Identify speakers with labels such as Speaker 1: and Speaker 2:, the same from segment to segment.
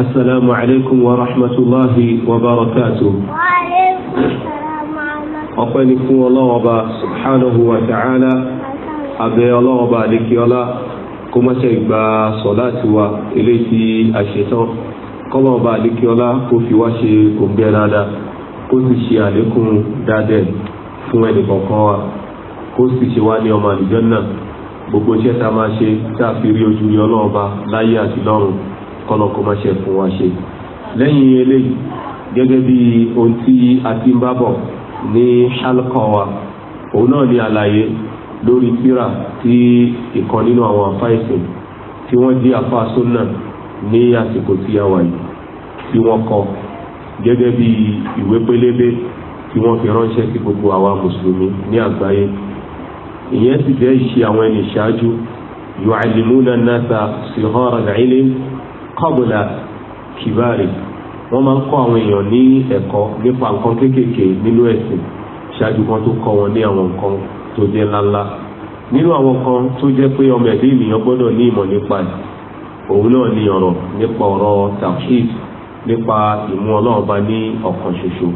Speaker 1: السلام عليكم ورحمة الله وبركاته
Speaker 2: ọpẹ́ ni fún ọlọ́wọ́ ọba subhanahu wa
Speaker 1: ta'ala abẹ́ ọlọ́wọ́ ọba àdékíọ́lá kó má ṣe gba sọ̀lá tiwa ilé tí a ṣetán kọ́mọ̀ ọba àdékíọ́lá kó fi wá ṣe òǹgbẹ́ dáadáa kó sì ṣe àlékún dáadẹ́ fún ẹnì wa kó sì ṣe wá ní ọmọ àlùjànnà gbogbo iṣẹ́ tá a máa ṣe tá a fi rí ojú rí ọlọ́wọ́ láyé àti lọ́run kọ́nà kó má ṣe fún wa ṣe lẹ́yìn eléyìí gẹ́gẹ́ bí ohun tí a ti ń bá bọ̀ ní ṣálkọ́ wa òun náà ní àlàyé lórí tírà tí ìkan nínú àwọn afáìsìn tí wọ́n di afáàsó náà ní àsìkò tí a wà yìí tí wọ́n kọ gẹ́gẹ́ bí ìwé pélébé tí wọ́n fi ránṣẹ́ sí gbogbo àwa mùsùlùmí ní àgbáyé ìyẹn sì jẹ́ ìṣe àwọn ẹni ṣáájú yu'allimuna an-nasa sighara al-ilm kọ́bùlà kìbárì wọ́n máa ń kọ́ àwọn èèyàn ní ẹ̀kọ́ nípa nǹkan kéékèèké nínú ẹ̀sìn ṣáájú kan tó kọ́ wọn ní àwọn nǹkan tó jẹ́ ńláńlá nínú àwọn kan tó jẹ́ pé ọmọ ẹ̀dá ènìyàn gbọ́dọ̀ ní ìmọ̀ nípa ẹ̀ òun náà ni ọ̀rọ̀ nípa ọ̀rọ̀ tawhid nípa ìmú ọlọ́run bá ní ọ̀kan ṣoṣo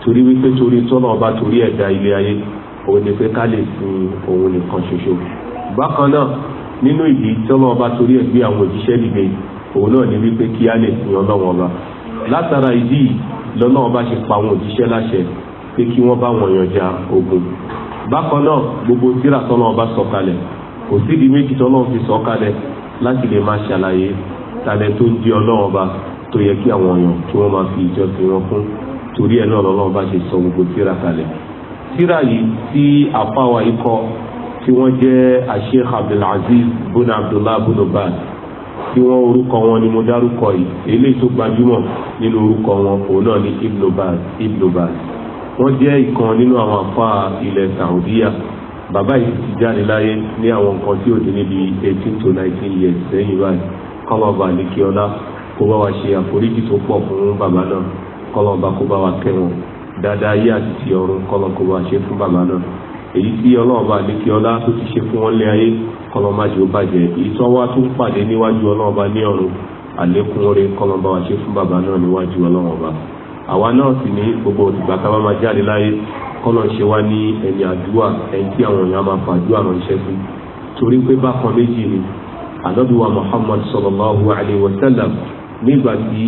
Speaker 1: torí wípé torí tọ́lọ́run bá torí ẹ̀dá ilé ayé òun ni pé ká lè sin òun nìkan ṣoṣo bákan náà nínú ìdí tọ́lọ́run bá torí ẹ̀gbé àwọn òjíṣẹ́ dìde òun náà ní wípé kí á lè sin ọlọ́wọ́n ọba látara ìdí lọ́nà ọba ṣe pa àwọn òjíṣẹ́ láṣẹ pé kí wọ́n bá wọn yànjà ogun bákan náà gbogbo tírà tọ́nà ọba sọ̀kalẹ̀ kò sídìí méjì tọ́nà fi sọ̀kalẹ̀ láti lè máa ṣàlàyé talẹ̀ tó ń di ọlọ́wọ́n ọba tó yẹ kí àwọn èèyàn kí wọ́n máa fi ìjọsìn wọn fún torí ẹ̀ náà lọ́nà ọba ṣe sọ gbogbo tírà kalẹ̀ tírà yìí tí àfáwà ikọ̀ tí wọ́n jẹ́ àṣẹ Abdulaziz bùnà Abdullah bùnà báyìí tí wọ́n orúkọ wọn ni mo dárúkọ yìí eléyìí tó gbajúmọ̀ nínú orúkọ wọn òun náà ni Ibn Baz Ibn Baz wọ́n jẹ́ ìkan nínú àwọn afá ilẹ̀ Saudiya bàbá yìí ti jáde láyé ní àwọn nǹkan tí ò dé níbi eighteen to nineteen years lẹ́yìn báyìí kọ́mọba àlekíọ́lá kó bá wa ṣe àforíjì tó pọ̀ fún bàbá náà kọ́mọba kó bá wa kẹ́ wọn dáadáa yé àti ti ọ̀run kọ́mọ kó bá wa ṣe fún bàbá náà èyí tí ọlọ́ọ̀bá lékè ọlá tó ti ṣe fún wọn lé ayé kọlọmájò bàjẹ́ èyí tó wá tó ń pàdé níwájú ọlọ́ọ̀bá ní ọ̀run àlékún oore kọlọmbá wa ṣe fún bàbá náà níwájú ọlọ́ọ̀bá àwa náà sì ní gbogbo ìgbà ká bá máa jáde láyé kọ́nà ṣe wá ní ẹni àdúrà ẹni tí àwọn èèyàn máa fàdúrà ránṣẹ́ sí torí pé bákan méjì ni ànábìwá Muhammad sallallahu alayhi wa sallam nígbà tí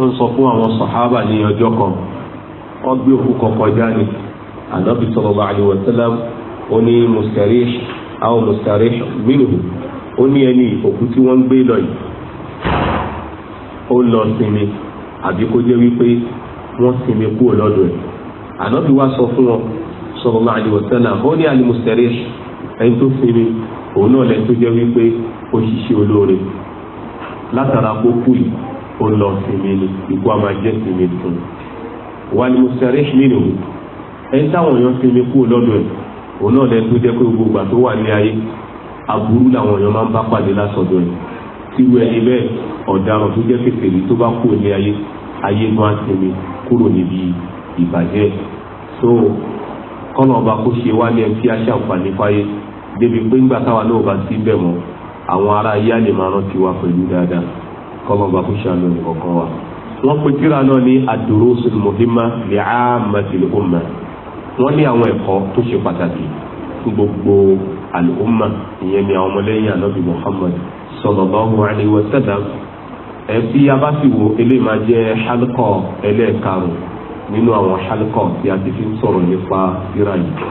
Speaker 1: ó ń sọ fún àwọn sàhábà ní ọjọ́ kan wọ́n òkú kọ̀ọ̀kan jáde anabi sallallahu alayhi wa sallam ó ní mustarih àwọn mustarih minhu ó ní ẹni òkú tí wọ́n ń gbé lọ yìí ó lọ sinmi àbí kó jẹ́ wípé wọ́n sinmi kúrò lọ́dọ̀ ẹ̀ anabi wa sọ fún wọn sallallahu alayhi wa sallam ó ní alimustarih ẹni tó sinmi òun náà lẹ́ni tó jẹ́ wípé ó ṣiṣẹ́ olóore látara kókó yìí ó lọ sinmi ni ikú a sinmi fún un wàlúùsẹ̀rẹ̀ mìíràn ẹni táwọn èèyàn sinmi kú lọ́dọ̀ ẹ̀ òun náà lẹ́nu tó jẹ́ pé gbogbo ìgbà tó wà ní ayé aburú làwọn èèyàn máa ń bá pàdé lásọ̀dọ̀ ẹ̀ tíwú ẹni bẹ́ẹ̀ ọ̀daràn tó jẹ́ kékeré tó bá kú ní ayé ayé máa ń sinmi kúrò níbi ìbàjẹ́ so kọ́nà ọba kó ṣe wá ní ẹni tí a ṣàǹfààní fáyé débi pé ńgbà táwa náà bá sí bẹ̀ mọ́ àwọn ará ayé àlè máa rántí wa pẹ̀lú dáadáa kọ́nà ọba kó ṣàánú nìkọ̀ọ̀kan wa wọ́n pe tíra náà ní wọ́n ní àwọn ẹ̀kọ́ tó ṣe pàtàkì fún gbogbo àlùmọ́ ìyẹn ni àwọn ọmọlẹ́yìn ànábì Muhammad sallallahu alaihi wasallam ẹbí abáfiwo eléyìí máa jẹ́ halkọ́ ẹlẹ́ẹ̀karùn nínú àwọn halkọ́ tí a ti fi ń sọ̀rọ̀ nípa síra yìí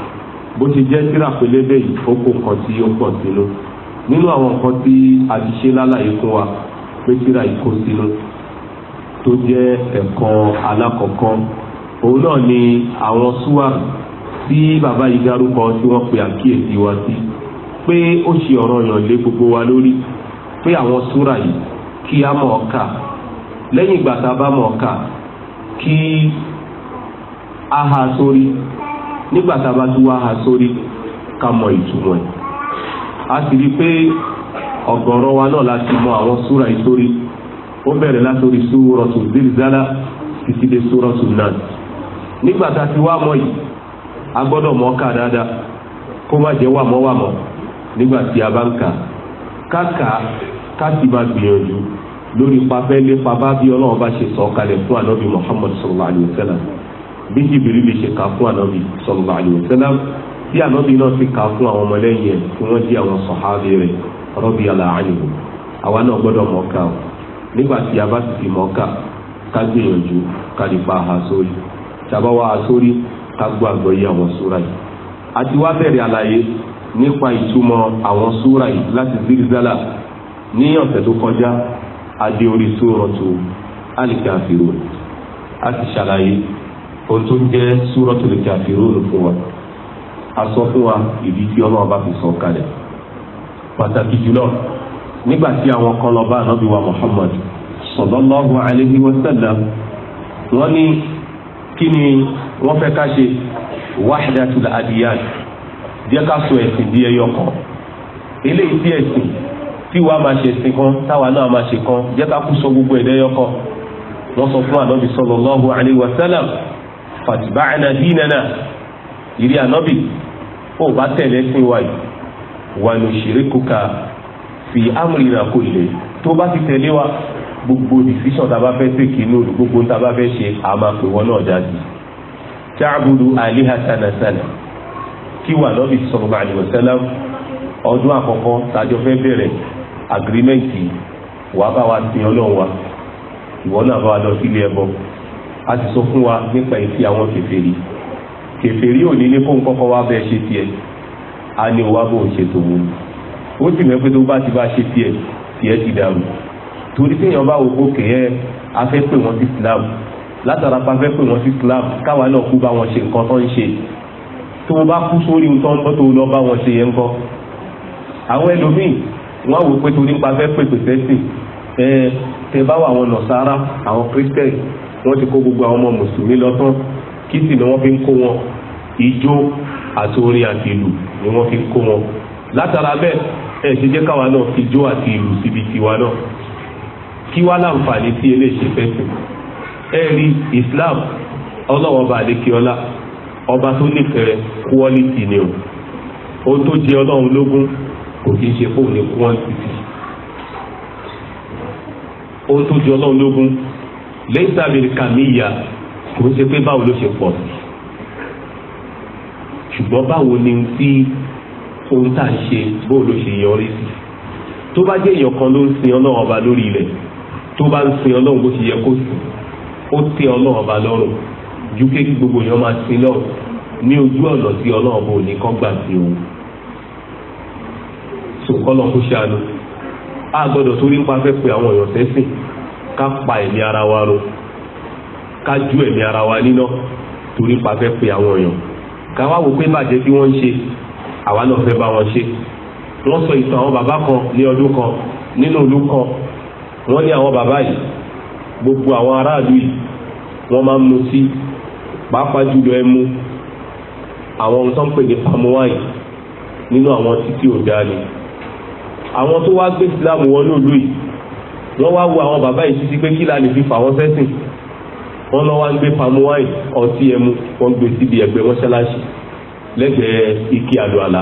Speaker 1: bó ti jẹ́ síra pélébé yìí ó kó nǹkan tí ó pọ̀ sínú nínú àwọn nǹkan tí a ti ṣe lálàyé fún wa pé síra yìí kó sínú tó jẹ́ ẹ̀kọ́ alákọ̀ọ́kọ́ òun náà ni àwọn súwà tí bàbá yìí dárúkọ tí wọ́n pe àkíyèsí wa sí pé ó ṣe ọ̀rọ̀ yàn lé gbogbo wa lórí pé àwọn súrà yìí kí a mọ̀ ọ́kà lẹ́yìn ìgbà tá a bá mọ̀ ọ́kà kí a ha sórí nígbà tá a bá tún wá ha sórí ká mọ ìtumọ̀ ẹ̀ a sì rí i pé ọ̀gọ̀rọ̀ wa náà láti mọ àwọn súrà yìí sórí ó bẹ̀rẹ̀ látòrí súrọ̀tù zilzala títí dé náà. nígbà tá a ti wá mọ̀ yìí a gbọ́dọ̀ mọ̀ ká dáadáa kó má jẹ́ nígbà tí a bá ń kà ká sì máa gbìyànjú lórí bá bí ọlọ́run bá ṣe sọ kalẹ̀ fún wa bí jìbìrì lè ṣe kà fún wa sallam bí náà ti kà fún àwọn ọmọlẹ́yìn ẹ̀ tí wọ́n àwọn sọ̀hábì rẹ̀ àwa náà gbọ́dọ̀ o nígbà tí a bá sì mọ̀ ká ká gbìyànjú ká tàbá wa sórí ká gbọ́ àgbọ́yé àwọn súra yìí àti wá bẹ̀rẹ̀ àlàyé nípa ìtumọ̀ àwọn súra yìí láti zirizala ní ọ̀sẹ̀ tó kọjá adé orí súrọ̀tù alikafirun a ti ṣàlàyé ohun tó ń jẹ́ súrọ̀tù alikafirun fún wa a sọ fún wa ìdí tí ọlọ́run bá fi sọ kalẹ̀ pàtàkì jùlọ nígbà tí àwọn kan lọ bá ànábì Muhammad sallallahu alaihi wa sallam wọ́n ní. Kini ni wọ́n fẹ́ ká ṣe wahdatul adiyan jẹ́ ká sọ ẹ̀sìn di ẹyọ kan eléyìí tí ẹ̀sìn tí wàá máa ṣe ẹ̀sìn kan táwa náà máa ṣe kan jẹ́ ká kú sọ gbogbo ẹ̀dá ẹyọ kan wọ́n sọ fún ànábì sallallahu alayhi wa sallam fatiba'na dinana ìrí ànábì ó bá tẹ̀lé sí wa yìí wa nushirikuka fi amrina kulli tó bá ti tẹ̀lé wa gbogbo decision tá a bá fẹ́ tèkì lóru gbogbo tá a bá fẹ́ ṣe a máa pè wọ́n náà jáde ta'budu aliha sanasana kí wà lọ́bì sallallahu alaihi wasallam ọdún àkọ́kọ́ tàjọ fẹ́ bẹ̀rẹ̀ agirimẹ́ǹtì wàá bá wa sin ọlọ́run wa ìwọ náà bá wa lọ sílé ẹbọ a ti sọ fún wa nípa ìfi àwọn kèfèrí kèfèrí ò ní ní kó ń kọ́kọ́ wá bẹ́ẹ̀ ṣe tiẹ̀ a ní o wá bó ń ṣe tòun ó sì mẹ́ pé tó bá ti bá ṣe tiẹ̀ tiẹ̀ ti dàrú torí tí èèyàn bá wo òkè yẹn afẹ́ pè wọ́n sí Islam látara pa afẹ́ pè wọ́n sí Islam káwa náà kú bá wọn ṣe nǹkan tó ń ṣe tó o bá kú sórí nǹkan tó o lọ bá wọn ṣe yẹn ńkọ́ àwọn ẹlòmíì wọ́n wò pé torí pa afẹ́ pè pèsè sí ẹ tẹ bá wà àwọn nọ̀sára àwọn Christian wọ́n ti kó gbogbo àwọn ọmọ mùsùlùmí lọ tán kí sì ni wọ́n fi ń kó wọn ijó àti orin àti ìlú ni wọ́n fi ń kó wọn látara bẹ́ẹ̀ ẹ̀ ṣe jẹ́ káwa náà fi ijó àti ìlú síbi tiwa náà kí wá láǹfààní tí eléṣe fẹ́ sí ẹ̀rí Islam ọlọ́wọ́ ọba àdékíọ́lá ọba tó nífẹ̀ẹ́ quality ni o ohun tó jẹ ọlọ́run lógún kò kí ń ṣe fóun ní quantity ohun tó jẹ ọlọ́run lógún lẹ́yìn sábìrì kàmíyà kò ń ṣe pé báwo ló ṣe pọ̀ sí ṣùgbọ́n báwo ni tí ohun tá à ṣe bóun ṣe yọrí sí tó bá jẹ́ èèyàn kan ló ń sin ọlọ́run ọba lórí ilẹ̀ tó bá ń sin ọlọ́run bó ti yẹ kó sùn ó tẹ́ ọlọ́run ọba lọ́rùn ju kéèkì gbogbo èèyàn máa sin lọ́rùn ní ojú ọ̀nà tí ọlọ́run bò ní kán gbà sí òun sòkọ́lọ̀ kó ṣàánú a gbọ́dọ̀ torí ń pa fẹ́ pé àwọn èèyàn sẹ́sìn ká pa ẹ̀mí ara wa run ká ju ẹ̀mí ara wa níná torí pa fẹ́ pé àwọn èèyàn ká wá wò pé bàjẹ́ tí wọ́n ń ṣe àwa náà fẹ́ bá wọn ṣe wọ́n sọ ìtàn àwọn bàbá kan ní ọdún kan nínú ìlú kan wọ́n ní àwọn bàbá yìí gbogbo àwọn aráàlú yìí wọ́n máa ń mu sí pàápàá jùlọ ẹmu àwọn ohun tó ń pè ní pamuwaì nínú àwọn títí òdá ni àwọn tó wá gbé ìsìláàmù wọn lòlú yìí wọ́n wá wo àwọn bàbá yìí títí pé kí la lè fi fà wọ́n sẹ́sìn wọ́n lọ wá ń gbé pamuwaì ọtí ẹmu wọ́n gbé síbi ẹgbẹ́ mọ́ṣáláṣí lẹ́gbẹ̀ẹ́ ike àlọ́ àlá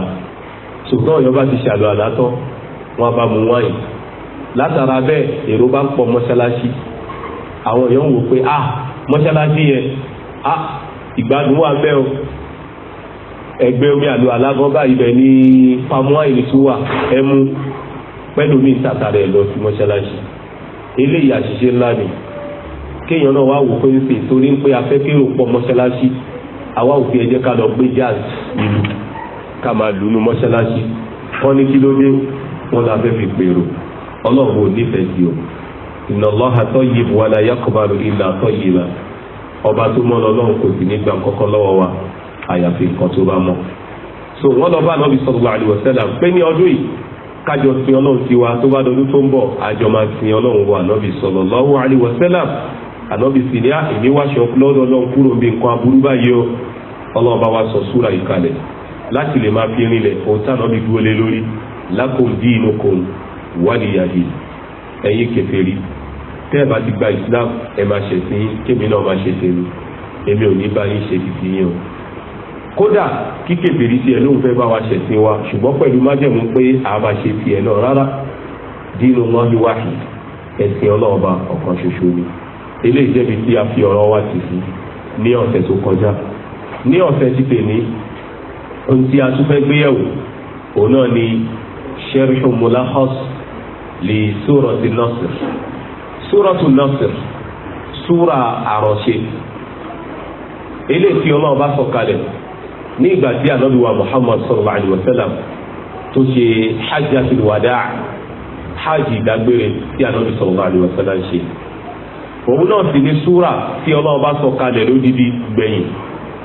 Speaker 1: ṣùgbọ́n ọ̀yọ́ bá ti ṣàlọ́ àlá tán wọ́n á bá mu wáìnì látara bẹ́ẹ̀ èrò bá ń pọ̀ mọ́ṣáláṣí àwọn èèyàn wò pé ah mọ́ṣáláṣí yẹn ah ìgbádùn wà bẹ́ẹ̀ o ẹgbẹ́ omi àlọ́ alágọ́bà ibẹ̀ ní pamọ́ àìlètúwà ẹmu pẹ́lú mi sàtàrà ẹ̀ lọ sí mọ́ṣáláṣí eléyìí àṣìṣe ńlá ni kéèyàn náà wá wò pé ń sè torí ń pé afẹ́kérò pọ̀ mọ́ṣáláṣí àwa òfin ẹ̀jẹ̀ ká lọ gbé jazz ìlú ká máa lù ú nu mọ́ṣáláṣí wọ́n ní kí ló dé fẹ́ fi pèrò ọlọ́run ò nífẹ̀ẹ́ sí o inna Allaha tayyibun wa la yaqbalu illa ọba tó mọ́ lọ́lọ́run kò sì nígbà kọ́kọ́ lọ́wọ́ wa àyàfi nǹkan tó bá mọ́ so wọ́n lọ bá anábì sallallahu alaihi ní ọdún yìí kájọ ọlọ́run wa tó bá dọdún tó ń bọ̀ àjọ máa sin ọlọ́run wa èmi wàlìyàhì ẹ̀yin kèfèrí tẹ́ ẹ bá ti gba islam ẹ máa ṣe sí kémi náà máa ṣe tèmi èmi ò ní bá yín ṣe títí yín o kódà kí kèfèrí tiẹ̀ ló ń fẹ́ bá wa ṣe sí wa ṣùgbọ́n pẹ̀lú májẹ̀mú pé a máa ṣe tiẹ̀ náà rárá dínú wọn ní wáhì ẹ̀sìn ọlọ́ọ̀ba ọ̀kan ṣoṣo ni eléyìí jẹ́bi tí a fi ọ̀rọ̀ wa ti sí ní ọ̀sẹ̀ tó kọjá ní ọ̀sẹ̀ tí tèmi ohun tí a tún fẹ́ gbéyẹ̀wò òun náà ni sherifun mulahos lè súrọ̀tì nọ́sìr súrọ̀tù nọ́sìr súra àròṣe eléyìí tí ọlọ́run bá sọ kalẹ̀ ní ìgbà tí ànábì wa muhammad sallallahu alayhi wa sallam tó ṣe hajjatul wadaa hajj ìdágbére tí ànábì sallallahu alayhi wa sallam ṣe òun náà sì ní súra tí ọlọ́run bá sọ kalẹ̀ lódìdí gbẹ̀yìn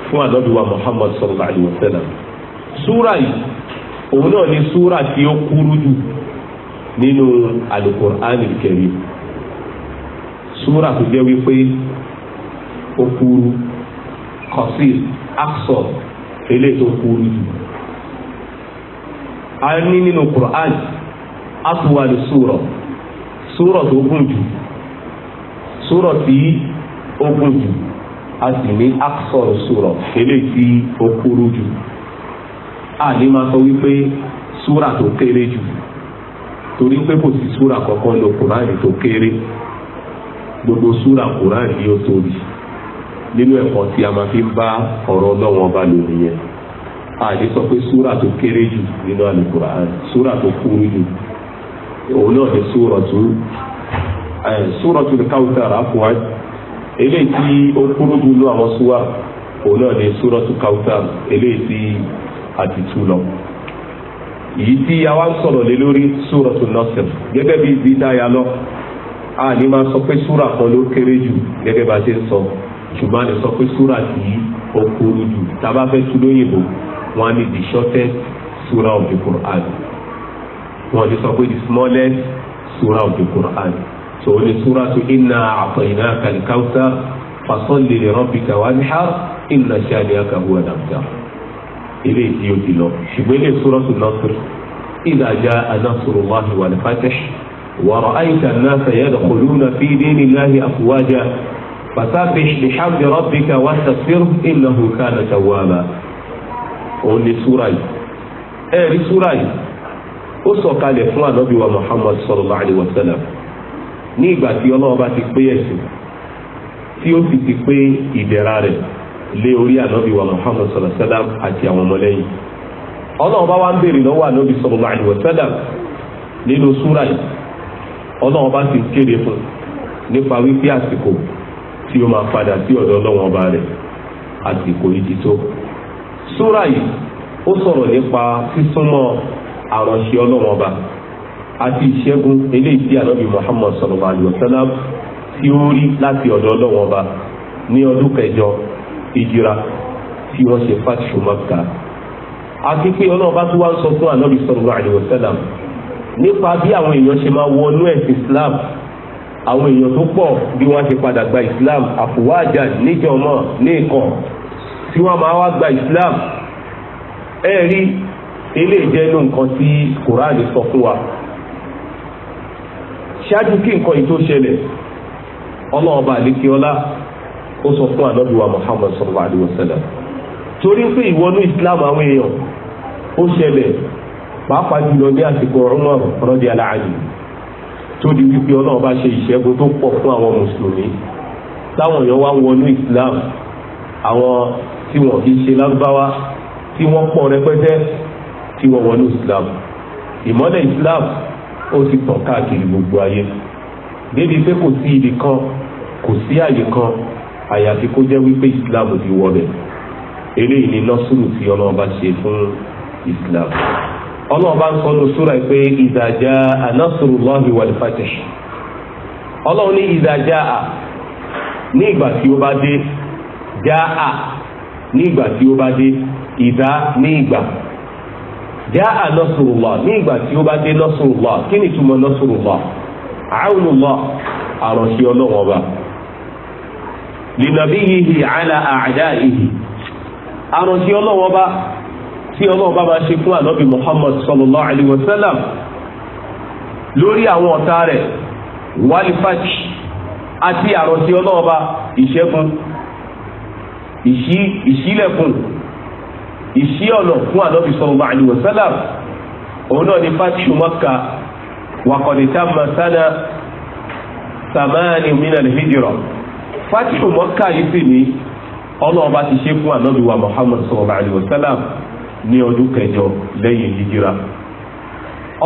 Speaker 1: fún ànábì wa muhammad sallallahu alayhi wa sallam yìí òun náà ní súra tí ó kúrú jù nínú alukur'an kẹrin súra tó jẹ́ wípé ó kúrú kọsí eléyìí tó kúrú jù a ní nínú kur'an atuwalu súra súra tó gùn jù tí ó gùn jù a sì ní eléyìí kúrú jù torí pé kò sí súra kankan lọ kùránì tó kéré gbogbo súra kùránì ni ó tóbi nínú ẹ̀kọ́ tí a máa fi ń bá ọ̀rọ̀ ọlọ́wọ́n ọba lò nìyẹn àní sọ pé súra tó kéré jù nínú àlùkùránì súra tó kúrú jù òun náà ni súra tó súra tó Kawthar àfọwá eléyìí tí ó kúrú jù nínú àwọn súra òun náà ni súra tó Kawthar eléyìí tí a tú lọ èyí tí a wá sọ̀rọ̀ lé lórí súrọ̀tù nọ́sẹ̀ gẹ́gẹ́ bí dídáyà lọ a ní máa sọ pé súrà kan ló kéré jù gẹ́gẹ́ bá ṣe ń sọ ṣùgbọ́n a lè sọ pé súrà tí ó kúrú jù tá a bá fẹ́ tú lóyìnbó wọn á ní the shortest súrà of the Quran wọn ti sọ pé the smallest súrà of the Quran tó ní súrà tó inna a'tainaka al-kawthar fasalli li rabbika wanhar inna shani'aka huwa al-abtar ilé ìdí òbí lọ ṣùgbọ́n ilé sọ́rọ́sì nasir idha jaa nasrullahi wal fath wa ra'ayta an-nasa yadkhuluna fi dinillahi afwaja fasabbih bihamdi rabbika wastaghfir innahu kana tawwaba. òun ni súra yìí ẹ̀rí súra yìí ó sọ̀kalẹ̀ fún ànábì wa Muhammad sallallahu alayhi wa ní ìgbà tí ọlọ́wọ́ bá ti pé ẹ̀sìn tí ó sì ti pé ìdẹ̀ra rẹ̀ lé orí ànábì wa muhammad sallallahu alayhi wa sallam àti àwọn ọmọlẹ́yìn ọlọ́run bá wá ń lọ́wọ́ sallallahu wa sallam nínú yìí ọlọ́run bá ti kéde fún nípa wípé àsìkò tí ó máa padà sí ọ̀dọ̀ ọlọ́run ti tó yìí ó sọ̀rọ̀ nípa sísúnmọ́ àránṣẹ́ ọlọ́run ọba àti ìṣẹ́gun eléyìí tí muhammad sallallahu wa sallam rí láti ọ̀dọ̀ ọlọ́run ọba ní ìjìra tí wọ́n ṣe fàtìṣù Mákkà àti pé ọlọ́run bá tún wá ń sọ fún ànábì sallallahu alaihi wasallam nípa bí àwọn èèyàn ṣe máa wọnú ẹ̀sìn Islam àwọn èèyàn tó pọ̀ bí wọ́n ṣe padà gba Islam àfùwájà níjọmọ́ ní ìkọ̀ tí wọ́n máa wá gba Islam ẹ̀rí eléyìí jẹ́ inú nǹkan tí Kùránì sọ fún wa ṣáájú kí nǹkan yìí tó ṣẹlẹ̀ ọlọ́ọ̀ba àlékiọlá ó sọ fún ànábì wa muhammad sallallahu alayhi wa sallam torí pé ìwọ́nú islam àwọn èèyàn ó ṣẹlẹ̀ pàápàá jùlọ ní àsìkò Umar radiyallahu anhu tó di wípé ọlọ́run bá ṣe ìṣẹ́gun tó pọ̀ fún àwọn mùsùlùmí táwọn èèyàn wá wọnú islam àwọn tí wọn kì í ṣe lágbáwá tí wọ́n pọ̀ rẹpẹtẹ tí wọ́n wọnú islam ìmọ́lẹ̀ islam ó ti tàn káàkiri gbogbo ayé débi pé kò sí ibì kan kò sí àyè kan àyàfi kó jẹ́ wípé islam ti wọlé eléyìí ni nọ́sùrù tí ọlọ́ọ̀bá ṣe fún islam ọlọ́ọ̀bá ń sọ ní ipe pé ìdàjà anásùrùláhi wal fatih ọlọ́run ní ìdàjà à ní ìgbà tí ó bá dé já à ní ìgbà tí ó bá dé ìdá ní ìgbà já à ní ìgbà tí ó bá dé kí ni túmọ̀ àròṣe lìnàbí yìí àlà àdá ìhì àrùn tí ọlọ́wọ́ bá tí ọlọ́wọ́ bá máa ṣe fún ànábì Muhammad sallallahu alayhi wa sallam lórí àwọn ọ̀tá rẹ̀ wálífàj àti àrùn tí ọlọ́wọ́ bá ìṣẹ́gun ìṣílẹ̀kùn ìṣí ọ̀nà fún ànábì sallallahu alayhi wa sallam òun náà ni fatihu Makka wàkọ̀dìtà masana samani minal fatihu mọ́kà yìí sì ní ọlọ́run bá ti ṣe fún ànábì wa muhammad sallallahu alayhi wa sallam ní ọdún kẹjọ lẹ́yìn hijira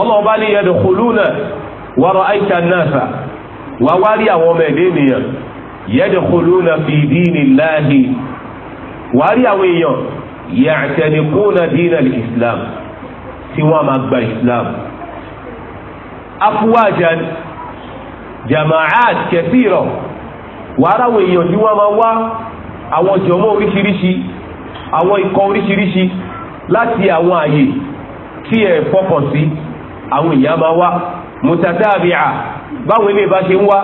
Speaker 1: ọlọ́run bá ní yadkhuluna wa ra'ayta an-nasa wà wá rí àwọn ọmọ ẹ̀dẹ́ ènìyàn yadkhuluna fi dinillahi wà rí àwọn èèyàn ya'tanikuna dinal islam tí wọ́n máa gba islam afwajan jama'at kathira wàhálà àwọn èèyàn tí wọ́n máa wá àwọn jọmọ́ oríṣiríṣi àwọn ikọ̀ oríṣiríṣi láti àwọn àyè tí ẹ̀ fọkọ̀ sí àwọn èèyàn máa wá mutatabi'a báwọn ilé bá ṣe ń wá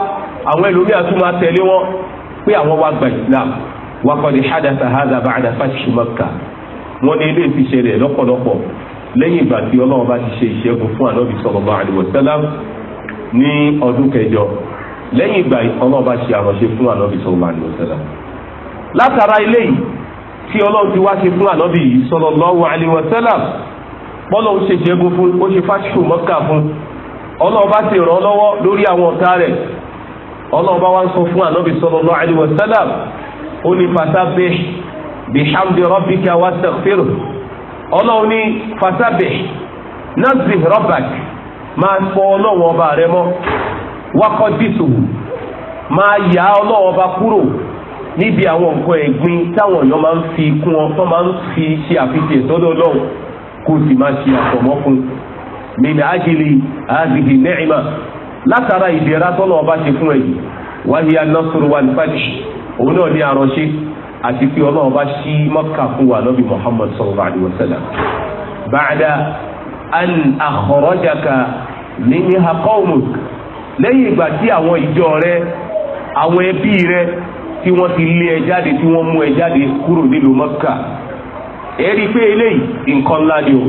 Speaker 1: àwọn ẹlòmí àtún máa tẹ̀lé wọn pé àwọn wá gba Islam wa qad hadatha hadha ba'da fathi Makkah wọn ní ilé ti ṣẹlẹ̀ lọ́pọ̀lọpọ̀ lẹ́yìn ìgbà tí Ọlọ́run bá ti ṣe ìṣẹ́gun fún Ànábì sallallahu alaihi wasallam ní ọdún kẹjọ lẹ́yìn ìgbà ọlọ́run bá ṣe àránṣe fún ànábì sallallahu alaihi wasallam látara ilé yìí tí ọlọ́run ti wá ṣe fún ànábì yìí sallallahu alaihi wasallam bọ́lọ̀ ń ṣe jẹ́gun fún ó ṣe fásitì mọ́kà fún ọlọ́run bá ti ràn lọ́wọ́ lórí àwọn ọ̀tá rẹ̀ ọlọ́run bá wá sọ fún ànábì sallallahu alaihi wasallam ó ní fatabih bihamdi rabbika wastaghfir ọlọ́run ní fatabih nazih rabbak ọlọ́run ọba wákọ́dísò máa yà ọlọ́wọ́ bá kúrò níbi àwọn nǹkan ẹ̀gbin táwọn èèyàn máa ń fi kún ọ tó máa ń fi ṣe àfihàn sọ́dọ̀ lọ́wọ́ kó sì máa ṣe àfọ̀mọ́ fún un min ajili azihi nẹ́ẹ̀mà látara ìdẹ̀ra tọ́lọ́ ọba ṣe fún ẹ̀yìn wáyé anásùrù wà nípàdé òun náà ní àránṣe àti pé ọlọ́run bá ṣí mọ́kà fún wa lọ́bì muhammad sallallahu alayhi wa sallam bàdà an àkọ́rọ́jàkà ní ní hakọ́ọ̀mùk lẹ́yìn ìgbà tí àwọn ìjọ rẹ àwọn ẹbí rẹ tí wọ́n ti lé ẹ jáde tí wọ́n mú ẹ jáde kúrò nílùú Mọ́kà ẹ rí i pé eléyìí nǹkan ńlá ni o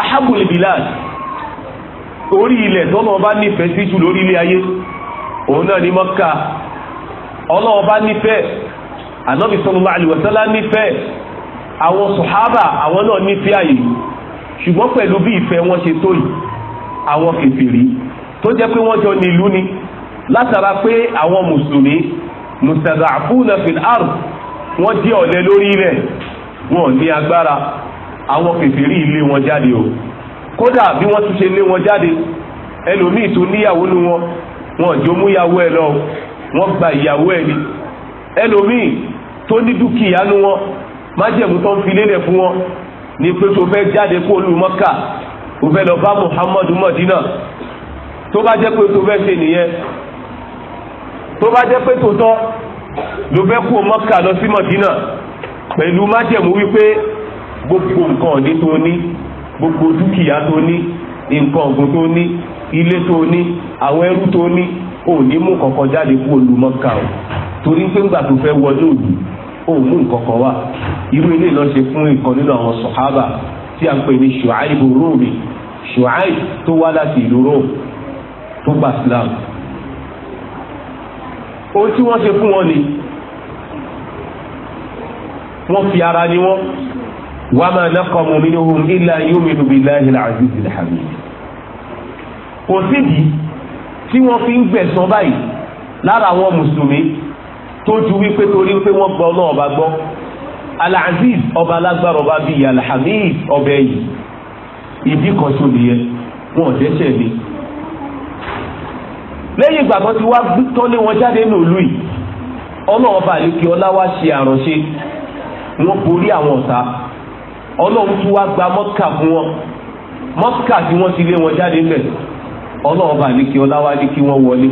Speaker 1: ahabul bilad orí ilẹ̀ tọ́lọ́ ọba nífẹ̀ẹ́ sí jù lórí ilé ayé òun náà ni Mọ́kà ọlọ́wọ́ bá nífẹ̀ẹ́ ànábì sallallahu alaihi wasallam nífẹ̀ẹ́ àwọn sùhábà àwọn náà nífẹ̀ẹ́ àyè ṣùgbọ́n pẹ̀lú bí ìfẹ́ wọn ṣe tó yìí àwọn kèfèrí tó jẹ́ pé wọ́n jọ nílùú ni látara pé àwọn mùsùlùmí mustada'afuna fil ard wọ́n jẹ́ ọ̀lẹ lórí rẹ̀ wọ́n ní agbára àwọn kèfèrí ilé wọn jáde o kódà bí wọ́n tún ṣe lé wọn jáde ẹlòmíì tó níyàwó nu wọn wọn jọ mú ẹ lọ wọ́n gba ìyàwó ẹ ni ẹlòmíì tó ní dúkìá nu wọn májẹ̀mú tó ń fi lélẹ̀ fún wọn ni pé tó fẹ́ jáde kó olùmọ́kà òfẹ́ lọ bá Muhammadu Madina tó bá jẹ́ pé tó fẹ́ ṣe nìyẹn tó bá jẹ́ pé tó tọ́ ló fẹ́ kú mọ́kà lọ sí mọ̀dínà pẹ̀lú májẹ̀mú wípé gbogbo nǹkan ọ̀dín tó ní gbogbo dúkìá tó ní nǹkan ọ̀gbìn tó ní ilé tó ní àwọn ẹrú tó ní ò ní mú kankan jáde kú olùmọ́kà o torí pé ńgbà tó fẹ́ wọlé òdì ò mú nǹkankan wá irú ilé lọ ṣe fún ìkan nínú àwọn sọ̀hábà tí a ń pè ní ṣùáì bò róòmì ṣùáì tó wá láti ìlú róòmì tó gba islam ohun tí wọ́n ṣe fún wọn ni wọ́n fi ara ni wọ́n wà máa naqamu minhum illa yu'minu billahi al-aziz al-hamid kò síbi tí wọ́n fi ń gbẹ̀sán báyìí lára àwọn mùsùlùmí tó ju wípé torí wípé wọ́n gbọ́ náà ọba gbọ́ al ọba alágbára ọba bíi al-hamid ọbẹ̀ ìdí kan ṣo nìyẹn wọn ò dẹ́sẹ̀ ni lẹ́yìn ìgbà tó ti wá tọ́ lé wọn jáde nílùú yìí ọlọ́run bá lè kí ọlá wá ṣe àránṣe wọn borí àwọn ọ̀tá ọlọ́run tún wá gba mọ́kà fún wọn mọ́kà tí wọ́n ti lé wọn jáde ńlẹ̀ ọlọ́run bá lè kí ọlá wá ní kí wọ́n wọlé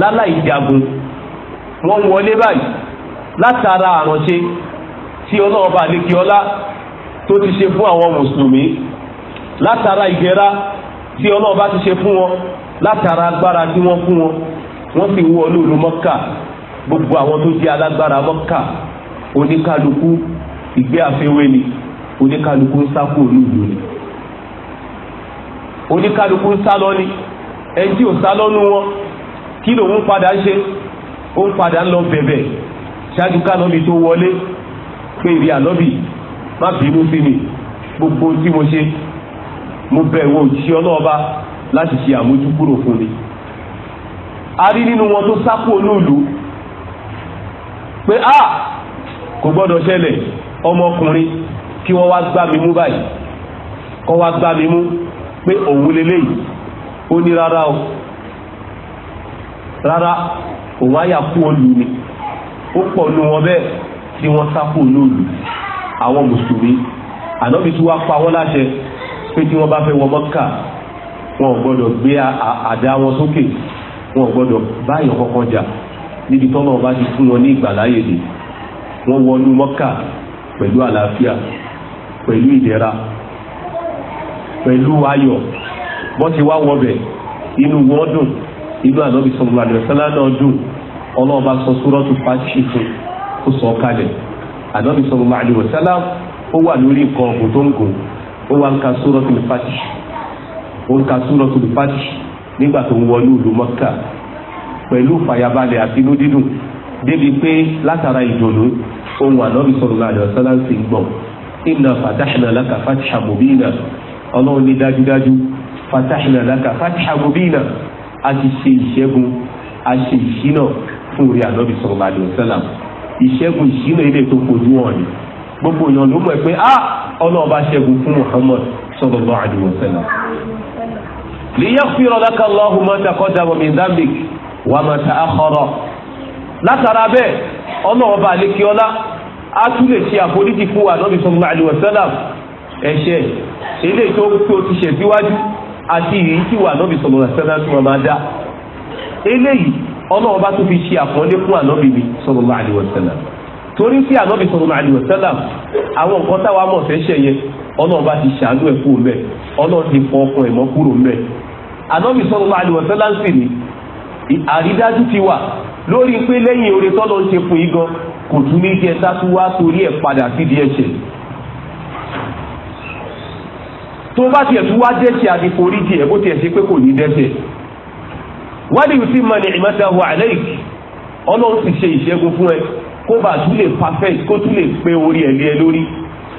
Speaker 1: láláì jagun wọ́n wọlé báyìí látara àránṣe tí ọlọ́run bá lè kí ọlá tó ti ṣe fún àwọn mùsùlùmí látara ìdẹ̀ra tí ọlọ́run bá ti ṣe fún wọn látara agbára tí wọ́n fún wọn wọ́n sì wọ olóòlù mọ́kà gbogbo àwọn tó jẹ́ alágbára mọ́kà oníkálukú ìgbé àfẹ́wé ni oníkálukú ń sá kúrò nílùú ni oníkálukú ń sá lọ ni ẹni tí ò sá lọ́nu wọn kí lòun padà ṣe ó ń padà lọ bẹ̀bẹ̀ ṣáájú kánọ́bì tó wọlé pé ìrì ànọ́bì má bínú sí mi gbogbo tí mo ṣe mo bẹ̀ wọ òjíṣẹ́ ọlọ́ọ̀ba láti ṣe àmójúkúrò fún ni a rí nínú wọn tó sápò olóòlù pé a kò gbọ́dọ̀ ṣẹlẹ̀ ọmọkùnrin kí wọ́n wá gbá mi mú báyìí kọ́ wá gbá mi mú pé òun leléyìí ó ní rárá o rárá òun á yà kú olù ni ó pọ̀ nu wọn bẹ́ẹ̀ tí wọ́n sápò olóòlù àwọn mùsùlùmí ànábì tí pa wọ́n láṣẹ pé tí wọ́n bá fẹ́ wọ mọ́kà wọn ò gbọ́dọ̀ gbé àdá wọn sókè wọn ò gbọ́dọ̀ báyọ̀ kankan jà níbi tọ́lọ́ bá ti fún wọn ní ìgbàláyè dé wọ́n wọnú mọ́kà pẹ̀lú àlàáfíà pẹ̀lú ìdẹ̀ra pẹ̀lú ayọ̀ wọ́n ti wá wọbẹ̀ inú wọn dùn inú ànábì sọ̀rọ̀ àdìọ́sálá náà dùn ọlọ́ọ̀bá sọ súrọ́tù fàṣì fún ó sọ kalẹ̀ ànábì sọ̀rọ̀ àdìọ́sálá ó wà lórí nǹkan ọ̀gùn tó ń gùn ó wá ń ka súrọ́tù fàṣì ó ń ka Suratul Fath nígbà tó ń wọlé ìlú Mọ́kà pẹ̀lú fàyàbalẹ̀ àti inú dídùn débi pé látara ìdùnnú ohun ànábì sallallahu alaihi wasallam ń gbọ̀n inna fatahna laka fathan mubina ọlọ́run ní dájúdájú fatahna laka fathan mubina a ti ṣe ìṣẹ́gun a ṣe ìṣínà fún orí ànábì sallallahu alaihi wasallam ìṣẹ́gun ìṣínà ilé tó fojú wọn ni gbogbo èèyàn ló mọ̀ pé ah ọlọ́ọ̀bá ṣẹ́gun fún Muhammad sallallahu alaihi wasallam liyaghfira laka Allahu ọhụrụ taqaddama min dhanbik wa ma ta'akhkhara látara bẹ́ẹ̀ ọlọ́wọ́ bá alékiọ́lá á tún lè ṣe àforíjì fún wa Ànábì sallallahu alaihi wasallam ẹ̀ṣẹ̀ eléyìí tó tó ti àti tí wà Ànábì sallallahu alaihi wasallam máa dá eléyìí ọlọ́wọ́ bá tún fi ṣe àpọ́nlé fún mi torí sí àwọn nǹkan ọlọ́run bá ti ṣàánú ẹ̀ kúrò mbẹ́ ọlọ́run ti fọ ọkàn ẹ̀ mọ́ kúrò mbẹ́ ànábì sallallahu alaihi wasallam ni àrídájú ti wà lórí pé lẹ́yìn oore tọ́lọ́ ń ṣe fún yín gan kò tún ní jẹ́ sátú wá torí ẹ̀ padà sídi ẹ̀ṣẹ̀ tó bá tiẹ̀ tún wá dẹ́ṣẹ̀ àdìforíjì ẹ̀ bó tiẹ̀ ṣe pé kò ní dẹ́ṣẹ̀ wálé yìí ti mọ ní ìmọ̀ta wà lẹ́yìn ọlọ́run sì ṣe ìṣẹ́gun fún ẹ kó bá tún lè perfect kó tún lè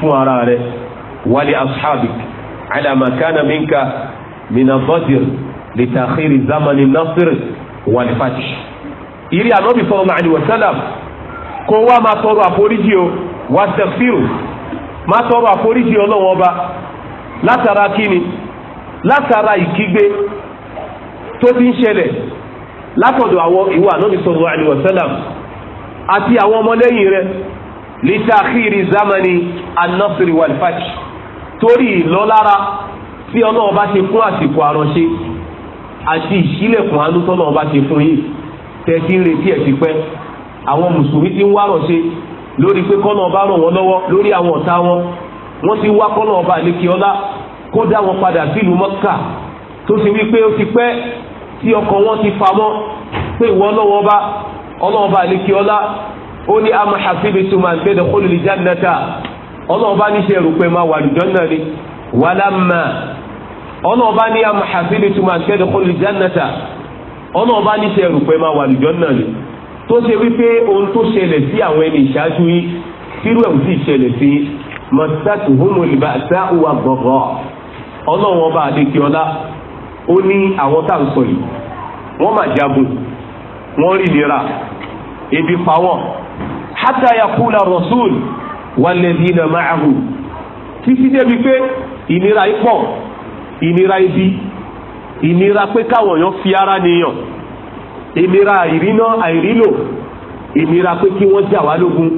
Speaker 1: fún ara rẹ wali ashabik ala ma kana minka mina bọ́dìr litakhiri zamani nasir walifati ìrí ànábì sallallahu alaihi wasallam kó wá máa tọrọ àforíjì o wá sẹfìrù máa tọrọ àforíjì ọlọ́wọ́n ọba látara kíni látara ìkígbe tó ti ń ṣẹlẹ̀ látọ̀dọ̀ àwọn ìwà ànábì sallallahu alaihi wasallam àti àwọn ọmọlẹ́yìn rẹ̀ litakhiri zamani anasiri walfati torí ìlọ́lára tí ọlọ́run bá ti fún àsìkò àránṣe àti ìṣílẹ̀kùn àánú tọ́lọ́run bá ti fún yìí tẹ̀sí ń retí ẹ̀ ti pẹ́ àwọn mùsùlùmí ti ń wá ránṣe lórí pé kọ́nà ọba ràn wọ́n lọ́wọ́ lórí àwọn ọ̀tá wọn wọ́n ti wá kọ́nà ọba àlékè ọlá kó dá wọn padà sílùú mọ́kà tó ti wí pé ó ti pẹ́ tí ọkàn wọn ti fa mọ́ pé ìwọ ọlọ́wọ́ ọba ọlọ́wọ́ ọba àlékè ọlá ó ní am hasibitum an tadkhulul jannata ọlọ́run bá ní ṣe rò pé máa wà lùjọ́ náà ni walamma ọlọ́run bá ní am hasibitum an tadkhulul jannata ọlọ́run bá ní ṣe rò pé máa wà lùjọ́ náà ni tó ṣe wípé ohun tó ṣẹlẹ̀ sí àwọn ẹni ìṣáájú yìí kírú ẹ̀ sì ṣẹlẹ̀ sí mọ̀tàkì húmọ̀lìbà sáwà gbọ̀gbọ̀ ọlọ́run ọba adékeọlá ó ní àwọn tá à ń sọ yìí wọ́n mà jagun wọ́n rí ebi pa wọ́n hatta yakula rasul walladhina ma'ahu títí débi pé ìnira ipọ̀ ìnira ibi ìnira pé káwọn èèyàn fi ara nìyàn ìnira àìríná àìrílò ìnira pé kí wọ́n jà wá lógun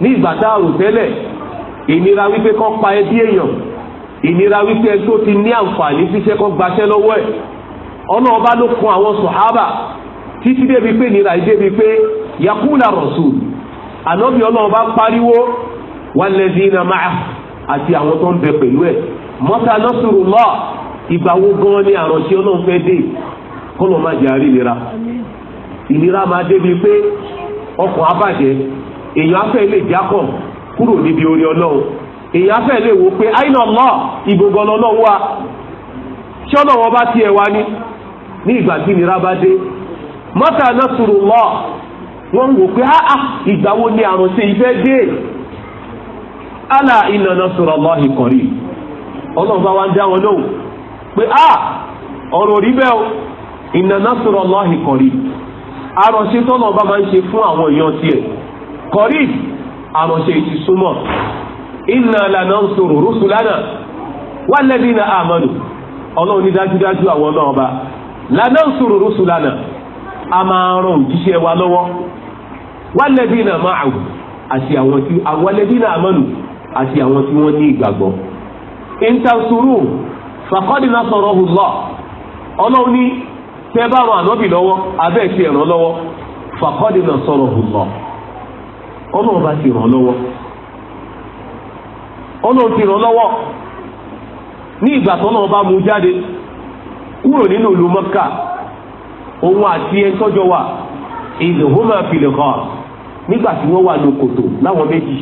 Speaker 1: ní ìgbà tá a rò tẹ́lẹ̀ ìnira wípé kán pa ẹbí èèyàn ìnira wípé ẹni ti ní àǹfààní ṣiṣẹ́ kan gbaṣẹ́ lọ́wọ́ ẹ̀ ọlọ́ọ̀bá ló kun àwọn sọ̀hábà títí débi pé ìnira yìí pé yakula rasul ànábì ọlọ́run bá pariwo walladhina ma'a àti àwọn tó ń bẹ pẹ̀lú ẹ̀ mọ́tà nasrullah ìgbà wo gan ni àròsí ọlọ́run fẹ́ dé kọ́lọ́ má jẹ́ àrí ìlera ìlera máa débi pé ọkàn abàjẹ́ èèyàn afẹ́ lè jákọ̀ kúrò níbi orí ọlọ́run èèyàn afẹ́ lè wò pé àyìnà Allah ìgbòngàn ọlọ́run wa tí ọlọ́run bá tiẹ̀ wá ní ní ìgbà tí ìnira bá dé mọ́tà nasrullah wọ́n wò pé áá ah, ah, ìgbà wo ni àrùn ṣe ìfẹ́ dé ala inna nasrullahi qarib ọlọ́run bá wá ń dá wọn lóhùn pé á ah, ọ̀rọ̀ rí bẹ́ẹ̀ o inna nasrullahi qarib àròṣe tọ́nà ọba máa ń ṣe fún àwọn èèyàn tiẹ̀ kọ́rí ti súnmọ́ ọlọ́run ní dájúdájú àwọn náà bá a máa òjíṣẹ́ wa lọ́wọ́ wàlẹ́bínà na àti àwọn tí àwọlẹ́bínà àti àwọn tí wọ́n ní ìgbàgbọ́. fàkọ́dínà sọ̀rọ̀ hùlọ́ ọlọ́run ní tẹ́ bá wọn ànábì lọ́wọ́ abẹ́ ti ẹ̀ràn lọ́wọ́ fàkọ́dínà sọ̀rọ̀ hùlọ́ ọlọ́run bá ti ràn lọ́wọ́ ọlọ́run ti ràn lọ́wọ́ ní ìgbà tó náà bá mú jáde kúrò nínú ìlú Mọ́kà òun nígbà tí wọ́n wà ní kòtò láwọn méjì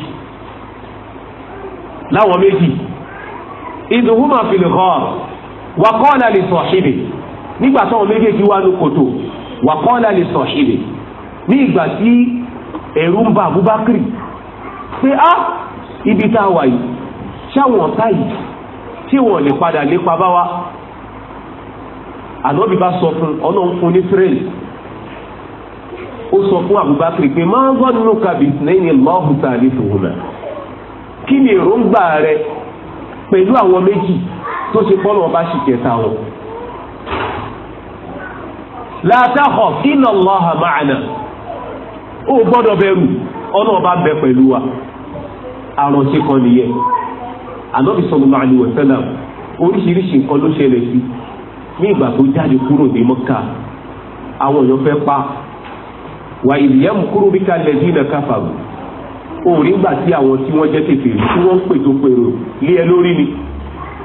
Speaker 1: láwọn méjì ìdùnnúmà fìlìkọ́ wàkọ́ọ̀lá lè sọ̀ ṣíbi nígbà táwọn méjèèjì wà ní kòtò wàkọ́ọ̀lá lè sọ̀ ṣíbi ní ìgbà tí ẹ̀rù ń ba Abubakar pé á ah, ibi tá a wà yìí ṣáwọn ọ̀tá yìí tí wọ́n lè padà lépa bá wa ànábì bá sọ fún ọlọ́run fún ní tírẹ̀lì ó sọ fún Abubakar pé máa ń gbọ́ nínú kàbìtìnà ìní lọ́ọ̀hùn tàbí tòhùnà kí ni èròǹgbà rẹ pẹ̀lú àwọn méjì tó ṣe pọ́nà ọba sì kẹta wọn. látàkọ̀ inna Allaha ma'ana ó gbọ́dọ̀ bẹ̀rù ọ̀nà ọba bẹ pẹ̀lú wa àròṣe kan nìyẹn ànábì sallallahu alaihi wasallam oríṣiríṣi nǹkan ló ṣẹlẹ̀ sí ní ìgbà tó jáde kúrò ní Mọ́kà àwọn èèyàn fẹ́ pa á wà ìlíyàmù kúrò bí kalẹ̀ bí iná káfàrù òun nígbà tí àwọn tí wọ́n jẹ́ kèfèrí tí wọ́n ń pè tó pèrò lé ẹ lórí ni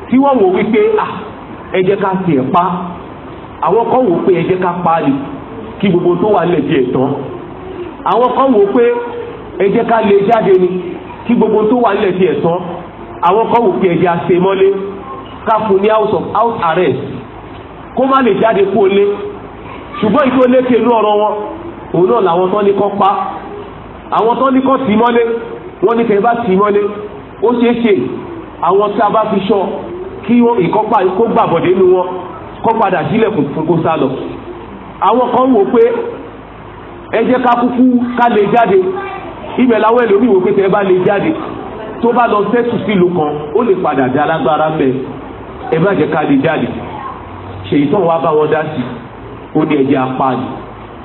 Speaker 1: tí wọ́n wò wípé à ah, ẹ jẹ́ ká tiẹ̀ pa àwọn kan wò pé ẹ jẹ́ ká pa á ni kí gbogbo tó wà nílẹ̀ tiẹ̀ tán àwọn kan wò pé ẹ jẹ́ ká lè e jáde ni kí gbogbo tó wà nílẹ̀ tiẹ̀ tán àwọn kan wò pé ẹ jẹ́ àṣemọ́lé ká fún ní house of house arrest kó má lè jáde kó lé ṣùgbọ́n ìtò lékè lọ́rọ̀ wọn òun náà làwọn tán ní kọ́ pa àwọn tán ní kọ́ tì í mọ́lé wọ́n ní kẹ́ bá tì í mọ́lé ó ṣeé ṣe àwọn tí a bá fi ṣọ kí ìkọ́pà kó gbàbọ̀dé nu wọn kó padà sílẹ̀ fún kó sá lọ àwọn kan wò pé ẹ jẹ́ ká kúkú ká lè jáde ibẹ̀ làwọn ẹlòmíì wò pé tẹ́ bá lè jáde tó bá lọ sẹ́tù sílùú kan ó lè padà dá alágbára mẹ́ ẹ má jẹ́ ká lè jáde ṣèyí tán wàá bá wọn dá sí ó ní ẹ̀jẹ̀ apá ni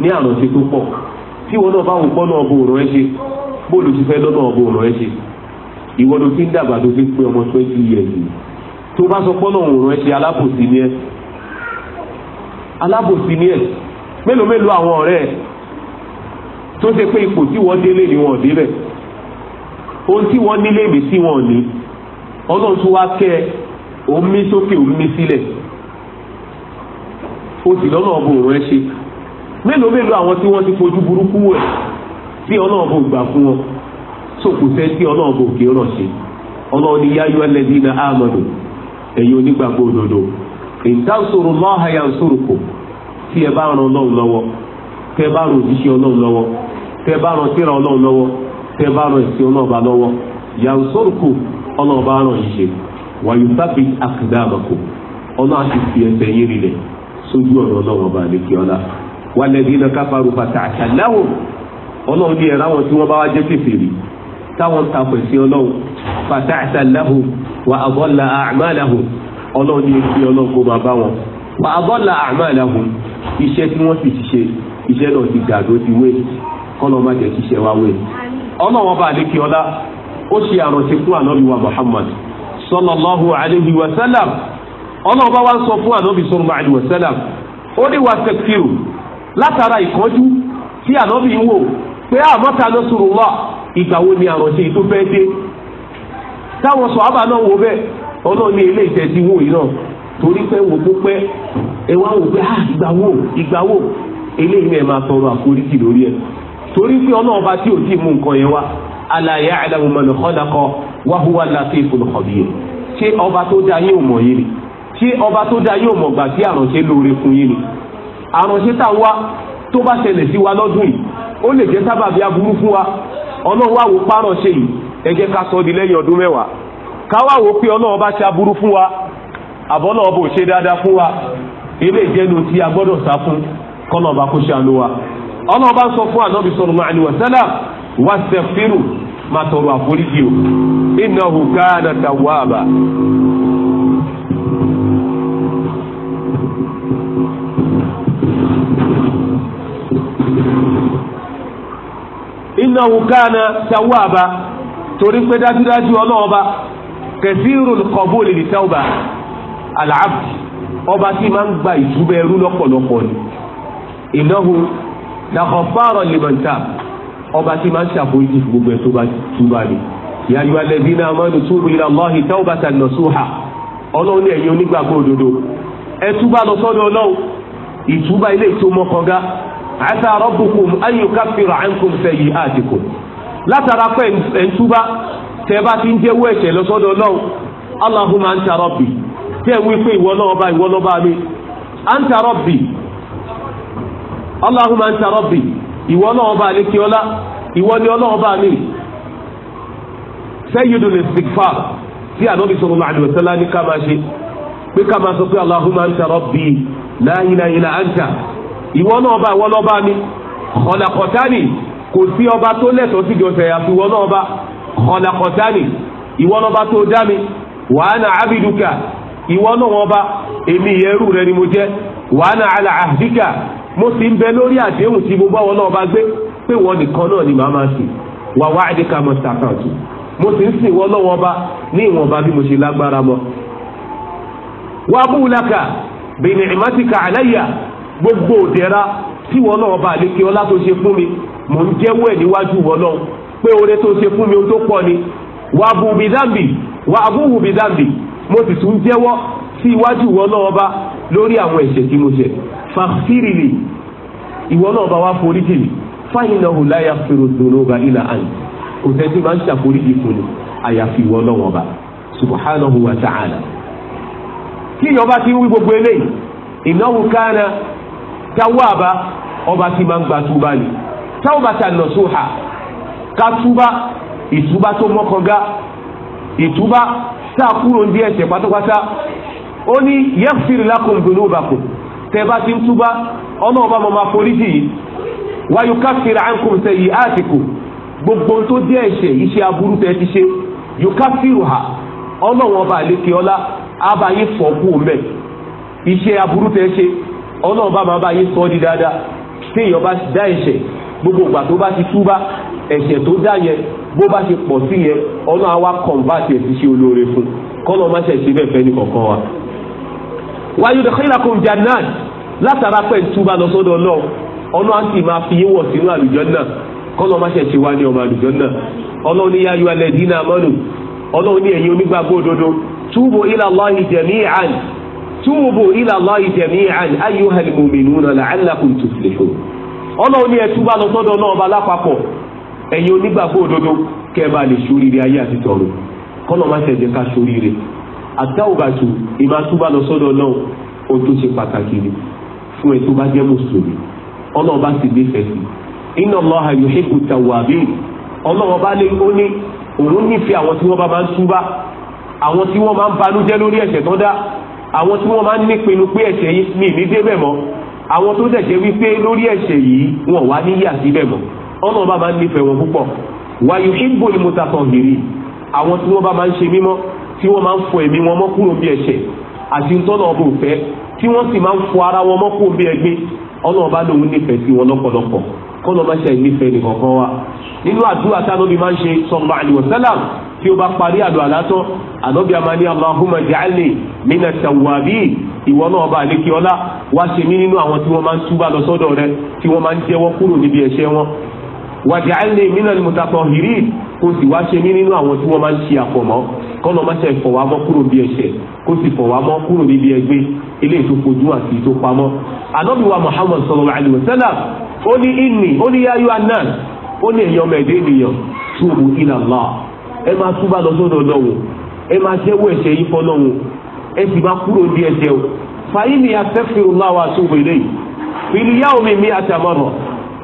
Speaker 1: ní àròsí tó pọ̀ tí wọn náà bá wò pọ́nà ọbọ̀ òrùn ẹ ṣe bóòlù ti fẹ́ lọ́nà ọbọ̀ òrùn ẹ ṣe ìwọ ló fi ń dàgbà tó fi pé ọmọ twenty years tó bá sọ pọ́nà òrùn ẹ ṣe alábòsí ni ẹ alábòsí ni ẹ mélòó mélòó àwọn ọ̀rẹ́ ẹ tó ṣe pé ipò tí wọ́n délé ni wọ́n débẹ̀ ohun tí wọ́n nílé mi sí wọn ní ọlọ́run tó wá kẹ́ ẹ mí sókè òun mí sílẹ̀ o sì lọ́nà ọbọ̀ òrùn ẹ ṣe. mélòó mélòó àwọn tí wọ́n ti fojú burúkú wẹ̀ tí ọlọ́run bò gbà fún wọn tó kù sẹ́ tí ọlọ́run bò kí ọ̀nà ṣe ọlọ́run ní yáyọ ẹlẹ́dí na àmọ́dù ẹ̀yin onígbàgbọ́ òdodo ìtàsòrò lọ́hàyà sòròkò tí ẹ bá ran ọlọ́run lọ́wọ́ tẹ bá ran òjíṣẹ́ ọlọ́run lọ́wọ́ tẹ bá ran tírà ọlọ́run lọ́wọ́ tẹ bá ran lọ́wọ́ ṣe walladhina kafaru fata'talahum ọlọ́run ní ẹ̀rọ àwọn tí wọ́n bá wá jẹ́ kèfèrí táwọn takò sí ọlọ́run fata'talahum wa adalla a'malahum ọlọ́run ní etí ọlọ́run kó máa bá wọn wa adalla a'malahum iṣẹ́ tí wọ́n sì ti iṣẹ́ náà ti dàdó ti wé kọ́lọ́ má jẹ́ kíṣẹ́ wá wé ọlọ́run bá àdékè ọlá ó ṣe àròsí fún ànábì wa Muhammad sallallahu alayhi wa sallam ọlọ́run bá wá sọ fún ànábì sallallahu alayhi wa sallam ó ní wa tẹ̀kíù látara ìkánjú tí ànábì ń wò pé àmọ́ta ah, nasrullah ìgbà wo ni àránṣe tó fẹ́ dé táwọn sọ̀hábà náà wo bẹ́ẹ̀ ọlọ́run ní ilé ìtẹ̀sí wò yìí náà torí pé wò ó pẹ́ ẹ wá wò pé ah, ìgbà wo ìgbà wo eléyìí náà máa tọrọ àforíjì lórí ẹ̀ torí pé ọlọ́run bá tí ò tí ì mú nǹkan yẹn wá ala ya'lamu man khalaqa wa huwa al ṣé ọba tó dá yín mọ̀ yín ni ṣé ọba tó dá yín mọ̀ gbà tí àránṣe lóore fún yín ni àránṣẹ́ tá wa tó bá ṣẹlẹ̀ sí wa lọ́dún yìí ó lè jẹ́ sábàbí aburú fún wa ọlọ́run wá wò páránṣẹ́ yìí ẹ jẹ́ ká sọ di lẹ́yìn ọdún mẹ́wàá ká wá wò pé ọlọ́run bá ṣe aburú fún wa àbọ́lọ́ ọbọ̀ ṣe dáadáa fún wa ilé ìjẹ́nu tí a gbọ́dọ̀ sá fún kọ́nà ọba kó ṣe àánú wa ọlọ́run bá ń sọ fún ànábì sallallahu alaihi wasallam wastaghfiru máa tọrọ àforíjì o innahu kana tawwaba innahu kana tawwaba torí pé dájúdájú ọlọ́ọ̀ba kathirul qabuli li tawba al-abd ọba tí máa ń gba ìtúbẹ̀ ẹrú lọ́pọ̀lọpọ̀ ni innahu la ghaffaran liman tab ọba tí máa ń ṣàforíjì gbogbo ẹ̀ tó bá túbà ni ya ayyuha alladhina amanu tubu ila Allahi tawbatan nasuha ọlọ́run ní ẹ̀yin onígbàgbọ́ òdodo ẹ túbà lọ sọ́dọ̀ ọlọ́run ìtúbà ilé ìtòmọ́kọ̀gá asa rabbukum an yukaffiru ankum sayyi'atikum látara pé ẹ̀ńtúbá tẹ́ bá ti ń jẹ́wọ́ ẹ̀ṣẹ̀ lọ́sọ́dọ̀ náà allahumma anta rabbi tẹ́ wí pé ìwọ náà ọba ìwọ náà bá mi anta rabbi allahumma anta rabbi ìwọ náà ọba àlékiọlá ìwọ ni ọlọ́run bá mi sayyidul istighfar tí ànábi sallallahu alaihi wasallam ní ká máa ṣe pé allahumma anta rabbi la ilaha illa anta. ìwọ náà bá ìwọ lọ́ba mi khalaqtani kò sí ọba tó lẹ́tọ̀ọ́ sí ìjọsẹ̀ àfi ìwọ náà bá khalaqtani ìwọ tó dá mi abiduka ìwọ náà wọn bá èmi rẹ ni mo jẹ ala mo sì ń bẹ lórí àdéhùn tí mo bá wọn náà wọn nìkan náà ni màá máa wà wa'dika mustaqatu mo sì ń sìn wọn bá ní bí mo ṣe lágbára gbogbo òdẹ́ra tí wọn náà bá lékè ọlá tó ṣe fún mi mò ń jẹ́wọ́ ẹ̀ níwájú wọn náà pé oore tó ṣe fún mi ó tó pọ̀ ni wà á bùbí dàmbì wà á bùbù bí dàmbì mo sì tún jẹ́wọ́ sí iwájú wọn náà bá lórí àwọn ẹ̀ṣẹ̀ tí mo ṣẹ̀ fàfírìlì ìwọ náà bá wá forí jì mí fáyínà ò láyà fèrò dòrò bá ilà àyè kò sẹ́ni tí máa ń ṣàforíjì fún mi àyàfi ìwọ náà wọn bá subhanahu wa ta'ala. kí ìyọba ti ń wí gbogbo eléyìí ìnáwó kánà tawaba ọba tí máa ń gba túbá ni tawbatan nasuha ká túbá ìtúbá tó mọ́kànga ìtúbá tá a kúrò ní ẹ̀ṣẹ̀ pátápátá ó ní yaghfir lakum dhunubakum tẹ́ bá ti ń túbá ọmọ ọba mọ̀ máa foríjì yìí wa yukaffir ankum sayyi'atikum gbogbo tó jẹ́ ẹ̀ṣẹ̀ iṣẹ́ aburú tẹ́ ti ṣe yukafiruha ọlọ́wọ́n ọba àlékè ọlá abayé fọ́kù mẹ́ iṣẹ́ aburú tẹ́ ṣe ọlọ́run bá máa bá yín sọ di dáadáa tí èèyàn bá dá ẹ̀ṣẹ̀ gbogbo ìgbà tó bá ti túbá ẹ̀ṣẹ̀ tó dá yẹn bó bá ti pọ̀ sí yẹn ọlọ́run á wá kọ̀ǹbáàtì ẹ̀sìn ṣe olóore fún kọ́lọ́ má ṣe ṣe bẹ́ẹ̀ fẹ́ ní kọ̀ọ̀kan wa. wáyé ọdẹ kílà kò jannat látara pẹ̀ túbá lọ sọ́dọ̀ ọlọ́run ọlọ́run á sì máa fi yín wọ̀ sínú àlùjánnà kọ́lọ́ má ṣe ṣe wá ní ọmọ àlùjánnà ọlọ́run ní yáyọ alẹ́ dínà mọ́nù ọlọ́run ní ẹ̀yin onígbàgbọ́ òdodo túbọ̀ ila Allahi jami'an túbù ila Allahi jami'an ayyuhal mu'minuna la'allakum tuflihun ọlọ́run ní ẹtú lọ sọ́dọ̀ náà ọba lápapọ̀ ẹ̀yin onígbàgbọ́ òdodo kẹ́ bá lè ṣoríire ayé àti tọ̀run kọ́nà má ṣe ká ṣoríire àtàwùbàtù ìmàtúbà lọ sọdọ náà ó tó ṣe pàtàkì ni fún ẹ bá jẹ́ mùsùlùmí bá sì bá lé ó ní òun àwọn tí bá máa ń túbà àwọn tí wọ́n máa ń nípinnu pé ẹ̀ṣẹ̀ yìí mi ní débẹ̀ mọ́ àwọn tó dẹ̀ jẹ́ wípé lórí ẹ̀ṣẹ̀ yìí wọn wá ní yà síbẹ̀ mọ́ ọ̀nà bá máa ń nífẹ̀ẹ́ wọn púpọ̀ wáyé ìbò ni mo ta tàn gèrè àwọn tí wọ́n bá máa ń ṣe mímọ́ tí wọ́n máa ń fọ ẹ̀mí wọn mọ́ kúrò bí ẹ̀ṣẹ̀ àti ntọ́nà ọba òfẹ́ tí wọ́n sì máa ń fọ ara wọn mọ́ kúrò bí ẹgbẹ́ ọ̀nà bá lòun nífẹ̀ẹ́ sí wọn lọ́pọ̀lọpọ̀ kọ́nà máa ṣe nífẹ̀ẹ́ nìkọ̀ọ̀kan wa nínú àdúrà táwọn bí máa ń ṣe sọ̀rọ̀ tí ó bá parí àdó àlátọ́ ànábì amani Allahumma ja'alni mina tawabin ìwọ náà ọba àlékí ọlá wá ṣe mí nínú àwọn tí wọ́n máa ń túbà lọ sọ́dọ̀ rẹ tí wọ́n máa ń jẹ́wọ́ kúrò níbi ẹ̀ṣẹ̀ wọn wàjàálẹ̀ mínà ni mùtàtọ̀hìrì kó sì wá ṣe mí nínú àwọn tí wọ́n máa ń ṣe àfọ̀mọ́ kọ́nà máṣe fọ̀wámọ́ kúrò bí ẹ̀ṣẹ̀ kó sì fọ̀wámọ́ kúrò níbi ẹgbẹ́ eléyìí tó fojú àti tó pamọ́. anábìwá muhammad sallallahu alayhi wa sallam ó ní inni ó ní yáyọ anan ó ní èèyàn mẹ́ẹ̀ẹ́dẹ́gbìyàn túbú ila Allah ẹ máa túbà lọ sọ́dọ̀ Ọlọ́run ẹ máa ṣẹ́wó ẹ̀ṣẹ̀ yín fọ́lọ́run ẹ sì máa kúrò ní ẹ̀ṣẹ̀ o fàyín ni astaghfirullah wa atubu ilayhi ìlúyà omi mi àtàmọ̀ràn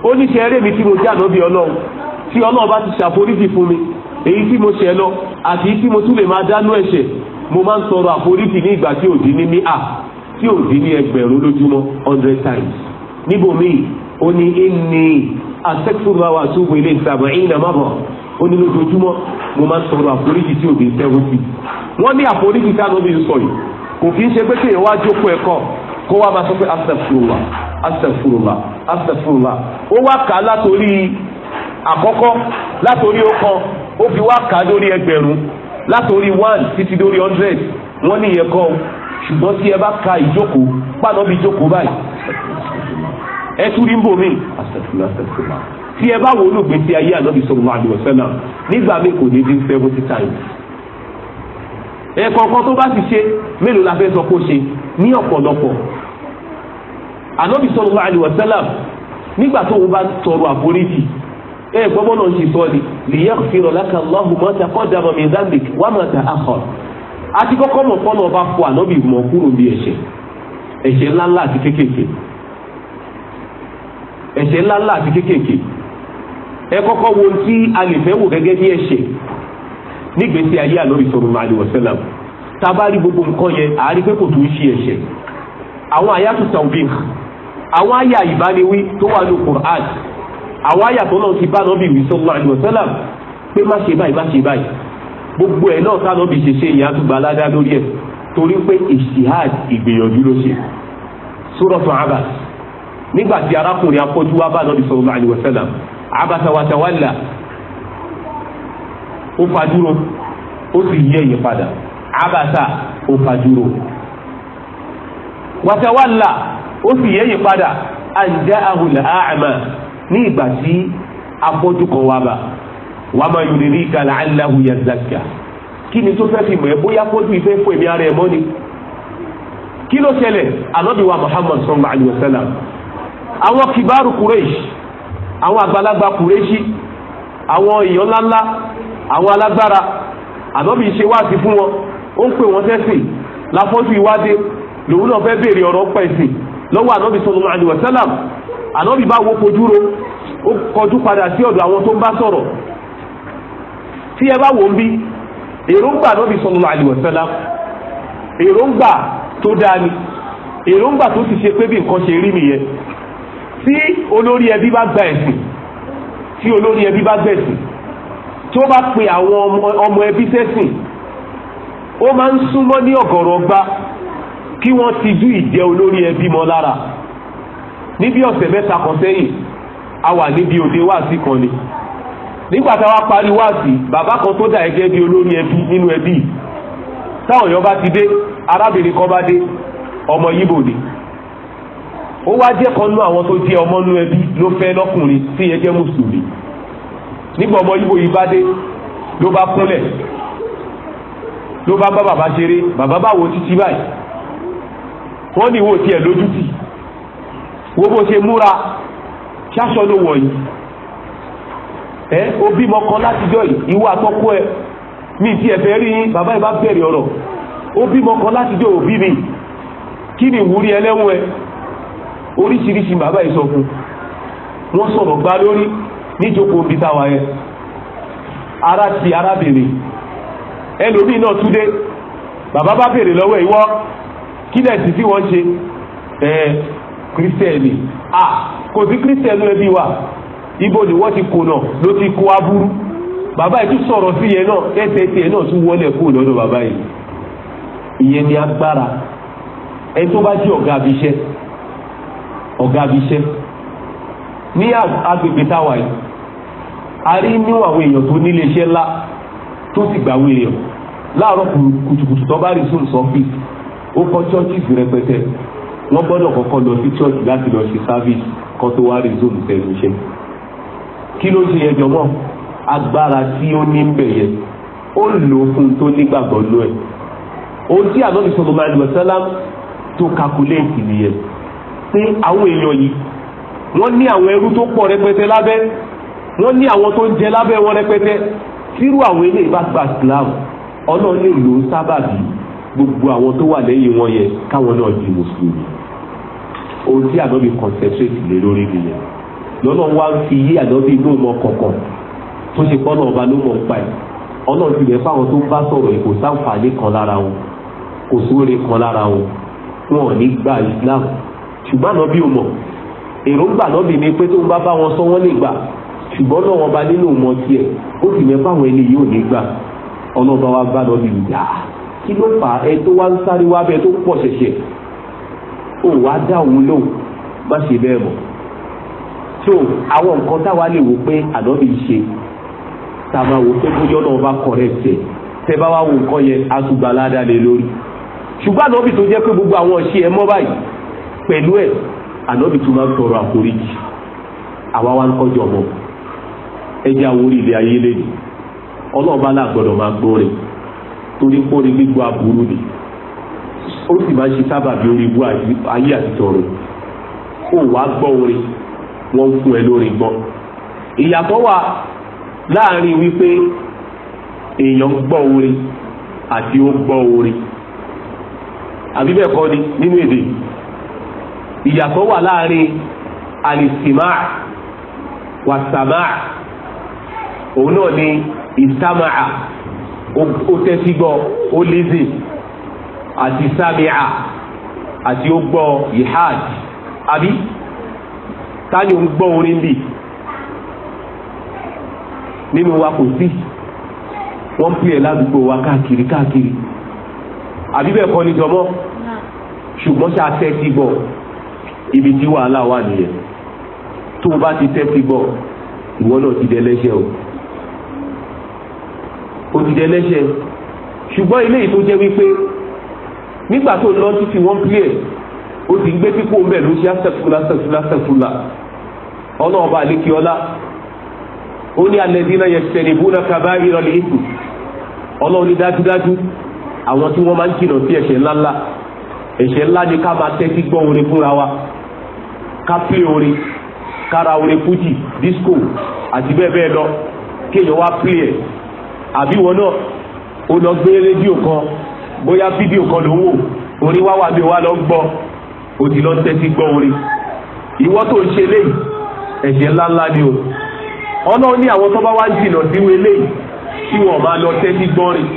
Speaker 1: ó ní ṣe eré mi tí mo jẹ́ ànábì Ọlọ́run tí Ọlọ́run bá ti ṣàforíjì fún mi èyí tí mo ṣẹ̀ lọ àti tí mo tún lè máa dánú ẹ̀ṣẹ̀ mo máa ń tọrọ àforíjì ní ìgbà tí ò dín ní ní à tí ò dín ní ẹgbẹ̀rún lójúmọ́ hundred times níbòmíì ó ní inni astaghfirullah wa atubu ilayhi sab'ina marra ó ní lójoojúmọ́ mo máa ń sọ̀rọ̀ àforíjì tí òbí tẹ́wọ́ sí wọ́n ní àforíjì tí àná mi ń sọ yìí kò kí ń ṣe pé kéèyàn wá jókòó ẹ̀kọ́ kó wá máa sọ pé astagfirullah astagfirullah astagfirullah ó wá kà á látòrí àkọ́kọ́ látòrí ọ̀kan ó fi wá kà á lórí ẹgbẹ̀rún látòrí one títí lórí hundred wọ́n ní ìyẹn kọ́ ṣùgbọ́n tí ẹ bá ka ìjókòó pàdánù ìjókòó báyìí ẹ tún rí ń tí ẹ bá wo olùgbèsè ayé ànábì sallallahu alaihi wasallam nígbà mi kò ní dín seventy times ẹ̀ẹ̀kọ̀ọ̀kan tó bá ti ṣe mélòó la fẹ́ sọ kó ṣe ní ọ̀pọ̀lọpọ̀ ànábì sallallahu alaihi wasallam nígbà tó o bá tọrọ àforíjì ẹ gbọ́ bọ́lá ń ṣe sọ ni liyaghfira laka Allahu ma taqaddama min dhanbik wa ma ta'akhkhar àti kọ́kọ́ mọ̀ fọ́nà ọba fọ ànábì mọ̀ kúrò bí ẹ̀ṣẹ̀ ẹ̀ṣẹ̀ ńláńlá àti kéékèèké ẹ̀ṣẹ̀ ńláńlá àti kéékèèké ẹ kọ́kọ́ wo tí a lè fẹ́ wò gẹ́gẹ́ bí ẹ̀ṣẹ̀ nígbèsí ayé àlórí sallallahu alaihi wasallam tá a bá rí gbogbo nǹkan yẹn àárí pé kò tún ṣe ẹ̀ṣẹ̀ àwọn àyàtú tawbih àwọn àyà ìbániwí tó wà ní Qur'an àwọn àyà tó náà ti bá nọ́bì wí sallallahu alaihi wasallam pé má ṣe báyìí má ṣe báyìí gbogbo ẹ̀ náà sáà ṣe ṣe ìyá tó gba aládá lórí ẹ̀ torí pé ìṣìhàd ìgbìyànjú ló ṣe Suratu Abbas nígbà tí arákùnrin afọ́jú wa bá nọ́bì sallallahu alaihi wasallam abasa wa tawalla ó fajúro ó sì yí ẹ̀yìn padà abasa ó fajúro wa tawalla ó sì yí ẹ̀yìn padà an ja'ahu al-a'ma ní ìgbà tí afọ́jú kan wá bá wa ma yudrika la'allahu yazakka kí ni tó fẹ́ fi mọ̀ ẹ́ bóyá fọ́jú ìfẹ́ fún èmi ara ẹ̀ mọ́ ni kí ló ṣẹlẹ̀ alọ́bíwá Muhammad sallallahu alaihi wasallam àwọn kìbáàrù Quraysh àwọn àgbàlagbà kùrẹ́ṣí àwọn èèyàn ńláńlá àwọn alágbára ànábì ṣe wáàsí fún wọn ó ń pè wọ́n sẹ́sìn láfọ́jú ìwádé lòun náà fẹ́ béèrè ọ̀rọ̀ pẹ̀sìn lọ́wọ́ ànábì sallallahu alaihi wasallam ànábì bá wo fojú ro ó kọjú padà sí ọ̀dọ̀ àwọn tó ń bá sọ̀rọ̀ tí ẹ bá wò ń bí èròǹgbà ànábì sallallahu alaihi wasallam èròǹgbà tó dáa ni èròǹgbà tó ti ṣe pé bí nǹkan ṣe rí nìyẹn tí olórí ẹbí bá gba ẹ̀sìn tí olórí ẹbí bá gbẹ̀sìn tí ó bá pe àwọn ọmọ ẹbí sẹ́sìn ó máa ń súnmọ́ ní ọ̀gọ̀rọ̀ ọgbà kí wọ́n ti ju ìjẹ́ olórí ẹbí mọ́ lára níbi ọ̀sẹ̀ mẹ́ta kan sẹ́yìn a wà níbi òde wáàsí kan ni nígbà tá a wá parí wáàsí bàbá kan tó dà gẹ́gẹ́ bí olórí ẹbí nínú ẹbí táwọn èèyàn bá ti dé arábìnrin kan bá dé ọmọ yíbò ni ó wá jẹ́ kan nú àwọn tó jẹ́ ọmọ nú ẹbí ló fẹ́ lọ́kùnrin tí yẹn jẹ́ mùsùlùmí nígbà ọmọ yíbo yìí bá dé ló bá kúnlẹ̀ ló bá bá bàbá ṣeré bàbá bá wo títí báyìí wọ́n ní ìwò tiẹ̀ lójútì wo bó ṣe múra ṣáṣọ ló wọ̀ yìí ẹ ó bímọ kan látijọ́ yìí ìwọ àtọ́kọ́ ẹ mi ti ẹ̀fẹ́ rí yín bàbá ẹ bá bẹ̀rẹ̀ ọ̀rọ̀ ó bímọ kan látijọ́ òbí mi kí ni ìwúrí ẹlẹ́wọ̀n ẹ oríṣiríṣi bàbá yìí sọ fún wọ́n sọ̀rọ̀ gbá lórí níjókòó bí táwa yẹn ara ti arábìnrin ẹlòmíì náà túdé bàbá bá béèrè lọ́wọ́ ìwọ kí náà sì tí wọ́n ṣe ẹ kírísítẹ́nì à kò sí kírísítẹ́nì ẹbí wa ibo ni wọ́n ti kó náà ló ti kó aburú bàbá yìí tún sọ̀rọ̀ sí yẹn náà ẹsẹ̀ tiẹ̀ náà tún wọlé kó lọ́dọ̀ bàbá yìí ìyẹn ni agbára ẹni tó bá jí ọ̀gá abiṣẹ́ ọ̀gá abiṣẹ́ ní agbègbè táwa yìí a rí níwọ̀n àwọn èèyàn tó nílé iṣẹ́ ńlá tó sì gbà àwọn èèyàn láàárọ̀ kùtùkùtù tó bá rí sóòlù sọ́fíìsì ó kọ́ chọ́ọ̀chì rẹpẹtẹ wọ́n gbọ́dọ̀ kọ́kọ́ lọ sí chọ́ọ̀chì láti lọ ṣe sáfíìsì kan tó wá rí sóòlù sẹ́nu iṣẹ́ kí ló ṣe yẹn jọmọ́ agbára tí ó ní bẹ̀ yẹn ó lò fún tó nígbàgbọ́ lọ ẹ̀ ohun tí àná pé àwọn èèyàn yìí wọ́n ní àwọn ẹrú tó pọ̀ rẹpẹtẹ lábẹ́ wọ́n ní àwọn tó ń jẹ lábẹ́ wọn rẹpẹtẹ tírú àwọn eléyìí bá gba Islam ọlọ́run lè lò ó sábàbí gbogbo àwọn tó wà lẹ́yìn wọn yẹn káwọn náà di mùsùlùmí ohun tí ànábì concentrate lé lórí nìyẹn lọ́nà wa ń fi yé ànábì inú ọmọ kọ̀ọ̀kan tó ṣe pọ́nà ọba ló mọ̀ ń pa ẹ̀ ọlọ́run ti bẹ̀ fáwọn tó ń bá sọ̀rọ̀ ẹ̀ kò sáǹfààní kan lára wọn kò sóore kan lára wọn wọn ò ní gba Islam ṣùgbọ́n ànábì ò mọ̀ èròǹgbà ànábì ni pé tó ń bá bá wọn sọ wọ́n lè gbà ṣùgbọ́n náà wọn bá nínú mọ tiẹ̀ ó sì mẹ́fà àwọn ẹni yìí ò ní gbà ọlọ́ba wa bá ànábì gbà kí ló fà ẹ tó wá ń sáré wá bẹ́ẹ̀ tó pọ̀ ṣẹ̀ṣẹ̀ ò wá dá òun lóhùn má ṣe bẹ́ẹ̀ mọ̀ so àwọn nǹkan táwa lè wò pé ànábì ṣe tá a máa wò pé bóyá náà bá correct ẹ̀ tẹ́ bá wá wo nǹkan yẹn àtùgbàládà lè lórí ṣùgbọ́n ànábì tó jẹ́ pé gbogbo àwọn ọ̀ṣẹ́ ẹ mọ́ báyìí pẹ̀lú ẹ̀ Anọbi tún máa ń tọrọ àforíjì àwa wá ń ọmọ ẹjẹ́ àwórí ilé ayé lè ní ọlọ́ọ̀bá làgbọ́dọ̀ máa gbọ́ rẹ̀ torí kórí gbígbó aburú ni ó sì máa ń ṣe sábàbí orí ibú ayé àtijọ́ rẹ̀ ó wá gbọ́ orin wọ́n fún ẹ lórí gbọ́ ìyàtọ̀ wà láàrin wípé èèyàn gbọ́ orin àti ó gbọ́ orin ìyàtọ̀ wà láàrin alìsìmá wàsàmá òun náà ni ìsàmáà ó tẹ́tí gbọ́ ó lézè àti sàmíà àti ó gbọ́ ìhàd àbí táni ó ń gbọ́ orin bì nínú wa kò sí wọ́n pè é ládùúgbò wa káàkiri káàkiri àbí bẹ́ẹ̀ kọ́ ni jọmọ́ ṣùgbọ́n ṣe àtẹ́tí gbọ́ ibi tí wàhálà wà nìyẹn tó o bá ti tẹ́tí gbọ́ ìwọ náà ti dẹlẹ́ṣẹ̀ o o ti dẹlẹ́ṣẹ̀ ṣùgbọ́n eléyìí tó jẹ́ wípé nígbà tó lọ títí wọ́n pílẹ̀ o ti gbé pípò ń bẹ̀ ló ṣe àṣẹ̀fúnla àṣẹ̀fúnla àṣẹ̀fúnla ọ̀nà ọba àlékiọlá ó ní alẹ́dínà yẹn ṣẹlẹ̀ ìbúná kaba ìrọ̀lẹ́ ìkù ọlọ́run ní dájúdájú àwọn tí wọ́n máa ń jìnnà sí ẹ̀ṣẹ̀ ńláńlá ẹ̀ṣẹ̀ ńlá ni ká máa tẹ́tí gbọ́ orin fúnra wa ká pé orin kára orin fújì disco àti bẹ́ẹ̀ bẹ́ẹ̀ lọ kéèyàn wá pé ẹ̀ àbí wọn náà ó lọ gbé rédíò kan bóyá fídíò kan ló ń wò orin wá wà bí wá lọ gbọ́ ó lọ tẹ́tí gbọ́ orin ìwọ tó ń ṣe léyìí ẹ̀jẹ̀ ńláńlá ni o ọlọ́run ní àwọn tó bá wá ń jìnà síwé léyìí tí wọ́n máa lọ tẹ́tí gbọ́rin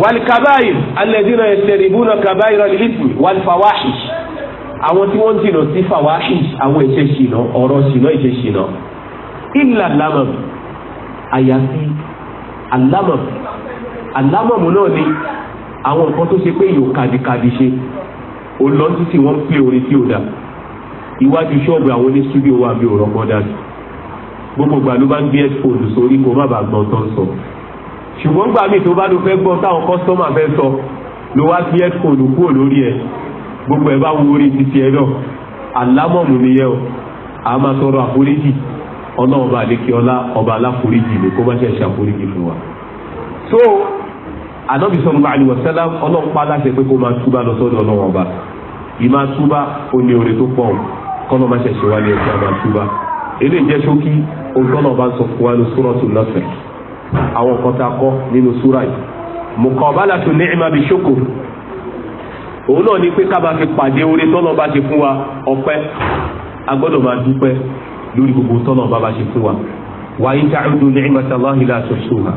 Speaker 1: wàlìkàbáyìí alẹ́dínà ẹ̀sẹ̀ ìbúná kàbáyìí rẹ̀ lẹ́sìn wàlìfàwáṣì àwọn tí wọ́n ń jìnà sí fawahish àwọn ìṣe ṣìnà ọ̀rọ̀ ṣìnà ìṣe ṣìnà ìlà lámàm àyàfi àlámàm àlámàm náà ni àwọn nǹkan tó ṣe pé yóò kàdìkàdì ṣe olóńtí tí wọ́n ń pè orin tí ò dá iwájú ṣọ́ọ̀bù àwọn ní studio wa mi ò rọ́pọ́ dájú gbogbo gbà ló bá ń gbé headphone sórí kó má bàa gbọ́n tó sọ ṣùgbọ́n gbà mí tó bá ló fẹ́ gbọ́ táwọn kọ́sọ́mà fẹ́ sọ ló wá gbé headphone kúrò lórí ẹ̀ gbogbo ẹ bá wo orí títí ẹ náà alámọ̀mù nìyẹn o a máa tọrọ àforíjì ọlọ́ọ̀ba àlékè ọlá ọba aláforíjì ni kó má ṣe ṣe àforíjì fún wa. so anábì sallallahu alaihi wasallam ọlọ́run pa aláṣẹ pé kó máa túbà lọ sọ́dọ̀ ọlọ́run ọba ìmáa túbà ó ní oore tó pọ̀ kọ́nà má ṣe ṣe wá ní ẹ̀ṣẹ̀ máa túbà eléyìí jẹ́ ṣókí ohun tọ́nà ọba ń sọ fún a kọ́ nínú súrà òun náà ni pé kábà fi pàdé oore tọ́lọ́ bá ṣe fún wa ọpẹ́ a gbọ́dọ̀ máa dúpẹ́ lórí gbogbo tọ́lọ́ bá bá ṣe fún wa. wa in ta'udu ni'matallahi la tuhsuha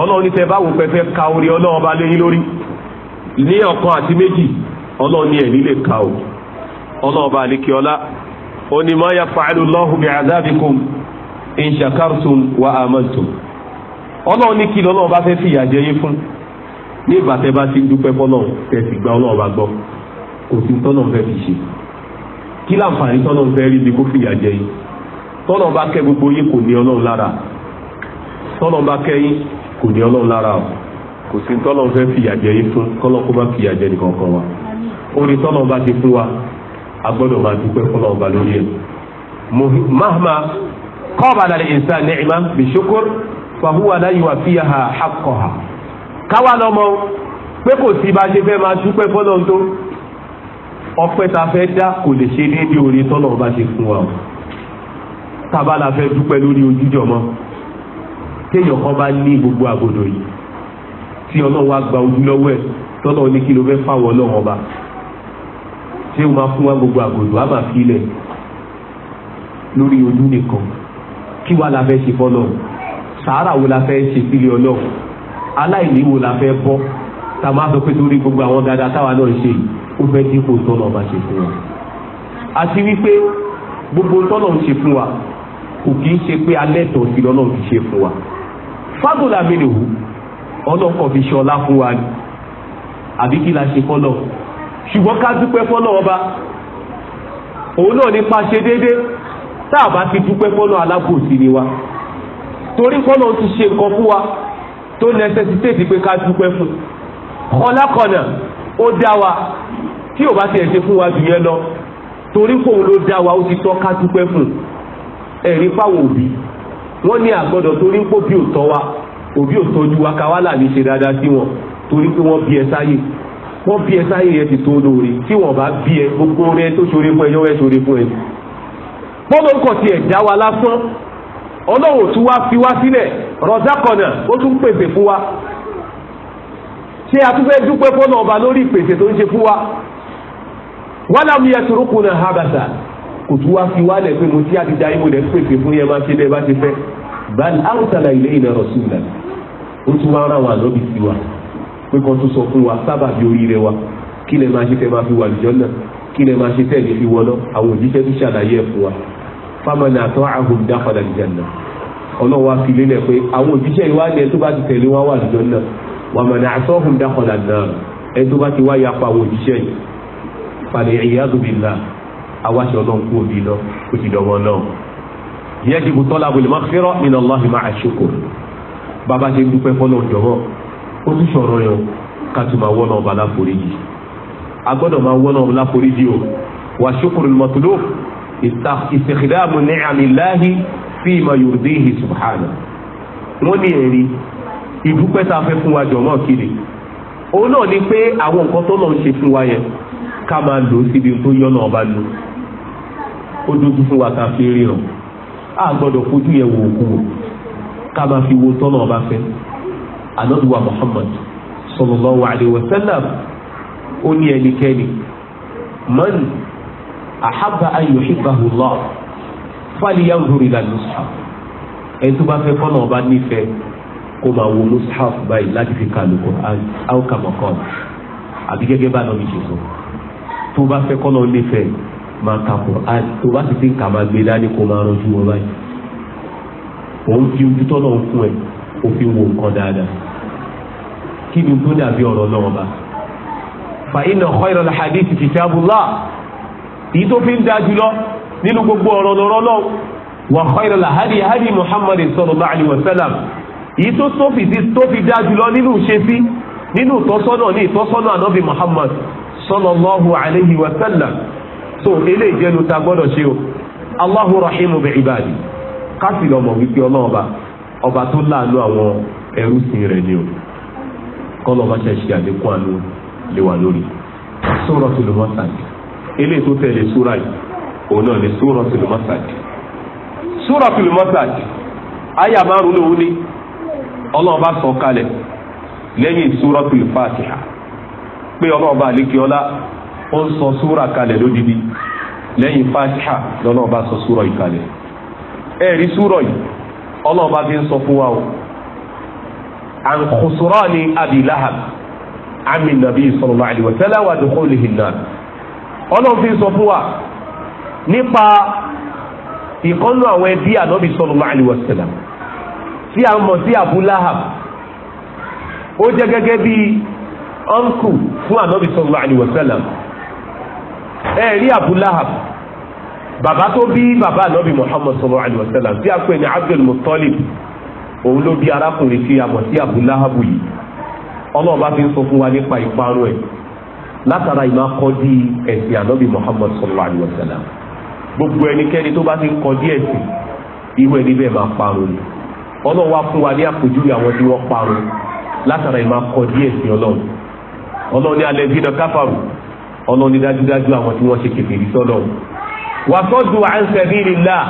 Speaker 1: ọlọ́run ní tẹ bá wò pẹ́fẹ́ ka orí ọlọ́run bá léyìn lórí ní ọ̀kan àti méjì ọlọ́run ní ẹ̀ o ọlọ́run bá ọlá ó ní in wa ọlọ́run ní kí lọ́lọ́run bá fẹ́ fìyà ní ìbàtẹ́ bá ti ń dúpẹ́ fọ́lọ́ tẹ̀sí gba ọlọ́run bá gbọ́ kò sí tọ́nà fẹ́ fi ṣe kí láǹfààní tọ́nà fẹ́ rí bí kó fìyà jẹ yín tọ́nà bá kẹ́ gbogbo yín kò ní ọlọ́run lára tọ́nà bá kẹ́ yín kò ní ọlọ́run lára kò sí tọ́nà fẹ́ fìyà jẹ yín fún kọ́lọ́ kó má fìyà jẹ nìkan kan wa orí tọ́nà bá ti fún wa a gbọ́dọ̀ máa dúpẹ́ fọ́lọ́run bá lórí ẹ̀ mahma kọ́ bàdàlẹ̀ ìsàn ní ìmá bìṣókòr fàhùwà láyé wà fíyà ha hàkọ́ ha káwá lọ́mọ pé kò sí bá ṣe fẹ́ máa dúpẹ́ fọ́lọ́n tó ọpẹ́ ta fẹ́ dá kò lè ṣe déédé oore tọ́lọ̀ bá ṣe fún wa tábà la fẹ́ dúpẹ́ lórí ojújọ mọ́ kéèyàn kan bá ní gbogbo àgọ́dọ̀ yìí tí ọlọ́run á gba ojú lọ́wọ́ ẹ̀ tọ́lọ̀ ní kí ló fẹ́ fáwọn ọlọ́run ọba ṣé o máa fún wa gbogbo àgọ́dọ̀ á máa fi lórí ojú nìkan kí wàá la fẹ́ ṣe fọ́lọ́run sàárà wo la fẹ́ ṣe sílé ọlọ́run aláìní wo la fẹ́ bọ́ tá a máa sọ pé torí gbogbo àwọn dáadáa táwa náà ṣe ó fẹ́ dínkù tọ́nà ọba ṣe fún wa àti wípé gbogbo tọ́nà ń ṣe fún wa kò kì í ṣe pé alẹ́tọ̀ọ́ sí lọ́nà fi ṣe fún wa fábùlà mi nìwú ọlọ́kọ̀ fi ṣe ọlá fún wa ni àbí kí la ṣe fọ́nà ṣùgbọ́n ká dúpẹ́ fọ́nà ọba òun náà nípa ṣe déédéé tá a bá ti dúpẹ́ fọ́nà alábòsí ni wa torí fọ́nà ti ṣe nǹkan fún wa tó nẹsẹsitéètì pé ká dúpẹ́ fún ọlákọ̀nà ó dá wa tí ò bá tiẹ̀ ṣe fún wa jù yẹn lọ torí fóun ló dá wa ó ti tọ́ ká dúpẹ́ fún ẹ̀rí fáwọn òbí wọ́n ní àgbọ́dọ̀ torí pé òbí ò tọ́ wa òbí ò tọ́jú wa ká wá làní ṣe dáadáa sí wọn torí pé wọ́n bí ẹ sáyè wọ́n bí ẹ sáyè yẹn ti tó lóore tí wọ́n bá bí ẹ gbogbo rẹ tó ṣoore fún ẹ yọ́wẹ́ ṣoore fún ẹ bọ́lọ́ ń kọ̀ tiẹ̀ dá wa lásán ọlọ́run tún wá fi wá sílẹ̀ rọ̀zákọ̀nà ó tún pèsè fún wa ṣé a tún fẹ́ dúpẹ́ fọ́nà ọba lórí ìpèsè tó ń ṣe fún wa wàlámù yẹtùrúkùnà habasa kò tún wá fi wálẹ̀ pé mo ti àdìdá yín mo lè pèsè fún yẹn máa ṣe bẹ́ẹ̀ bá ti fẹ́ bal arsala ilayna rasulan ó tún wá ràn wá lóbi sí wa pé kan tún sọ fún wa sábà bí oríire wa kí lè máa ṣe tẹ́ máa fi wà lùjọ́ náà kí lè máa ṣe tẹ́ lè fi wọ́n náà àwọn òjíṣẹ́ tún ṣàlàyé ẹ̀ fún wa faman ata'ahum dakhala al-janna ọlọ́run wá fi lélẹ̀ pé àwọn òjíṣẹ́ ìwádìí ẹ tó bá ti tẹ̀lé wọn wà lọ́jọ́ náà wà mọ̀nà àtọ́hùn dákọ̀lá náà ẹ tó bá ti wá yapa àwọn òjíṣẹ́ yìí falẹ̀ iyadu billah awáṣẹ ọlọ́run kú òbí lọ kó ti dọ̀wọ́ náà ìyẹn ti bu tọ́lá abúlé máa fẹ́rọ̀ nínú allah ma àṣekò ní àmì láhìí fíìmà yorùdíhì subhana wọ́n ní ẹ̀rí ìdúpẹ́ tá a fẹ́ fún wa jọ̀mọ́ kiri òun náà ni pé àwọn nǹkan tó náà ń ṣe fún wa yẹn ká máa lò ó síbi tó yọ náà bá lò ó dúdú fún wa ká fi ríran á gbọ́dọ̀ fojú yẹn wò òkú ká máa fi wo tọ́nà fẹ́ muhammad ó ní ẹnikẹ́ni fàlìyà òrùrì là mushaf ẹni tó bá fẹ́ kọ́nà ọba nífẹ̀ẹ́ kó máa wo mushaf báyìí láti fi kà lóko àwòkàmọ̀kọ́ àbí gẹ́gẹ́ bá lọ́ọ́ ìṣe sọ tó bá fẹ́ kọ́nà nífẹ̀ẹ́ máa ka Qur'an tó bá sì ti ń kà máa gbé dání kó máa rọjú wọn báyìí òun fi ojú tọ́lọ̀ fún ẹ òfin wo nǹkan dáadáa kí ni tó dàbí ọ̀rọ̀ náà bá fa inna khayral hadith kitabullah èyí tó fi ń da jùlọ nínú gbogbo ọ̀rọ̀ lọ́rọ́ lọ wà khairul hadi hadi muhammad sallallahu alaihi wasallam yìí tó sófì tí tó fi dá jùlọ nínú ìṣesí nínú ìtọ́sọ́nà ní ìtọ́sọ́nà ànábì muhammad sallallahu alaihi wasallam so ilé ìjẹnu ta gbọ́dọ̀ ṣe o allahu rahimu bi ibadi káfí lọmọ wípé ọlọ́ọ̀ba ọba tó láàánú àwọn ẹrú sin rẹ̀ ni o kọ́lọ́ọ̀ba ṣe ṣe àlékún àánú lè wà lórí suratul masad ilé tó tẹ̀lé súra yìí òun náà ni suratul masad suratul masad àyà márùn sọ kalẹ̀ lẹ́yìn suratul fatiha pé ọlọ́run bá ó ń sọ kalẹ̀ lódìdí lẹ́yìn fatiha lọ́lọ́run sọ sura yìí kalẹ̀ yìí fi ń sọ fún wa o an abi lahab nabi sallallahu wa sallam wa fi ń sọ nípa ìkọ́nú àwọn ẹbí ànábì sallallahu alaihi wasallam tí a mọ̀ sí Abu Lahab ó jẹ́ gẹ́gẹ́ bí ọ́nkù fún ànábì sallallahu alaihi wasallam ẹ Abu Lahab bàbá tó bí bàbá ànábì Muhammad sallallahu alaihi wasallam tí a pè ní Abdul Muttalib òun ló bí arákùnrin tí a mọ̀ sí Abu Lahab ọlọ́ọ̀bá fi ń sọ fún wa nípa ìparun ẹ̀ látara ìmọ̀ akọ́ ẹ̀sìn ànábì Muhammad gbogbo ẹnikẹ́ni tó bá ti kọ díẹ̀ sí irú ẹni bẹ́ẹ̀ máa parun ni ọlọ́run wá fún wa ní àpèjúwe àwọn tí wọ́n parun látara ìmọ̀ akọ díẹ̀ sí ọlọ́run ọlọ́run ní alẹ́ bíi dọ́káfàrù ọlọ́run ní dájúdájú àwọn tí wọ́n ṣe kèfèrí sọ́lọ́run wàsọ́dù an sabilillah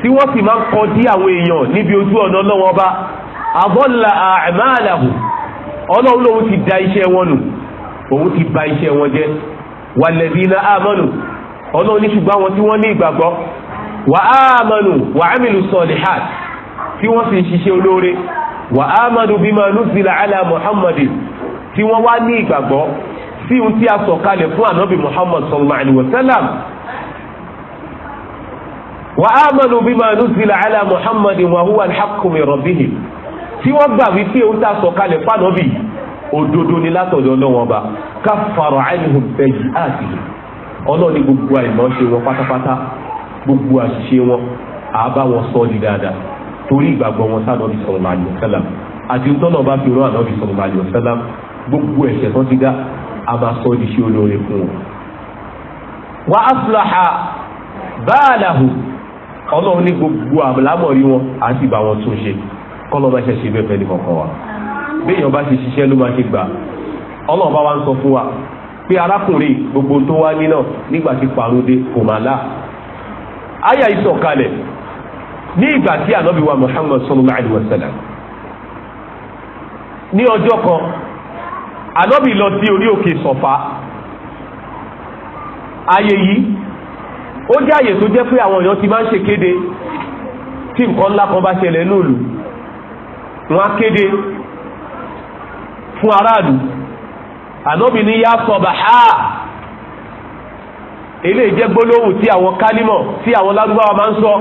Speaker 1: tí wọ́n sì máa ń kọ dí àwọn èèyàn níbi ojú ọ̀nà ọlọ́run ọba àbọ̀là àmàlàhù ọlọ́run lòun ti da iṣẹ́ wọn nù òun ti ba iṣẹ́ wọn jẹ́ ọlọ́run ní ṣùgbọ́n àwọn tí wọ́n ní ìgbàgbọ́ wà á mọ̀nù wà á mìlú salihat tí wọ́n sì ṣiṣẹ́ olóore wà á mọ̀nù bima nuzila ala muhammadin tí wọ́n wá ní ìgbàgbọ́ sí ohun tí a sọ kalẹ̀ fún ànábì muhammad sallallahu alayhi wa sallam wà á mọ̀nù bima nuzila ala muhammadin wa huwa al-haqqu min rabbihim tí wọ́n gbà wípé ohun tí a sọ kalẹ̀ fún ànábì òdodo ni látọ̀dọ̀ ọlọ́wọ́n ba káfàrọ̀ àìníhùn bẹ́ẹ̀ yìí àti ọlọ́ọ̀ni gbogbo àìmọ̀ ṣe wọn pátápátá gbogbo àṣìṣe wọn àbá wọn sọ ọ́ di dáadáa torí ìgbàgbọ́ wọn sáà nọ́bì sọ̀rọ̀ màálì ọ̀sẹ́lá àti tọ́nà bá fi rán ànọ́bì sọ̀rọ̀ màálì ọ̀sẹ́lá gbogbo ẹ̀ṣẹ̀ tán ti dá a máa sọ ọ́ di ṣe olóore fún wọn. wà á sùlàhà báàlàhù ọlọ́run ní gbogbo àlámọ̀rí wọn àti ìbá wọn tún ṣe kọ́lọ́ bá ṣe ṣe bẹ́ẹ̀ fẹ́ ní kọ̀ọ̀kan wa béèyàn bá ṣe ṣiṣẹ́ ló máa pé arákùnrin gbogbo tó wá ní náà nígbà tí parode kò máa lá àyà ìsọ̀kalẹ̀ ní ìgbà tí wa wa ní ọjọ́ kan ànábì lọ sí orí òkè sọ̀fà ayé yìí ó jẹ́ àyè tó jẹ́ ti máa ń ṣe kéde tí nǹkan kan bá ṣẹlẹ̀ wọn á kéde ànábì ní yá sọ̀bàhá eléyìí jẹ́ gbólóhùn tí àwọn kálímọ̀ tí àwọn lágbáwá máa ń sọ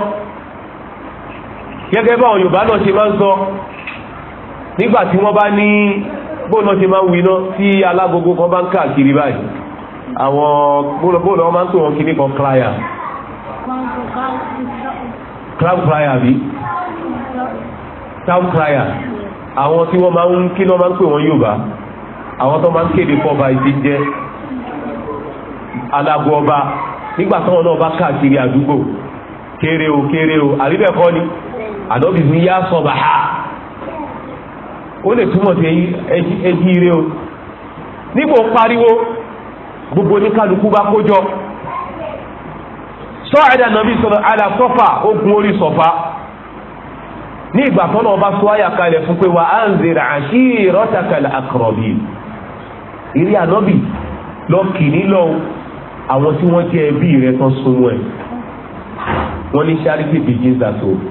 Speaker 1: gẹ́gẹ́ báwọn yorùbá náà ṣe máa ń sọ nígbà tí wọ́n bá ní bóòlù ṣe máa ń winá tí alágogo kan bá ń káàkiri báyìí àwọn bóòlù wọn máa ń tó wọn kiri kan clya clam clya bí sound clya àwọn tí wọ́n máa ń kí lọ́ máa ń pè wọ́n yorùbá àwọn tó máa ń kéde fọba ìdí jẹ́ alágo ọba nígbà táwọn náà bá káàkiri àdúgbò kéré o kéré o àríbẹ̀kọ́ ni àdọ́bì ní yá sọ̀bà ha ó lè túmọ̀ sí ẹjí ire o nígbò pariwo gbogbo oníkálukú bá kójọ sọ́ọ̀dà nàbí sọ̀rọ̀ alasọ́fà ogun orí sọ̀fà ní ìgbà tọ́nà ọba sọ àyàkálẹ̀ fún pé wà á ń zèrè àṣírí rọ́tàkàlà àkọ̀rọ̀bì ìrí ànábì lọ́ọ̀kì nílọ àwọn tí wọ́n jẹ́ ẹbí rẹ tán sunwọ̀n ẹ̀ wọ́n ní charity begins at home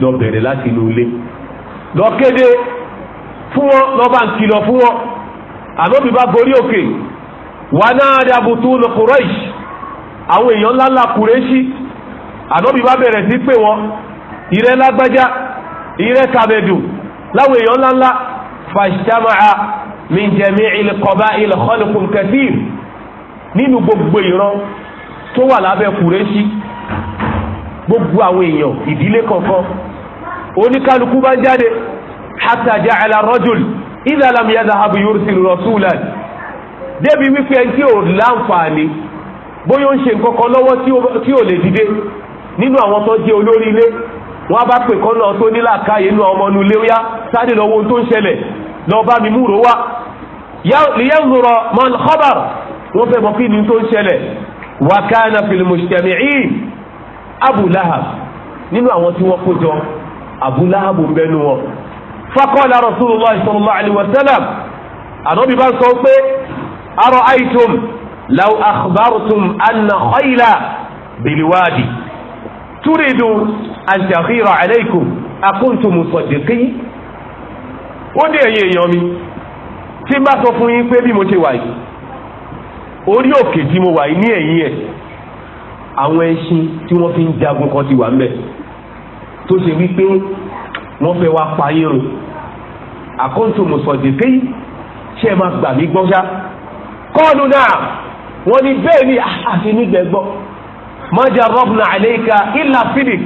Speaker 1: lọ bẹ̀rẹ̀ láti inú ilé lọ kéde fún wọn lọ bá ń kìlọ̀ fún wọn ànábì bá gorí òkè wà náà dàbùtù lọkùrọ̀ìṣ àwọn èèyàn ńláńlá kùrẹ́ṣì ànábì bá bẹ̀rẹ̀ sí pé wọn ìrẹ́ lágbájá ìrẹ́ kàbẹ̀dù láwọn èèyàn ńláńlá fàṣítàmáà min jami'il qaba'il khalqun kathir nínú gbogbo ìran tó wà lábẹ́ kùrẹ́sì gbogbo àwọn èèyàn ìdílé kọ̀ọ̀kan oníkálukú bá jáde hatta ja'ala rajul idha lam yadhhab yursil rasulan débi wípé ẹni tí ò láǹfààní bóyá ó ń ṣe nǹkan kan lọ́wọ́ tí ò lè dìde nínú àwọn tó jẹ́ olórí ilé wọ́n á bá pè kọ́ náà tó nílàáká inú ọmọ nulẹ̀ ó yá sáré lọ́wọ́ ohun tó ń ṣẹlẹ̀ lọ́ọ́ bá mi múrò wá lìyẹ́nzùrọ̀ mọ́n khabar wọ́n fẹ́ mọ̀ kí ni tó ń ṣẹlẹ̀ wà kánà fil mujtami'in abu lahab nínú àwọn tí wọ́n kó jọ abu lahab ń bẹ́nu wọn. faqala rasulullah sallallahu alayhi wa sallam ànábì bá sọ pé ara'aytum law akhbartum anna khayla bilwadi turidu an takhira akuntum musaddiqin. ó ní ẹ̀yin èèyàn mi tí n bá sọ fún yín pé bí mo ṣe wà yìí orí òkè tí mo wà yìí ní ẹ̀yìn ẹ̀ àwọn ẹṣin tí wọ́n fi ń jagun kan ti wà ń bẹ̀ tó ṣe wípé wọ́n fẹ́ wá pa yín rùn àkóńtò mùsọ̀dẹ̀kẹ́ yìí ṣe é máa gbà mí gbọ́ ṣá kọ́ọ̀lù náà wọ́n ní bẹ́ẹ̀ ni ah, àti nígbẹ̀gbọ́ mọ́jà rọ́bùnà àlẹ́ ìka ìlà philip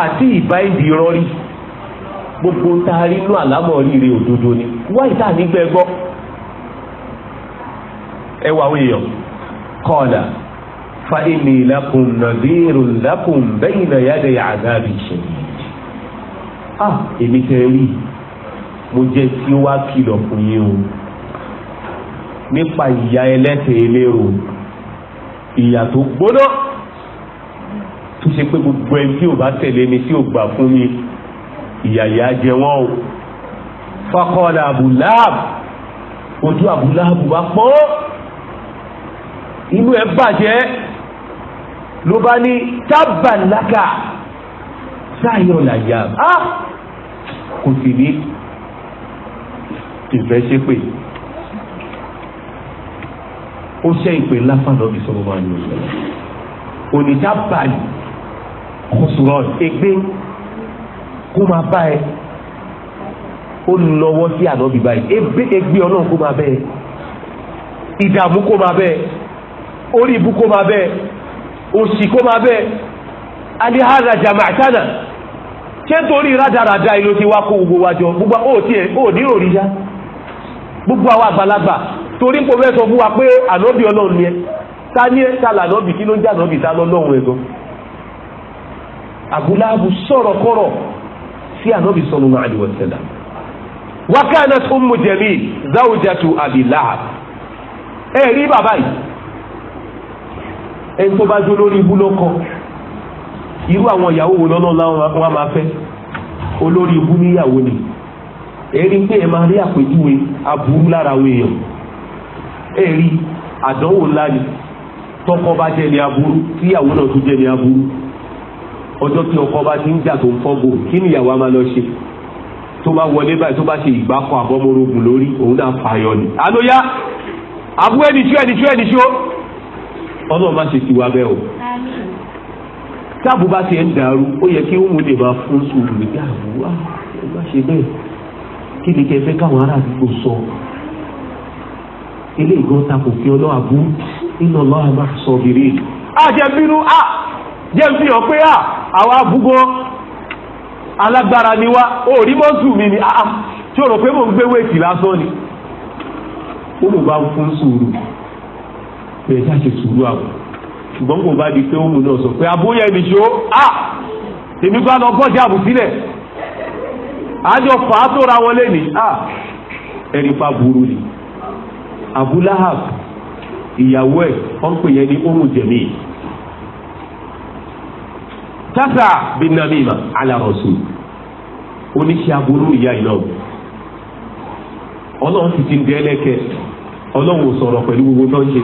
Speaker 1: àti ìbá ìdí rọ́rí gbogbo ń taari inú àlámọ̀ ríire òdodo ni wá ìta nígbẹ́ gbọ́ ẹ wà àwọn èèyàn kọ́ọ̀dà fa inni lakum nadhirun lakum bayna yaday àdáàbì ṣẹ̀yìn ah èmi tẹ́ rí mo jẹ́ tí ó wá kìlọ̀ fún yín o nípa ìyà ẹlẹ́tẹ̀ eléro ìyà tó gbóná tó ṣe pé gbogbo ẹni tí ò bá tẹ̀lé mi tí ò gbà fún mi ìyàyà jẹ wọ́n o fakọ́lá abúláàbù ojú abúláàbù bá pọ́ inú ẹ bàjẹ́ ló bá ní tábàlákà sáyọ̀ làyà á kò sì ní ìfẹ́ ṣépè ó ṣe ìpè ńlá fàlọ́bì sọ́mọ́ máa ń lò ó ní tábàlì kò sùrọ̀ ẹgbẹ́ kó máa bá ẹ ó lọ́wọ́ sí ànábì báyìí ẹgbẹ́ ọlọ́run kó máa bẹ́ ẹ ìdààmú kó máa bẹ́ ẹ orí ibu kó máa bẹ́ ẹ òṣì kó máa bẹ́ ẹ alihara jamaatana ṣé nítorí rádaràda ìlú ti wá kó gbogbo wa jọ gbogbo ó tiẹ̀ ó nírò rí ya gbogbo àwọn àgbàlagbà torí pé fẹ́ sọ fún wa pé ànábì ọlọ́run ni ẹ ta ni ẹ ta lànábì kí ló ń jẹ́ ànábì ta lọ́lọ́run ẹ̀ gan abúláàbù sọ̀rọ̀ kọ̀rọ̀ sí ànábì sallallahu alaihi wasallam wa kanat ummu jamil zawjatu abi lahab ẹ rí bàbá yìí ẹni tó bá jó lórí ibú lọ́kọ irú àwọn ìyàwó wo lọ́nà láwọn wa máa fẹ́ olórí ibú níyàwó ni èrí pé ẹ máa rí àpèjúwe aburú lára àwọn èèyàn èrí àdánwò ńlá ni tọkọ bá jẹ ní aburú tíyàwó náà tún jẹ ní aburú ọjọ́ tí ọkọ bá ti ń jà tó ń fọ́gbò kí ni ìyàwó a máa lọ ṣe tó bá wọlé báyìí tó bá ṣe ìgbákọ àbọmọrogùn lórí òun náà fààyàn ni. àlóyá àbú ẹni tí ó ẹni tí ó ẹni tí ó ọlọ́run má ṣe tiwa bẹ́ẹ̀ o. táàbù bá ti ẹ̀ ń dàrú ó yẹ kí òun lè máa fún sùúrù nígbà àbúrò ẹ má ṣe bẹ́ẹ̀ kí ni kẹfẹ́ káwọn ará àdúgbò sọ ilé ìgbọ́ta kò fi ọlọ́ àbú nínú ọlọ́ a. jẹ́ ń fi hàn pé à àwa búgbó alágbára ni wá mi ni àá tí o rò pé mò ń ni ó mò bá fún sùúrù bẹ́ẹ̀ ṣe sùúrù àwọn ṣùgbọ́n bá di pé ó mú náà sọ pé abóyá ẹni ṣó à èmi bá lọ bọ́ọ̀dì àjọ ni à ẹni pa burú ni Abu ìyàwó ẹ̀ ọ́n pè yẹn ní ó tasa bin namima ala rasul oníṣẹ́ aburú ìyá iná ọlọ́run ti ti ń dẹ́lẹ́kẹ́ ọlọ́run ò sọ̀rọ̀ pẹ̀lú gbogbo tó ń ṣe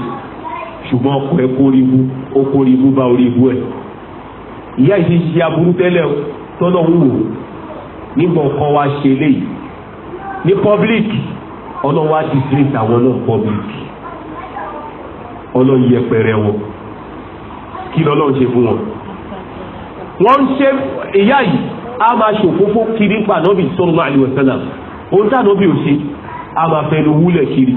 Speaker 1: ṣùgbọ́n ọkọ̀ ẹ kórí ibú ó kórí ibú bá orí ibú ẹ̀ ìyá yìí ti ṣe aburú tẹ́lẹ̀ tọ́lọ́run wò nígbà ọkọ̀ wa ṣe léyìí ní public ọlọ́run wa ti fi àwọn náà public ọlọ́run yẹpẹrẹ wọn kí lọ́lọ́run ṣe fún wọn wọ́n ń ṣe ìyá yìí a máa ṣòfófó kiri pa nọ́bì sallallahu alaihi wasallam ohun tá nọ́bì ò ṣe a máa fẹnu wúlẹ̀ kiri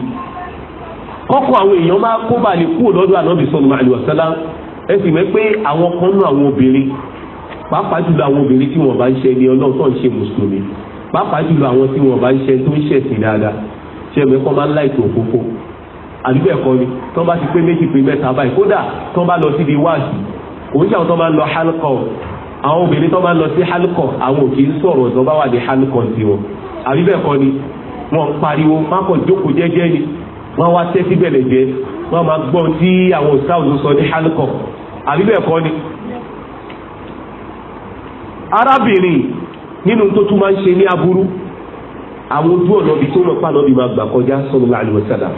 Speaker 1: kọ́kọ́ àwọn èèyàn máa kó bá lè kúrò lọ́dọ̀ ànọ́bì sallallahu alaihi wasallam ẹ sì mẹ́ pé àwọn kan nú àwọn obìnrin pàápàá jùlọ àwọn obìnrin tí wọ́n bá ń ṣe ẹni ọlọ́run tó ń ṣe mùsùlùmí pàápàá jùlọ àwọn tí wọ́n bá ń ṣe tó ń ṣẹ̀sìn dáadáa ṣe mẹ́kọ́ máa ń láìtò òfófó àdúgbò ẹ̀kọ́ ni tó bá ti pé méjì pé mẹ́ta báyìí kódà tó bá lọ síbi wáàsì kò ń ṣe àwọn tó máa ń lọ hálùkọ àwọn obìnrin tó máa ń lọ sí hálùkọ àwọn ò kì í sọ̀rọ̀ tó bá wà ní hálùkọ sí wọn àbí ni wọ́n ń pariwo má jókòó jẹ́jẹ́ ni wọ́n wá tẹ́tí bẹ̀lẹ̀ jẹ́ wọ́n máa gbọ́ tí àwọn òsáwùsọ sọ ní hálùkọ àbí ni. arábìnrin nínú tó tún máa ń ṣe ní aburú àwọn ojú ọ̀nà ibi tó mọ̀ pàdánù máa gbà kọjá sallallahu alaihi wasallam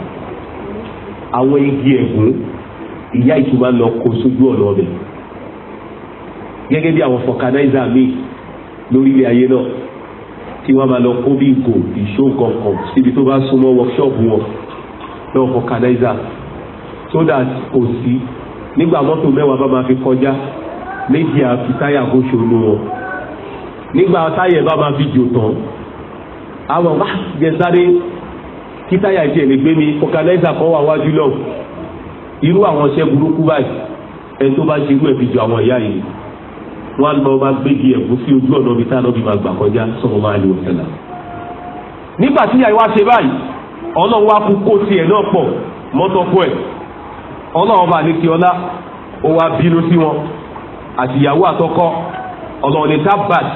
Speaker 1: àwọn ìyá ìtumá lọ kó sójú ọ̀nà ọbẹ̀ gẹ́gẹ́ bí àwọn fọkànáìzà mi lórílẹ̀ ayé náà tí wọ́n máa lọ kó bí ìgò ìṣó kankan síbi tó bá súnmọ́ wọ́kṣọ́ọ̀bù wọn lọ fọkànáìzà so that kò sí nígbà mọ́tò mẹ́wàá bá máa fi kọjá méjì àfi táyà kó ṣòro wọn nígbà táyà bá máa fi jò tán àwọn bá jẹ sáré kí táyà jẹ lè gbé mi fọkànáìzà kan wà wájú lọ irú àwọn iṣẹ́ burúkú báyìí ẹni tó bá ṣe irú ẹ̀ fi jọ àwọn ìyá yìí wọn lọ máa gbégi ẹ̀bùn sí ojú ọ̀nà ibi táwọn ọ̀bí máa gbà kọjá sọ̀rọ̀ máa lè wọ̀sẹ̀lá. nígbà tí àyíwá ṣe báyìí ọlọ́run wá kú kó tiẹ̀ náà pọ̀ mọ́tọ́kọ ẹ̀ ọlọ́run bá ní kí ọlá ó wá bínú sí wọn àtìyàwó àtọkọ ọlọ́run ní tabat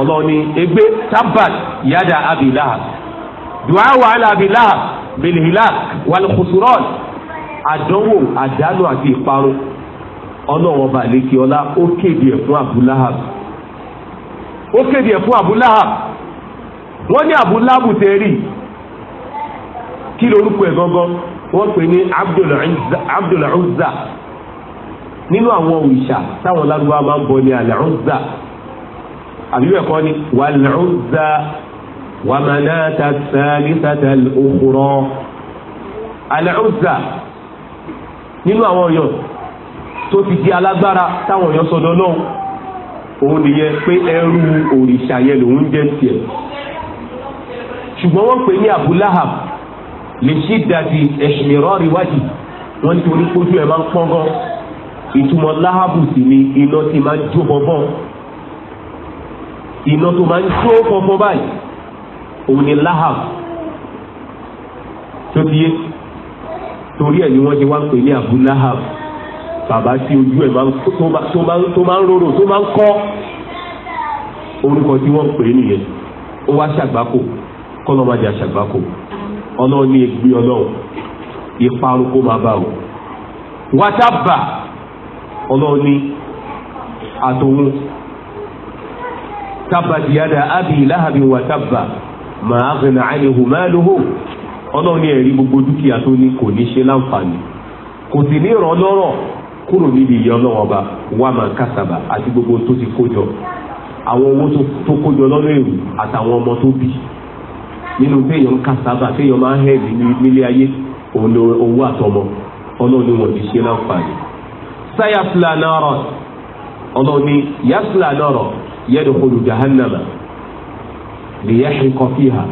Speaker 1: ọlọ́run ní egbé tabat yada abilahab dùá wàhálà abilahab bilhilak wàlùkùsùrọ̀n àdánwò àdánù àti ìparun ọlọ́wọ́ bá lékè ọlá ó kéde ẹ̀ fún abúláhàb ó kéde ẹ̀ fún abúláhàb wọ́n ní abúláhàb tẹ́rì kí lorúkọ ẹ̀ gangan wọ́n pè ní Abdul Uzza nínú àwọn òrìṣà táwọn lárúbá máa ń bọ ní Al Uzza kọ́ ni Wal Uzza wa Manata Thalithata nínú àwọn yòó tó ti di alágbára táwọn èèyàn sọ̀dọ̀ náà òun nìyẹn pé ẹrú òrìṣà yẹn lòun jẹ́ tiẹ̀ ṣùgbọ́n wọ́n pè ní Abu Lahab lè ṣí dàdí ẹ̀ṣìmìrán ríwájì wọ́n ti orí pójú ẹ̀ máa ń pọ́n gan ìtumọ̀ láhàbù sì ni iná ti máa ń jó bọ́bọ́n iná tó máa ń jó bọ́bọ́n báyìí òun ni láhàbù tó ti yé torí ẹ̀ ni wọ́n ti wá pè ní Abu bàbá tí ojú ẹ̀ tó máa ń rorò tó máa ń kọ́ orúkọ tí wọ́n pè é nìyẹn ó wá ṣàgbákò kọ́lọ́ máa ọlọ́run ní egbe ọlọ́run ìparun kó máa bá o wàtábà ọlọ́run ní àtòun tábàdìyàdà ábì láhàbì wàtábà màá gbìnà máa ọlọ́run ní ẹ̀rí gbogbo dúkìá tó ní kò ní ṣe láǹfààní kò sì ní ìrànlọ́rọ̀ kúrò níbi ìyá ọlọ́run ọba wà máa kásàbà àti gbogbo tó ti kó jọ àwọn owó tó kó jọ lọ́nà èrò àtàwọn ọmọ tó bí nínú téèyàn ń kásàbà téèyàn máa ń hẹ́ẹ̀lì nílé ayé òun ni owó àtọmọ ọlọ́run ni wọ́n ti ṣe láǹfààní. sayasla nara ọlọ́run ni yasla nara yadkhulu jahannama liyahriqa fiha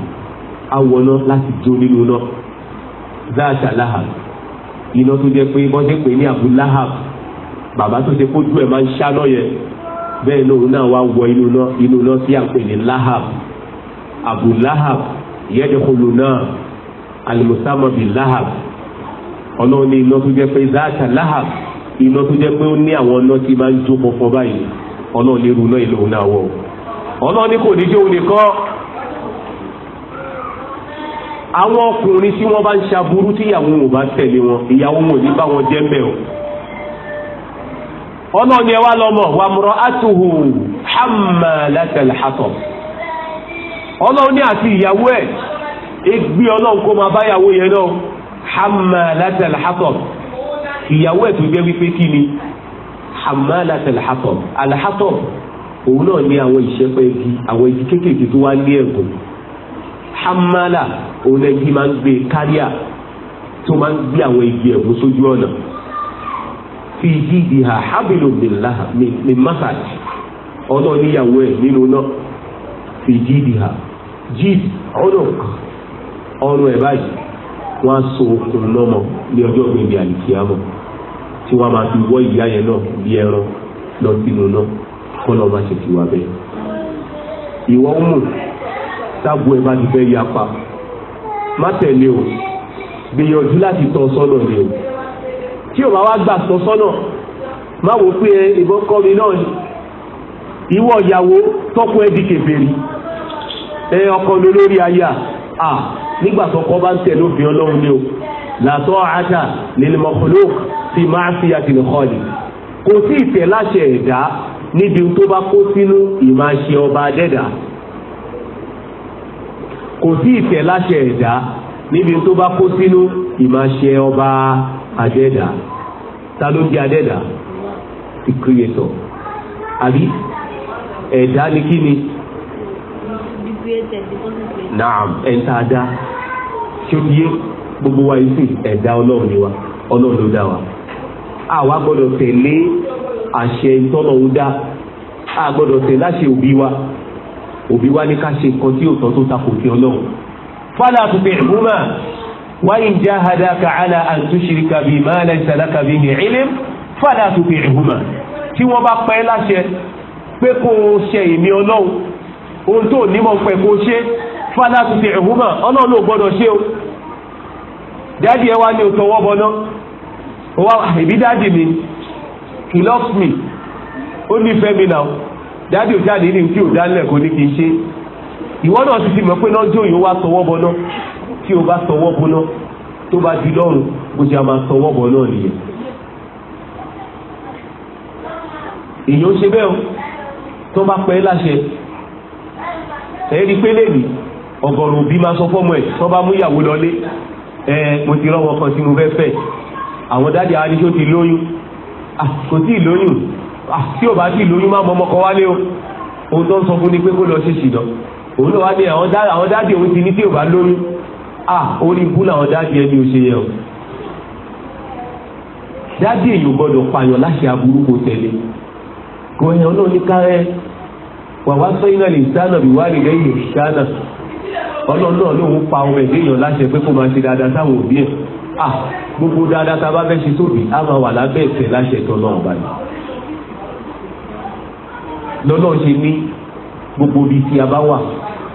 Speaker 1: awọ̀nà láti jó nínú náà dáadáa láhàbù iná tó jẹ́ pé bọ́sẹ̀ pé ní Abu Lahab bàbá tó ṣe kójú ẹ̀ máa ń ṣáná yẹn bẹ́ẹ̀ lóun náà wá wọ inú náà inú náà sí àpè ní lahab abu lahab yẹ́dẹ̀kọlù náà alimusama bi lahab ọlọ́run ní iná tó jẹ́ pé zaata lahab iná tó jẹ́ pé ó ní àwọn iná tí máa ń jó fọfọ báyìí ọlọ́run lè ru náà ìlú náà wọ̀ ọlọ́run ní kò ní jẹ́ òun nìkan àwọn ọkùnrin tí wọ́n bá ń ṣaburú tí wọn bá tẹ̀lé wọn ìyàwó wọn ò ní bá wọn jẹ́ mbẹ́ o ọlọ́run ni ẹ wá lọ́mọ wà mọ̀rọ̀ àtúhù hàmà látẹ̀lẹ̀ àtọ̀ ọlọ́run ní àti ìyàwó ẹ̀ egbé ọlọ́run kó máa báyàwó yẹn náà hàmà látẹ̀lẹ̀ àtọ̀ ìyàwó ẹ̀ tó jẹ́ wípé kí ni hàmà látẹ̀lẹ̀ àtọ̀ àlàhàtọ̀ òun náà ní àwọn ìṣẹ́pẹ́ igi àwọn igi kéékèèké tó wá ní ẹ̀kọ́ hàmàlà òun ẹ̀gí máa ń gbé káríà tó máa ń gbé àwọn igi ẹ̀kọ́ sójú ọ̀nà fi jíìdì ha hábìlù bìláhà mi másàdì ọ̀nà níyàwó ẹ̀ nínú náà fi jíìdì ha jíìdì ọ̀nà ọ̀nà ẹ̀ báyìí wọ́n á so okùn náà mọ̀ ní ọjọ́ gbèbè àlìkíyàmọ̀ tí wọ́n máa fi wọ́ ìyá yẹn náà bí ẹran lọ sínú náà kọ́ lọ́ọ́ máa ṣe ti wà bẹ́ẹ̀. ìwọ mú tábù ẹ bá ti fẹ́ yapa má tẹ̀lé o gbìyànjú láti tọ́ sọ́nà ni o tí o máa wá gbà sọ sọ́nà má wò pé ìbọn kọ́ mi náà ni ìwọ ìyàwó tọ́kọ ẹ di kèfèrí ẹ ọkọ mi lórí aya à nígbà tọkọ bá ń tẹ̀ lófin ọlọ́run ni o làtọ́ ata lil makhluq fi ma'siyatil khaliq kò sí ìtẹ̀ láṣẹ ẹ̀dá níbi tó bá kó sínú ìmáṣe ọba adẹ́dà kò sí ìtẹ̀ láṣẹ ẹ̀dá níbi tó bá kó sínú ìmáṣe ọba adẹ́dà ta ló di adẹ́dà the creator àbí ẹ̀dá ni kí ni naam ẹ̀ńtà dá ṣé ó yé gbogbo wa yìí ẹ̀dá ọlọ́run ni wa ọlọ́run ló dá wa àwa gbọ́dọ̀ tẹ̀lé àṣẹ ìtọ́nà ń dá a gbọ́dọ̀ tẹ̀lé àṣẹ òbí wa òbí wa ní ká ṣe nǹkan tí ò tọ́ tó takò sí ọlọ́run fálà àtúntẹ̀ ìhùmà وإن jáhadá على أن تشرك بما máa lẹ به علم فلا ilim fàdà àtúnfi ìhùmà tí wọ́n bá pẹ́ láṣẹ pé kó o ṣe ìmí ọlọ́run ohun tó nímọ̀ pẹ́ kó o ṣe fàdà àtúnfi ìhùmà ọlọ́run ló gbọ́dọ̀ ṣe o dáàdì ẹ wá ní òtọwọ́ bọ́ná ó wá dáàdì mi he loves me ó nífẹ̀ẹ́ mi náà dáàdì ò jáde ní kí ò dálẹ̀ kó ní kí n ṣe ìwọ náà ti fi mọ̀ pé lọ́jọ́ yìí ó wá sọwọ́ bọ náà tí o bá sọwọ́ bọ náà tó bá di lọ́rùn bó ṣe a máa sọwọ́ bọ náà nìyẹn. èyí ó ṣe bẹ́ẹ̀ o tó bá pẹ́ láṣẹ ẹ̀rí pé lè ní ọgọ́rùn òbí máa sọ fọ́mọ ẹ̀ tó bá mú ìyàwó lọlé ẹ mo ti rọ́wọ́ kan tí mo fẹ́ fẹ́ àwọn dáàdì àwọn aníṣó ti lóyún kò tí ì lóyún tí ò bá tí ì lóyún má mọ ọmọ wálé o ohun tó ń sọ fún ni pé kó lọ ṣèṣì náà òun náà wá ní àwọn dáàdì òun ti ní tí ò bá lóyún à orí ibú làwọn dáàdì ẹni ò ṣe yẹ o dáàdì èyí ò gbọdọ̀ pààyàn láṣẹ aburú kò tẹ̀lé kò ẹ̀yàn náà ní kárẹ́ wà wá sọ iná lè sáànà bí wà nílẹ̀ yìí sáànà
Speaker 2: ọlọ́run náà lòun pa ọmọ ẹ̀dẹ́
Speaker 1: èèyàn láṣẹ pé kó máa ṣe dáadáa sáwọn òbí ẹ̀ à gbogbo dáadáa tá a bá fẹ́ ṣe tóbi á máa wà lábẹ́ ẹ̀sẹ̀ láṣẹ tó náà báyìí lọ́nà ṣe ní gbogbo ibi tí a bá wà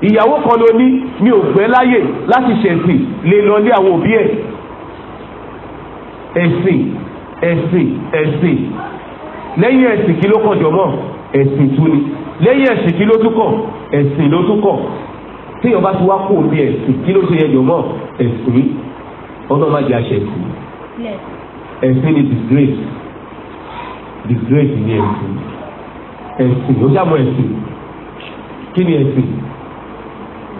Speaker 1: ìyàwó kan ló ní mi ò gbẹ́ láyè láti ṣẹ̀sìn lè lọ lé àwọn òbí ẹ̀ ẹ̀sìn ẹ̀sìn ẹ̀sìn lẹ́yìn ẹ̀sìn kí ló kàn jọmọ́ ẹ̀sìn tún ni lẹ́yìn ẹ̀sìn kí ló tún kàn ẹ̀sìn ló tún kàn téèyàn bá ti wá kó omi ẹ̀sìn kí ló ṣe yẹ jọmọ́ ẹ̀sìn ọ̀nà má jẹ́ àṣẹ̀sìn ẹ̀sìn ni disgrace disgrace ni ẹ̀sìn ẹ̀sìn ó ṣàmọ̀ ẹ̀sìn kí ni ẹ̀sìn.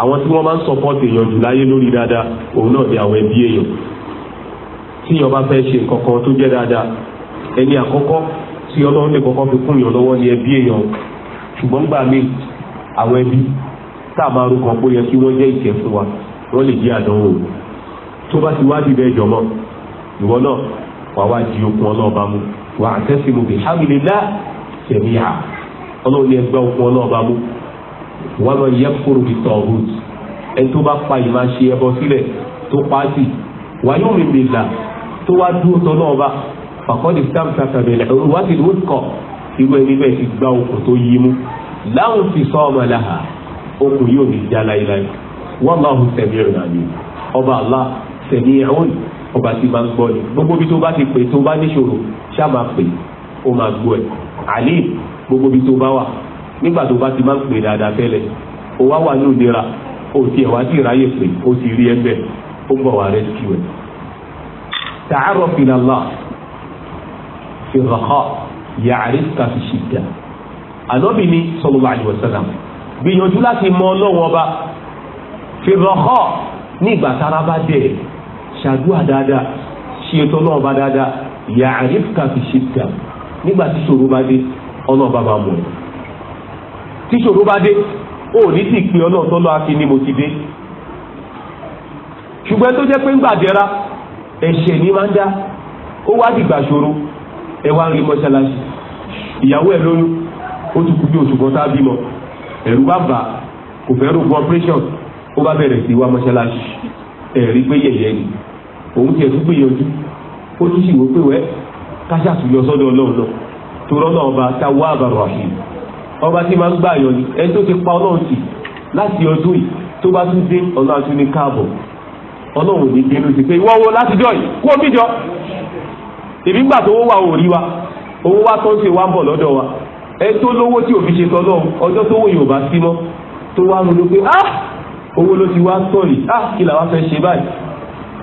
Speaker 1: àwọn tí wọ́n máa ń sọpọ́tì èèyàn jù láyé lórí dáadáa òun náà ni àwọn ẹbí èèyàn tí èèyàn bá fẹ́ ṣe nǹkan kan tó jẹ́ dáadáa ẹni àkọ́kọ́ tí ọlọ́run lè kọ́kọ́ fi kún èèyàn lọ́wọ́ ni ẹbí èèyàn ṣùgbọ́n gbà mí àwọn ẹbí tá a máa rú kan pé yẹ kí wọ́n jẹ́ ìkẹ́ fún wa wọ́n lè jẹ́ àdánwò tó bá ti wá di bẹ́ẹ̀ jọmọ́ ìwọ náà wàá wá di okun ọlọ́ọ̀bá mu wàá tẹ́sí mu mu wọ́n máa yẹ kóró fi tọ̀ ọ̀hún ẹni tó bá pa ìmọ̀ ṣe ẹbọ sílẹ̀ tó pa á sí wà yóò rìn bìlà tó wá dúró tọ́ náà bá fàkọ́dì sam sàtàbẹ̀lẹ̀ òun wá sí ìwé kọ̀ irú ẹni bẹ́ẹ̀ ti gbá okùn tó yí mú láwọn fi sọ ọmọ láhà okùn yóò ní já láéláé wallahu sami'un alim ọba Allah sami'un ọba tí máa ń gbọ́ ni gbogbo bí tó bá ti pè tó bá níṣòro ṣá máa pè ó máa gbọ́ ẹ̀ alim gbogbo bí tó bá wà nígbà tó bá ti máa ń pè dáadáa tẹ́lẹ̀ ó wá wà ní òdera ó tiẹ̀ wá sí ìráyè pé ó ti rí ẹgbẹ́ ó ń bọ̀ wá rẹ́síkì rẹ̀. ta'arraf ila Allah fi raha ya'rifka fi shidda ànábì ni sallallahu alaihi wasallam gbìyànjú láti mọ ọlọ́wọ́n ọba fi raha ní ìgbà tára bá dẹ̀ ṣàdúrà dáadáa ṣe ètò ọlọ́wọ́n dáadáa ya'rifka fi shidda nígbà tí ṣòro bá dé ọlọ́wọ́n ọba mọ̀ ẹ́ tí ṣòro bá dé ó ní sì pé ọlọ́run tó lọ́ afi ni mo ti dé ṣùgbọ́n tó jẹ́ pé ń gbàdẹ́ra ẹ̀ṣẹ̀ ní máa ń dá ó wá dìgbà ṣòro ẹ wá ń rí mọ́ṣáláṣí ìyàwó ẹ̀ lóyún ó tún kú bí oṣù kan tá a bímọ ẹ̀rù bá bà kò fẹ́ rògbò operation ó bá bẹ̀rẹ̀ sí wá mọ́ṣáláṣí ẹ̀rí pé yẹ̀yẹ́ ni òun tiẹ̀ tún gbìyànjú ó tún sì wò pé wẹ́ káṣà yọ sọ́dọ̀ ọlọ́run náà tó rọ́nà ọba táwa àbàrò àṣìlú ọba tí máa ń gbà yọ ni ẹni tó ti pa ọlọ́run tì láti ọdún yìí tó bá tún dé ọlọ́run àti ní káàbọ̀ ọlọ́run ò ní dé lóṣù pé ìwọ́wọ́ láti jọ yìí kú omi jọ èmi gbà tó owó wa ò rí wa owó wa tó ń ṣe wá ń bọ̀ lọ́dọ̀ wa ẹni tó lówó tí òfin ṣe tọ́lọ́run ọjọ́ tó wò yóò bá sí mọ́ tó wá ronú pé ah owó ló ti wá sọ̀rì ah kí làwa fẹ́ ṣe báyìí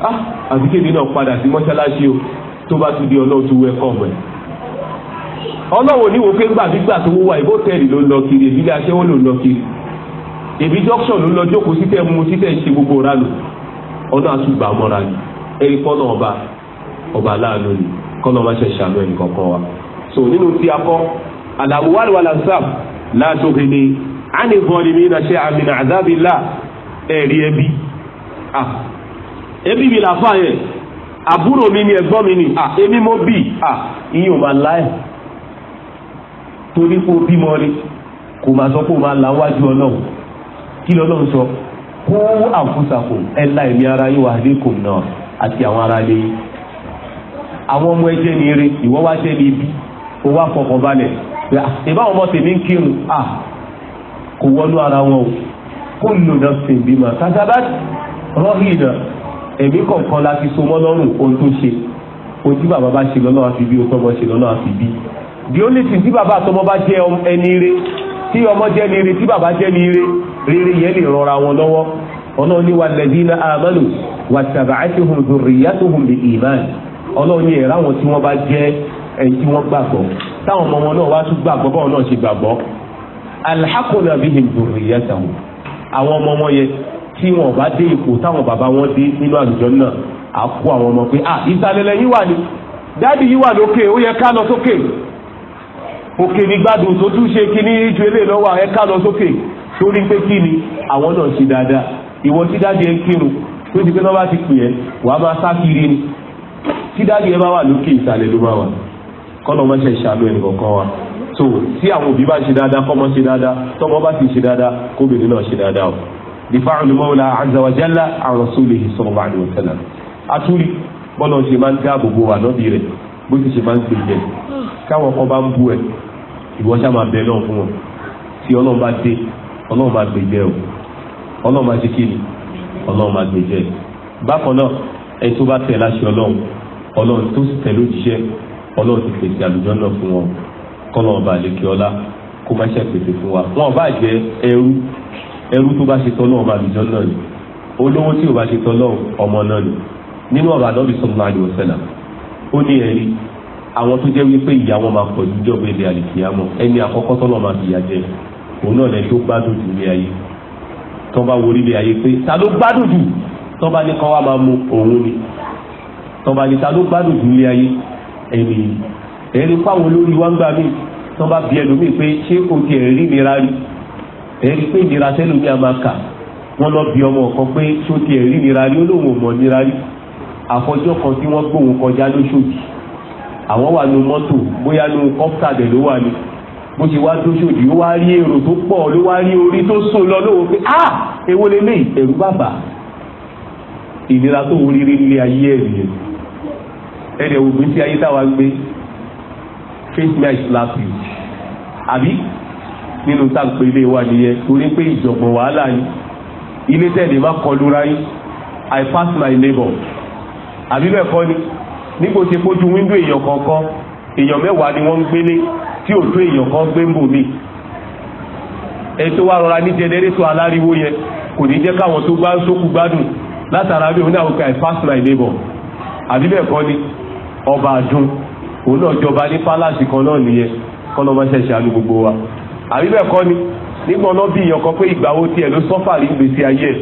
Speaker 1: ah àbíkèmí náà padà sí mọ́ṣáláṣí o tó bá tún di ọlọ́run tó wẹ́kọ̀ọ̀mù ẹ̀ ọlọ́wọ́ ní wo pé ńgbà gbígbà tó wá ìbò tẹ́lì ló lọ kiri èbí ilé aṣẹ́wó ló lọ kiri èbí dọ́kṣọ̀ ló lọ jókòó títẹ̀ mú títẹ̀ ṣe gbogbo ra lò ọdún àtúgbà mọ́ra ni ẹ̀rí kọ́nà ọba ọba aláàánú ni kọ́nà ọba ṣe ṣàánú ẹnì kọ̀ọ̀kan wa. so nínú tí a kọ́ àlàmúwárì wà lásàm ni a mi náà ṣe àmì náà àdábìlá ẹ̀rí ẹbí ẹbí mi làfà yẹn àbúrò mi ni ẹ̀gbọ́n mi ni èmi mo bì ìyẹn ò máa láyà torí kó bímọ rí kò máa sọ kó máa là wájú ọlọ́run kí lọ́lọ́run sọ kó àfúsàkò ẹ̀la ẹ̀mí ara yóò wà lẹ́kọ̀ọ́ náà àti àwọn ará lé yín àwọn ọmọ ẹjẹ ní eré ìwọ wá jẹ́ ní ibi ó wá fọkàn balẹ̀ ah, ìbáwọn ọmọ tèmi ń kírun à ah, kò wọnú ara wọn o kó lò náà sì bímọ kàtàbá rọ́ọ̀hìnà ẹ̀mí kọ̀ọ̀kan la so mọ́ lọ́rùn ohun tó ṣe ojú bàbá bá ṣe lọ́nà àfi bí o tọ́ bọ́ ṣe lọ́nà àfi bí the only thing tí bàbá àtọmọ bá jẹ́ ẹni ire tí ọmọ jẹ́ ni ire tí bàbá jẹ́ ni ire rere yẹn lè rọra wọn lọ́wọ́ ọlọ́run ní walladhina amanu wattaba'atuhum dhurriyyatuhum bi iman ọlọ́run ní ẹ̀rọ àwọn tí wọ́n bá jẹ́ ẹni tí wọ́n gbàgbọ́ táwọn ọmọ wọn náà wá tún gbàgbọ́ báwọn náà ṣe gbàgbọ́ alhaqna bihim dhurriyyatahum àwọn ọmọ wọn yẹn tí wọn bá dé ipò táwọn bàbá wọn dé nínú àlùjọ náà à àwọn ọmọ pé ah ìsàlẹ̀ lẹ́yìn wà ní dáàbì yìí wà lókè ó yẹ ká lọ sókè òkè ní gbádùn tó tún ṣe kí ní ju ilé lọ́wọ́ ẹ ká lọ sókè torí pé kí ni àwọn náà ṣe dáadáa ìwọ tí dáàdi ẹ kírun tó ti pé tó ti pè ẹ wàá máa sá kiri ni tí dáàdi ẹ bá wà lókè ìsàlẹ̀ ló máa wà kọ́nà máa ṣe ṣàánú ẹnì kọ̀ọ̀kan wa so tí àwọn òbí bá ṣe dáadáa kọ́mọ ṣe dáadáa tọ́mọ bá sì ṣe dáadáa kóbìnrin náà ṣe dáadáa o difaacu limawla azza wa jalla an rasulihi sallallahu alayhi wa sallam aturi bọ́lá ṣe máa ń dáàbò bo ànábì rẹ̀ ti ṣe máa ń gbèjẹ káwọn kan bá ń bú ẹ ìwọ ṣá máa bẹ náà fún wọn tí ọlọ́run bá dé ọlọ́run máa gbèjẹ o ọlọ́run máa ṣe kí ni ọlọ́run máa gbèjẹ bákan náà ẹni tó bá tẹ̀ láṣẹ ọlọ́run ọlọ́run tó sì tẹ̀ lójíṣẹ́ ọlọ́run ti pèsè àlùjọ náà fún wọn kọ́nà ọba àlekè ọlá kó má ṣe pèsè fún wa wọn bá jẹ ẹrú ẹrú tó bá ṣe tọ́ náà ọba àlùjọ náà ni olówó tí ò bá ṣe tọ́ náà ọmọ náà ni nínú ọ̀rọ̀ àdọ́bí sọ́kùnrin àdìwọ̀sẹ̀là ó ní ẹ̀rí àwọn tó jẹ́ wípé ìyà wọn máa pọ̀ jùjọ́ pé ilé àlìkìyàmọ̀ ẹni àkọ́kọ́ tọ́lọ̀ máa fìyà jẹ òun náà lẹ́ni tó gbádùn jù ilé ayé tọ́ bá wo ilé ayé pé ta ló gbádùn jù tọ́ bá ní kán máa mu òun ni tọ́ bá ní ta ló gbádùn jù ilé ayé ẹni ẹni fáwọn olórí wá ń gbà mí tọ́ bá bí ẹlòmíì pé ṣé o ti ẹ̀rí nira rí ẹ̀rí pé nira sẹ́lòmí a máa kà wọ́n lọ bí ọmọ kan pé ṣó ti ẹ̀rí nira rí ó lóun nira rí àfọjọ́ kan tí wọ́n gbóhùn kọjá lóṣòdì àwọn wà nù mọ́tò bóyá nù kọ́pútà dẹ̀ ló wà ní bó ti wá tó ṣòdì ó wá rí èrò tó pọ̀ ló wá rí orí tó sùn lọ lówó pé a ah! èwo lè lè ẹ̀rù bàbà ìnira tó wọlé nílé ayé ẹ̀rù yẹn ẹ̀rẹ̀ òògùn sí ayé táwa gbé face mask slap you àbí nínú táǹpé ilé wa nìyẹn torí pé ìjọ̀gbọ̀n wàhálà ni ilé tẹ̀lé má kọlu ra I pass my neighbor àbí bẹ́ẹ̀ kọ́ ni nígbò tí pójú wíńdò èèyàn kọ̀ọ̀kan èèyàn mẹ́wàá ni wọ́n ń gbélé tí ò tó èèyàn kan gbé ń bò mí ẹni tó wá rọra ní jẹnẹrétọ̀ aláriwo yẹn kò ní jẹ́ káwọn tó gbá ń sókù gbádùn látara bí òun náà wọ́n pe i pass my neighbor àbí bẹ́ẹ̀ kọ́ ni ọba àdùn òun náà jọba ní pálásì kan náà nìyẹn kọ́nà máa ṣẹ̀ṣẹ̀ àlù gbogbo wa àbí kọ́ ni nígbà ọ̀nà bí èèyàn pé ìgbà wo tiẹ̀ ló sọ́fà ní gbèsè ayé ẹ̀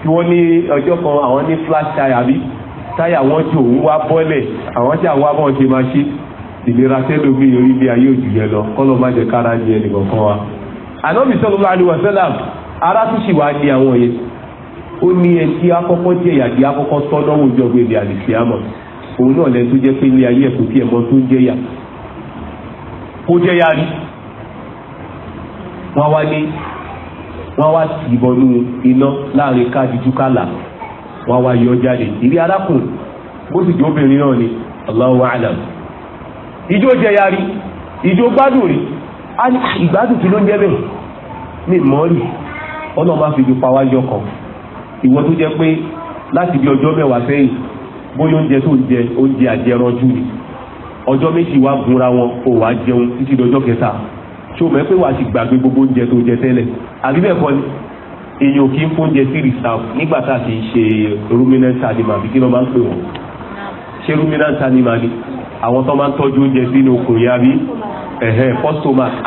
Speaker 1: tí wọ́n ní ọjọ́ kan àwọn ní flash tire àbí táyà wọn jò ń wá bọ́lẹ̀ àwọn tí àwọn abọ́ ṣe máa ṣe ìlera tẹ́lómi orí ilé ayé òjì yẹn lọ kọ́lọ́ má jẹ kára ní ẹnì kọ̀ọ̀kan wa. ànábì sallallahu alaihi wasallam ara tún sì wá ní àwọn yẹn ó ní ẹtí akọ́kọ́ jẹ́ ìyàdí akọ́kọ́ tọ́lọ́wọ́ ìjọba èdè àlìsíámọ̀ òun náà lẹ́nu tó jẹ́ pé ilé ayé ẹ̀kọ́ tí ẹ̀mọ́ tó ń jẹ́yà kó jẹ́yà rí wọ́n wá ní wọ́n wá sì bọnú iná láàrin ká dídú kálà wọ́n wá yọ jáde ìrí arákùn bó sì jó obìnrin náà ni Allahu a'lam ìjó jẹya rí ìjó gbádùn rí ah, ìgbádùn tí ló ń jẹ́ bẹ́ẹ̀ ní ìmọ̀ọ́rì ọlọ́run bá fi ju pa wájọ kan ìwọ tó jẹ́ pé láti bí ọjọ́ mẹ́wàá sẹ́yìn bóyá oúnjẹ tó ń jẹ oúnjẹ àjẹranjú ni ọjọ́ méjì wá gunra wọn ò wá jẹun títí dọjọ́ kẹta ṣó mẹ́ pé wàá ti gbàgbé gbogbo oúnjẹ tó jẹ tẹ́lẹ̀ àbí bẹ́ẹ̀ kọ́ ni èyàn ò kí ń fóúnjẹ sí reserve nígbà tá a ti ń ṣe ruminant animal bí kí ló máa ń pè wọ́n ṣé ruminant animal ni àwọn tó máa ń tọ́jú oúnjẹ sínú okùn àbí ẹ̀hẹ́n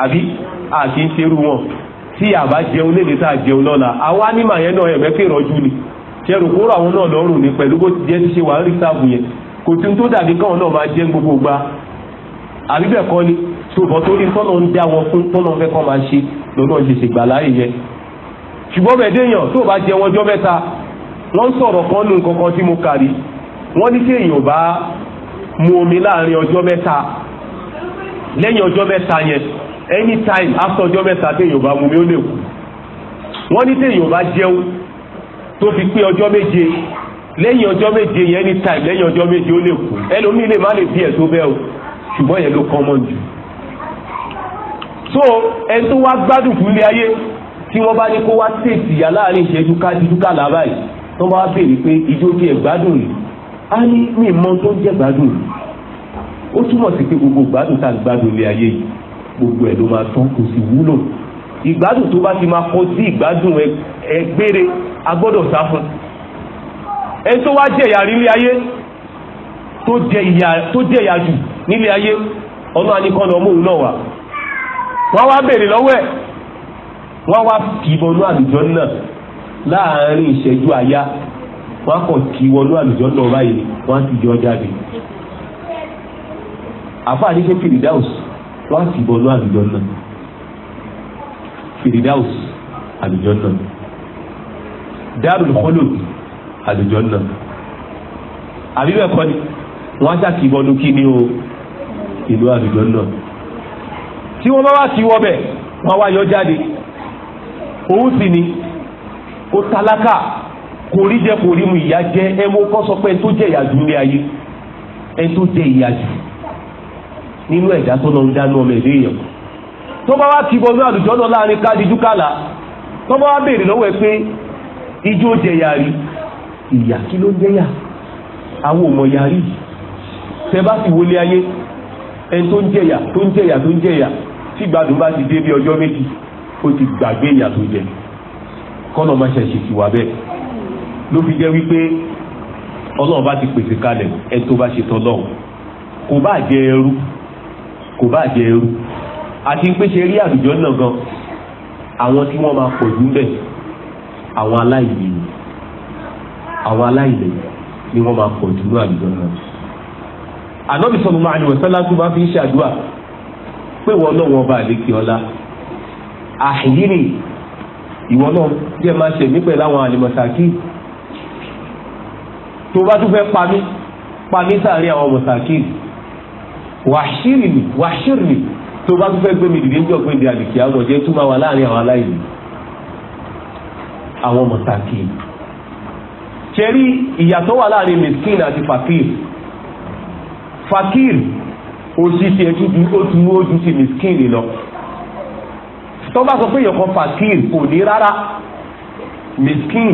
Speaker 1: àbí a kì í ṣerú wọn tí àbá jẹun léde tá a jẹun lọ́la àwọn animal yẹn náà ẹ̀mẹ́ pè rọ́jú ni ṣẹ́rù kúrò àwọn náà lọ́rùn ni pẹ̀lú bó ti jẹ́ ti ṣe wà ń reserve yẹn kò tí tó dàbí káwọn náà máa jẹ́ gbogbo gba àbí bẹ́ẹ̀ kọ́ ni ṣùgbọ́n torí tọ́nà ń dá wọn fún tọ́nà fẹ́ kọ́ máa ṣe lọ́nà ṣèṣègbà láàyè yẹn ṣùgbọ́n mẹ́ẹ̀dẹ́yàn tó bá jẹ wọn jọ mẹ́ta wọ́n ń sọ̀rọ̀ kan nù kankan tí mo kàrí wọ́n ní kí èèyàn bá mu omi láàrin ọjọ́ mẹ́ta lẹ́yìn ọjọ́ mẹ́ta yẹn anytime after ọjọ́ mẹ́ta téèyàn bá mu omi ó lè kú wọ́n ní téèyàn bá jẹun tó fi pé ọjọ́ méje lẹ́yìn ọjọ́ méje yẹn anytime lẹ́yìn ọjọ́ méje ó lè kú ẹlòmíì lè má lè bí ẹ̀ tó bẹ́ẹ̀ o ṣùgbọ́n yẹn ló kọ́ mọ́ jù so ẹni tó wá gbádùn fún ilé ayé tí wọ́n bá ní kó wá ṣèètì yà láàrin ìṣẹ́jú kájú kàlà báyìí tó bá béèrè pé ìjó tí ẹ gbádùn rí ní mi mọ tó ń jẹ́ gbádùn rí ó túmọ̀ sí pé gbogbo gbádùn tá gbádùn lé ayé yìí gbogbo ẹ̀ ló máa tán kò sì wúlò ìgbádùn tó bá ti máa kọ sí ìgbádùn ẹgbére a gbọ́dọ̀ sá fún ẹ tó wá jẹ ìyà ilé ayé tó jẹ ìyà nílé ayé ọlọ́run á ní òun náà wà wọ́n wá béèrè lọ́wọ́ ẹ̀ wọ́n wá kì í bọnú àlùjọ náà láàárín ìṣẹ́jú àyá wọ́n á kọ̀ kì í wọnú àlùjọ náà báyìí wọ́n á ti jọ jáde àfáà ní pé firidaus wọ́n á kì í bọnú àlùjọ náà firidaus àlùjọ náà darul khulud àlùjọ náà àbí kọ́ ni wọ́n á ṣàkì bọnú kí ni o ìlú àlùjọ náà tí wọ́n bá wá kì í bẹ̀ wọ́n wá yọ jáde. òun sì ni ó talaka kò rí jẹ kò rí mu ìyá jẹ ẹ wo kọ́ sọ pé ẹ tó jẹ ìyá ní ayé ẹ tó jẹ ìyá nínú ẹ̀dá tó lọ ń dáná ọmọ ẹ̀dá èèyàn tó bá wá kí bọ́nú àlùjọ náà láàrin kájíjú kàlà tó wá yàrí tẹ bá sì ayé ẹ tó ń tó ń tó ń tí ti ó ti gbàgbé ìyà tó jẹ kọ́nà má ṣe ṣèṣì wà bẹ́ẹ̀ ló fi jẹ́ wípé ọlọ́run bá ti pèsè kalẹ̀ ẹ tó bá ṣe tọ́lọ́run kò bá jẹ ẹrú kò bá jẹ ẹrú àti pé ṣe rí àwùjọ náà gan àwọn tí wọ́n máa pọ̀ jù ń bẹ̀ àwọn aláìní àwọn aláìní ni wọ́n máa pọ̀ jù ní àwùjọ náà ànábì sallallahu alaihi wasallam tó bá fi ń ṣàdúrà pé wọ́n náà wọ́n àlékè ọlá àhìyírì ìwọ náà bí ẹ máa ṣe mí pẹ̀lú àwọn àlìmọ̀sàkì tó bá tún fẹ́ pa mí pa mí sáàrin àwọn mọ̀sàkì wàṣírì mi wàṣírì mi tó bá tún fẹ́ gbé mi dìde ń jọ pé ìdí àdìkì àwọn ọ̀jẹ́ tún máa wà láàrin àwọn aláìní àwọn mọ̀sàkì ṣẹ́rí ìyàtọ̀ wà láàrin miskin àti fakir fakir òṣìṣẹ́ ojú ojú ti miskin lọ tó bá sọ pé èèyàn kan fakir kò ní rárá miskin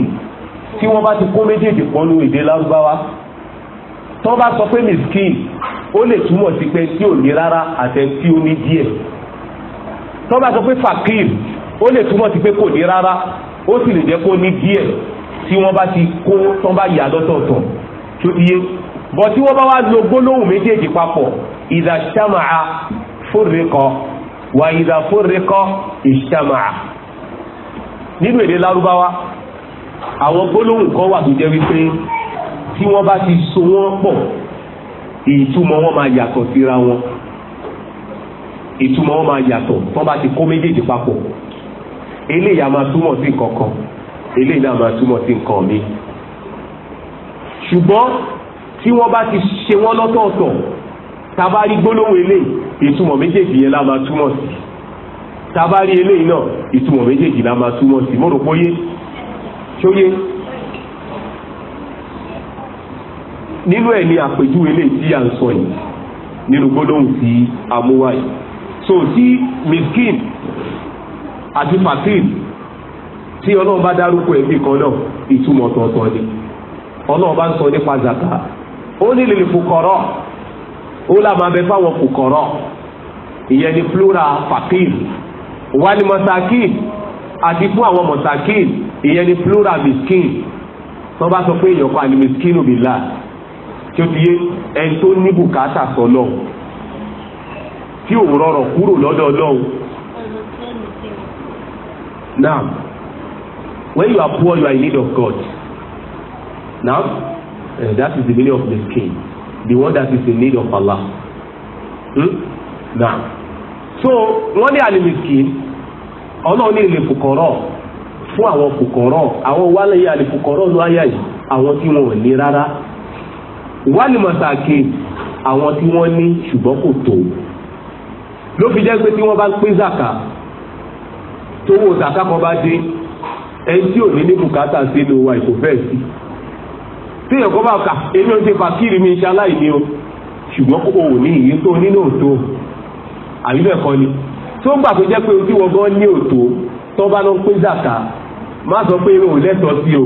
Speaker 1: tí wọ́n bá ti kó méjèèjì pọ́nú èdè lárúbáwá tó bá sọ pé miskin ó lè túmọ̀ sí pé tí ò ní rárá àtẹ tí ó ní díẹ̀ tó bá sọ pé fakir ó lè túmọ̀ sí pé kò ní rárá ó sì lè jẹ́ kó ní díẹ̀ tí wọ́n bá ti kó tó bá yà lọ́tọ̀ọ̀tọ̀ tó iye bọ̀ tí wọ́n bá wá lo gbólóhùn méjèèjì papọ̀ ìdàṣàmà fúnrẹ́kọ̀ọ́ wà ìdá fúnrikọ́ ìṣàmàà nínú èdè lárúbáwá àwọn gbólóhùn kan wà tó jẹ́ wípé tí wọ́n bá ti so wọ́n pọ̀ ìtumọ̀ wọn máa yàtọ̀ síra wọn ìtumọ̀ wọn máa yàtọ̀ tí wọ́n bá ti kó méjèèjì papọ̀ eléyìí a máa túmọ̀ sí nǹkan kan eléyìí náà máa túmọ̀ sí nǹkan mi ṣùgbọ́n tí wọ́n bá ti ṣe wọ́n lọ́tọ̀ọ̀tọ̀ tabari gbólóhùn eléyìí ìtumọ̀ méjèèjì yẹn la máa túmọ̀ sí tabari eléyìí náà ìtumọ̀ méjèèjì la máa túmọ̀ sí mo rò pé yé ṣóyé nínú ẹ̀ ni àpèjúwe eléyìí tí à ń sọ yìí nínú gbólóhùn tí a mú wáyé so tí miskin àti fakir tí ọlọ́run bá dárúkọ ẹbí kan náà ìtumọ̀ tọ̀ọ̀tọ̀ ni ọlọ́run bá ń sọ nípa zaka ó ní lè ó là máa bẹ fáwọn kòkọ̀rọ̀ ìyẹn ni plural fakir wali masakin àti fún àwọn masakin ìyẹn ni plural miskin tó bá sọ pé èèyàn kan ni miskin billah tí ó ti yé ẹni tó ní bùkátà sọlọ tí òun rọrọ kúrò lọ́dọ̀ Ọlọ́run now when you are poor you are in need of God now uh, eh, that is the meaning of miskin the one that is in need of Allah hmm? now so wọ́n ní alimiskin ọlọ́run ní ilé fukọ̀rọ̀ fún àwọn fukọ̀rọ̀ àwọn wálẹ̀yà ilé fukọ̀rọ̀ ló ayà yìí àwọn tí wọn ò ní rárá wálìmọ̀sàkè àwọn tí wọ́n ní ṣùgbọ́n kò tó ló fi jẹ́ pé tí wọ́n bá ń pín zaka tówó zaka kan bá dé ẹni tí ò ní ní bùkátà sínú wa ìkò fẹ́ẹ̀ sí. Si tí èèyàn kó bá kà èmi ò ṣe fàkìrì mi ṣe aláìní o ṣùgbọ́n kó o ní ìyí tó nínú òtó àbí bẹ́ẹ̀ ni tó ń gbà tó jẹ́ pé ojú wọn gan ní òtó tó bá lọ ń pín zàkà má sọ pé irun ò lẹ́tọ̀ọ́ sí o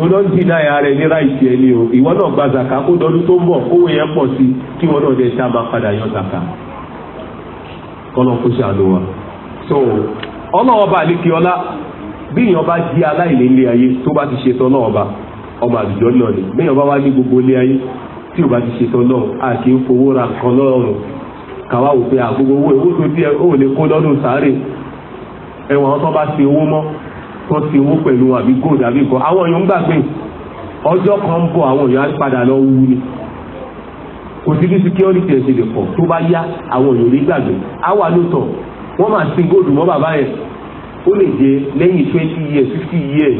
Speaker 1: o lọ ń dínà ẹ̀ ara ní ráìtì ẹ̀ o ìwọ náà gba zàkà kó dọdún tó ń bọ̀ kówó yẹn pọ̀ sí kí wọn náà dẹ̀ ṣá máa padà yan zàkà kọ́nà kó ṣàlù wa so ọlọ́wọ́ bá àlékè ọlá bí èèyàn bá di aláìlélẹ́ ayé tó bá ti ṣe tán náà ọba ọmọ àlùjọ náà ni bẹ́ẹ̀ bá wá ní gbogbo ilé ayé tí ò bá ti ṣetán náà a kì í fowó ra nǹkan lọ́rùn káwá wò pé àgbogbo owó èwo tó díẹ̀ ó lè kó lọ́dún sáré ẹ̀wọ̀n tó bá ti owó mọ́ tó ti owó pẹ̀lú àbí gold àbí nǹkan àwọn èèyàn ń gbàgbé ọjọ́ kan ń bọ̀ àwọn èèyàn á padà lọ wú ni kò sí bí security ẹ̀ lè pọ̀ tó bá yá àwọn èèyàn rí gbàgbé á wà lóòótọ́ wọ́n máa sin góòdù mọ́ bàbá yẹn ó lè jẹ lẹ́yìn twenty years fifty years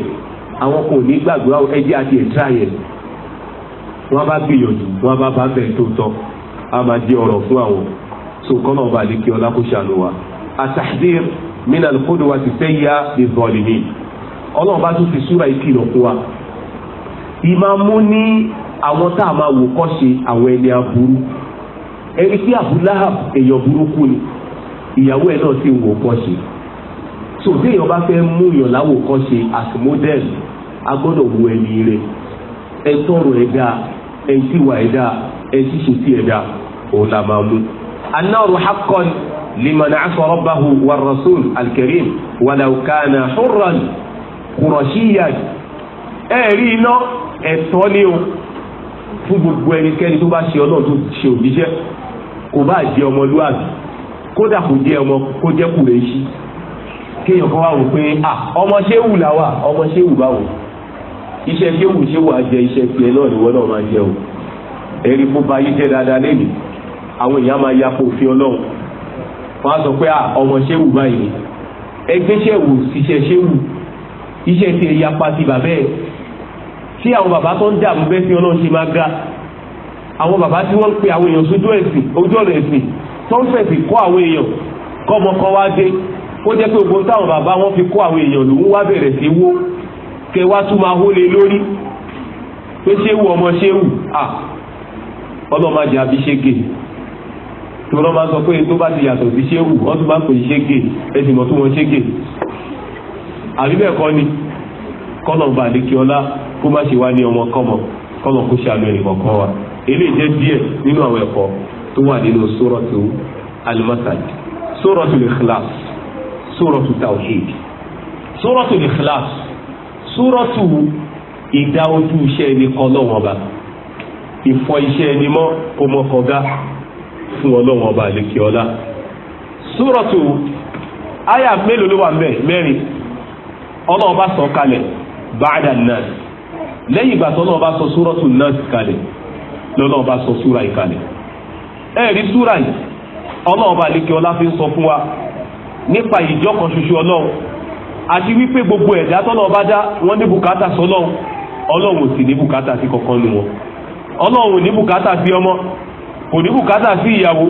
Speaker 1: àwọn kò ní gbàgbọ́ ẹjẹ́ àti ẹ̀dá yẹn wọ́n bá gbìyànjú wọ́n bá bá bẹ̀ tó tọ́ a máa di ọ̀rọ̀ fún àwọn so kọ́nà ọba àdékè ọlá kó ṣàánú wa àtàdér min al-qudwati sayya liz-zalimin ọlọ́run bá tún fi súra ìkìlọ̀ fún wa ìmàmú ní àwọn tá a máa wò kọ́ ṣe àwọn ẹni aburú ẹni tí Abu Lahab èèyàn burúkú ni ìyàwó ẹ náà sì wò kọ́ ṣe so déèyàn bá fẹ́ mú yàn láwòkọ́ṣe as model a gbọ́dọ̀ wo ẹni rẹ̀ ẹ tọrọ ẹ̀dá ẹ tíwà ẹ̀dá ẹ tíṣe tí ẹ̀dá òun la máa mú. anáwó hakọ́n liman asa rabbahu wa rasul alkarim walaw kana hurran kurashiyan ẹ rí iná ẹ̀tọ́ ni o fún gbogbo ẹnikẹ́ni tó bá ṣe ọlọ́run tó ṣe òjíṣẹ́ kò bá jẹ́ ọmọlúwàbí kódà kò jẹ́ ọmọ kó jẹ́ kùrẹ́ṣí kéèyàn kan wá wò pé à ọmọ ṣéwù làwà ọmọ ṣéwù báwò iṣẹ́ ṣéwù ṣéwù àjẹ iṣẹ́ tiẹ̀ náà ni wọ́n náà máa jẹ o èrè fún bayí jẹ́ dáadáa lẹ́nu àwọn èèyàn máa ya kó fi ọlọ́run wọ́n á sọ pé à ọmọ ṣéwù báyìí ẹgbẹ́ ṣéwù ṣiṣẹ́ ṣéwù iṣẹ́ tiẹ̀ yapa ti bàbẹ́ tí àwọn bàbá tó ń dààmú bẹ́ẹ̀ fi ọlọ́run ṣe máa ga àwọn bàbá tí wọ́n ń pe àwọn èèyàn sójú ẹ̀sìn ojú ọ̀rọ̀ ẹ̀sìn tó ń fẹ̀sìn kọ́ àwọn èèyàn kọ́mọkọ́ wá dé kó jẹ́ pé ogun táwọn bàbá wọn fi kó àwọn èèyàn lòún wá bẹ̀rẹ̀ sí wó kẹ wá tún máa hólé lórí pé ṣéwù ọmọ ṣéwù à ọlọ́mọ jẹ́ àbí ṣége tí wọ́n máa sọ pé tó bá ti yàtọ̀ sí ṣéwù wọ́n tún máa ń pè é ṣége ẹ̀sìn mọ̀ tó wọn ṣége àbí bẹ́ẹ̀ kọ́ ni kọ́nà bá lè kí ọlá kó má ṣe wá ní ọmọ kọ́mọ kọ́nà kó ṣe àmì ẹ̀rìn kọ̀ọ̀kan wa eléyìí díẹ̀ nínú àwọn ẹ̀kọ́ tó wà nínú sórọ̀tù al sórọ̀tù al-Ikhlas súrọ̀tù tawhid súrọ̀tù ikhlas súrọ̀tù ìdá ojú iṣẹ́ ẹni kan lọ́wọ́ ọba ìfọ iṣẹ́ ẹni mọ́ ọmọkọ̀gá fún ọlọ́wọ́ ọba àlekè ọlá súrọ̀tù àyà mélòó ló wà mbẹ̀ mẹ́rin ọlọ́wọ́ bá sọ kalẹ̀ ba'da an-nas lẹ́yìn ìgbà tó ọlọ́wọ́ bá sọ súrọ̀tù nas kalẹ̀ lọ́lọ́wọ́ fi sọ nípa ìjọ kan ṣoṣo ọlọ́run àti wípé gbogbo ẹ̀dá tọ́lọ́ bá dá wọ́n ní bùkátà sọlọ́run ọlọ́run ò sì ní bùkátà sí kankan nu wọn ọlọ́run ò ní bùkátà sí ọmọ kò ní bùkátà sí ìyàwó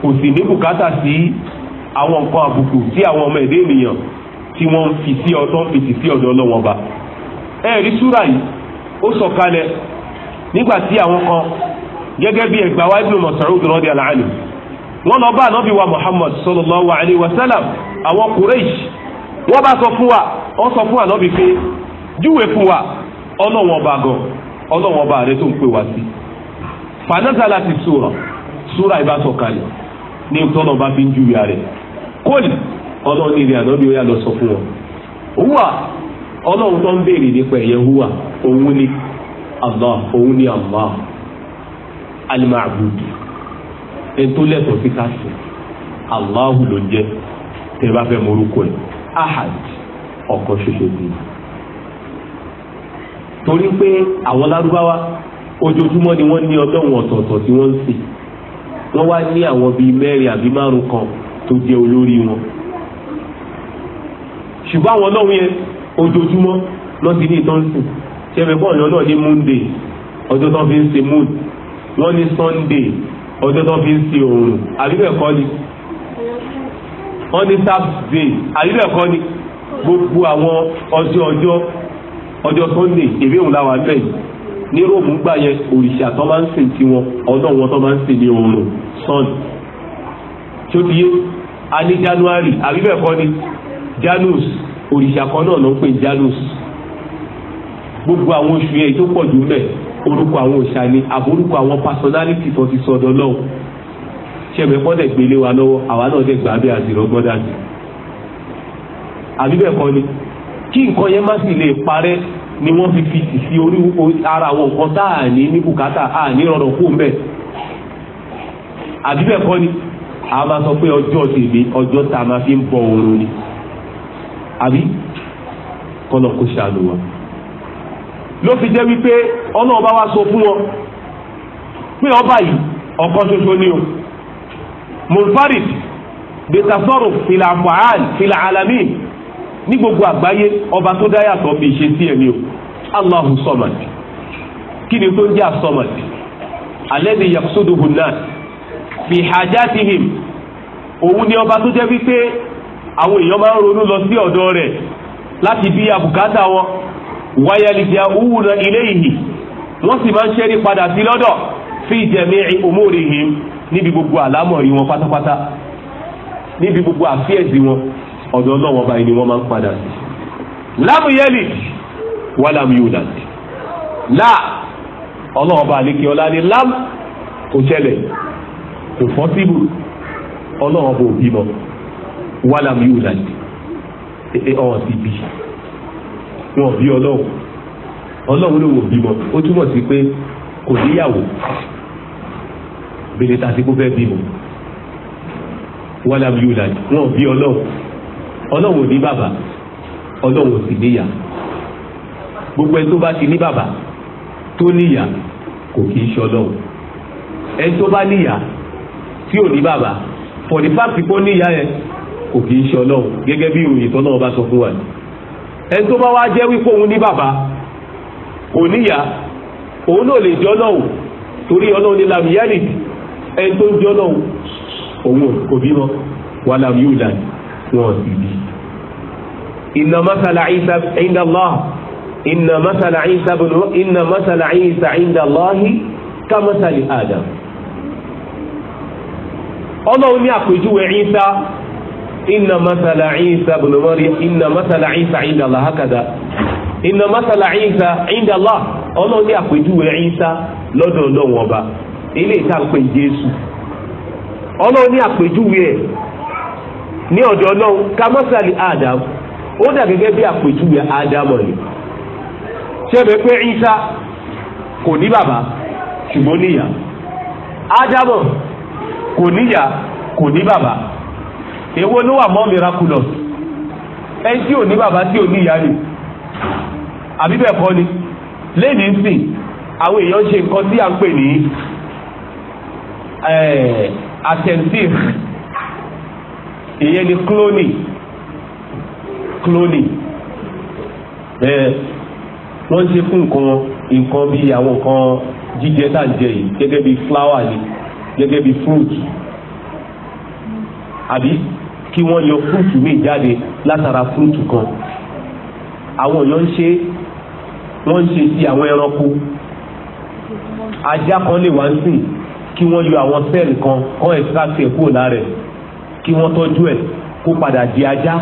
Speaker 1: kò sì ní bùkátà sí àwọn nǹkan àbùkù tí àwọn ọmọ ẹ̀dá ènìyàn tí wọ́n ń fi sí ọtọ́ ń fèsì sí ọ̀dọ̀ ọlọ́wọ́n ba ẹ̀rí súrà yìí ó sọ̀kalẹ̀ nígbà tí àwọn kan gẹ́gẹ́ bí ẹgbàá wáyé bí mọ̀sán wọ́n lọ bá ànábì wa muhammad sallallahu alayhi wa sallam àwọn kureish wọ́n bá sọ fún wa wọ́n sọ fún ànábì pé júwe fún wa ọlọ́wọ́n ọba gan ọlọ́wọ́n ọba rẹ tó ń pè wá sí sura sura ìbá sọ kalẹ̀ ní ìtọ́nà bá fi ń júwe rẹ̀ kóòlì ọlọ́run ilé ànábì ó lọ sọ fún wọn hùwà ọlọ́run tó ń béèrè nípa ẹ̀yẹ òun ni allah òun ètò lẹ́tọ̀ọ́ sí ká sìn Allahu ló jẹ́ tẹ́ bá fẹ́ morúkọ ẹ̀ ahad ọ̀kan ṣoṣo ni. torí pé àwọn lárúbáwá ojoojúmọ́ ni wọ́n ní ọlọ́run ọ̀tọ̀ọ̀tọ̀ tí wọ́n ń sìn wọ́n wá ní àwọn bíi mẹ́rin àbí márùn kan tó jẹ́ olórí wọn. ṣùgbọ́n àwọn ọlọ́run yẹn ojoojúmọ́ lọ́ ti ní ìtàn sìn ṣẹ́fẹ̀ bọ́ọ̀lù náà ní monday ọjọ́ tó fi ń ṣe moon wọ́n ní sunday ọjọ́ tó fi ń sin òòrùn àbíbẹ̀kọ́ ni wọ́n ní sábdé àbíbẹ̀kọ́ ni gbogbo àwọn ọjọ́ ọjọ́ ọjọ́ sunday èmi òun làwọn abẹ́ yìí ní róòmù gbà yẹn òrìṣà tó máa ń sìn tiwọn ọdún wọn tó máa ń sìn ní òòrùn sun tó ti yé a ní january àbíbẹ̀kọ́ ni janus òrìṣà kan náà ló ń pè janus gbogbo àwọn oṣù yẹn tó pọ̀ jù mẹ́ẹ̀ orúkọ àwọn òòṣà ni àbórúkọ àwọn personality tó ti sọdọ náà ṣẹ̀mẹ̀ pọ́dẹ̀ gbélé wa lọ́wọ́ àwa náà dẹ̀ gbà bẹ́ẹ̀ àti ìrọ́gbọ́n dàbí. àbí bẹ́ẹ̀ kọ́ ni kí nǹkan yẹn má sì lè parẹ́ ni wọ́n fi fi tì sí orí ara àwọn nǹkan tá à ní ní bùkátà à ní rọrọ̀ kó mbẹ́. àbí bẹ́ẹ̀ kọ́ ni a máa sọ pé ọjọ́ tèmi ọjọ́ tá a máa fi ń bọ oorun ni. àbí kọ́nà kó ṣàánú ló fi jẹ́ wípé ọlọ́run bá wá sọ fún wọn pé ọba yìí ọ̀kan ṣoṣo ni o mulfarid betasoro filafaal filaalami ní gbogbo àgbáyé ọba tó dá yàtọ̀ bí ìṣesí ẹ̀ ni o allahu samad kí ni tó ń jẹ́ asomad alẹ́ni yaksuduhu náà fi hajatihim òun ni ọba tó jẹ́ wípé àwọn èèyàn máa ń ronú lọ sí ọ̀dọ̀ rẹ̀ láti bí abùkátà wọn wayaljauna ilayhi wọ́n sì máa ń ṣẹ́rí padà sí lọ́dọ̀ fi jami'i umurihim níbi gbogbo àlámọ̀rí wọn pátápátá níbi gbogbo àfíẹ̀sì wọn ọ̀dọ̀ ọlọ́wọ́ báyìí ni wọ́n máa ń padà sí. lámù yẹ́lì wà lámù yóò là bá àlékè ni lam kò ṣẹlẹ̀ kò fọ́síbù ọlọ́wọ́ bò bímọ wà lámù yóò wọn bí ọlọ́run ọlọ́run ló wò bímọ ó túmọ̀ sí pé kò níyàwó bèlè ta sí kó fẹ́ bímọ wàlám yóò lájú wọn bí ọlọ́run ọlọ́run ò ní bàbá ọlọ́run ò sì níyà gbogbo ẹni tó bá ti ní bàbá tó níyà kò kì í ṣe ọlọ́run ẹni tó bá níyà tí ò ní bàbá for the fact kó níyà yẹn kò kì í ṣe ọlọ́run gẹ́gẹ́ bí òyìnbó náà bá sọ fún wa yìí ẹni tó bá wá jẹ́ wípé òun ní bàbá kò níyà òun náà lè jọ́ náà torí ọlọ́run ní lamiyali ẹni tó ń jọ́ náà òun kò bímọ wà lamiyula wọn sì bí. inna masala isa inda allah inna masala isa bùnú inna masala isa inda allahi ká masali adam ọlọ́run ní àpèjúwe isa. inna masala ịsa ibn maryam inna masala isa inda allah hakada inna masala isa inda allah ọlọ́run ní àpèjúwe lọ́dọ̀ ọba ilé ìta jésù ọlọ́run ní àpèjúwe ẹ̀ ní ọ̀dọ̀ ọlọ́run kamọ́sàlì adam ó dà gẹ́gẹ́ bí àpèjúwe ṣẹ́bẹ̀ pé kò ní bàbá ṣùgbọ́n níyà kò èwo ló wà mọ́ miraculous ẹni tí ò ní bàbá tí ò ní ìyá ni àbí bẹ́ẹ̀ kọ́ ni lẹ́yìn sìn àwọn èèyàn ṣe nǹkan tí à ń pè ní attentif ìyẹn ni cloning cloning wọ́n ń ṣe fún nǹkan wọn nǹkan bíi àwọn nǹkan jíjẹ tá à ń jẹ yìí gẹ́gẹ́ bíi flower ni gẹ́gẹ́ bíi fruit àbí kí wọ́n yọ fúrúùtù míì jáde látara fúrúùtù kan àwọn èèyàn ń ṣe wọ́n ń ṣe sí àwọn ẹranko ajá kan lè wá ń sìn kí wọ́n yọ àwọn sẹ́ẹ̀lì kan kọ́ ẹ̀síráàtì ẹ̀ kúrò lára ẹ̀ kí wọ́n tọ́jú ẹ̀ kó padà di ajá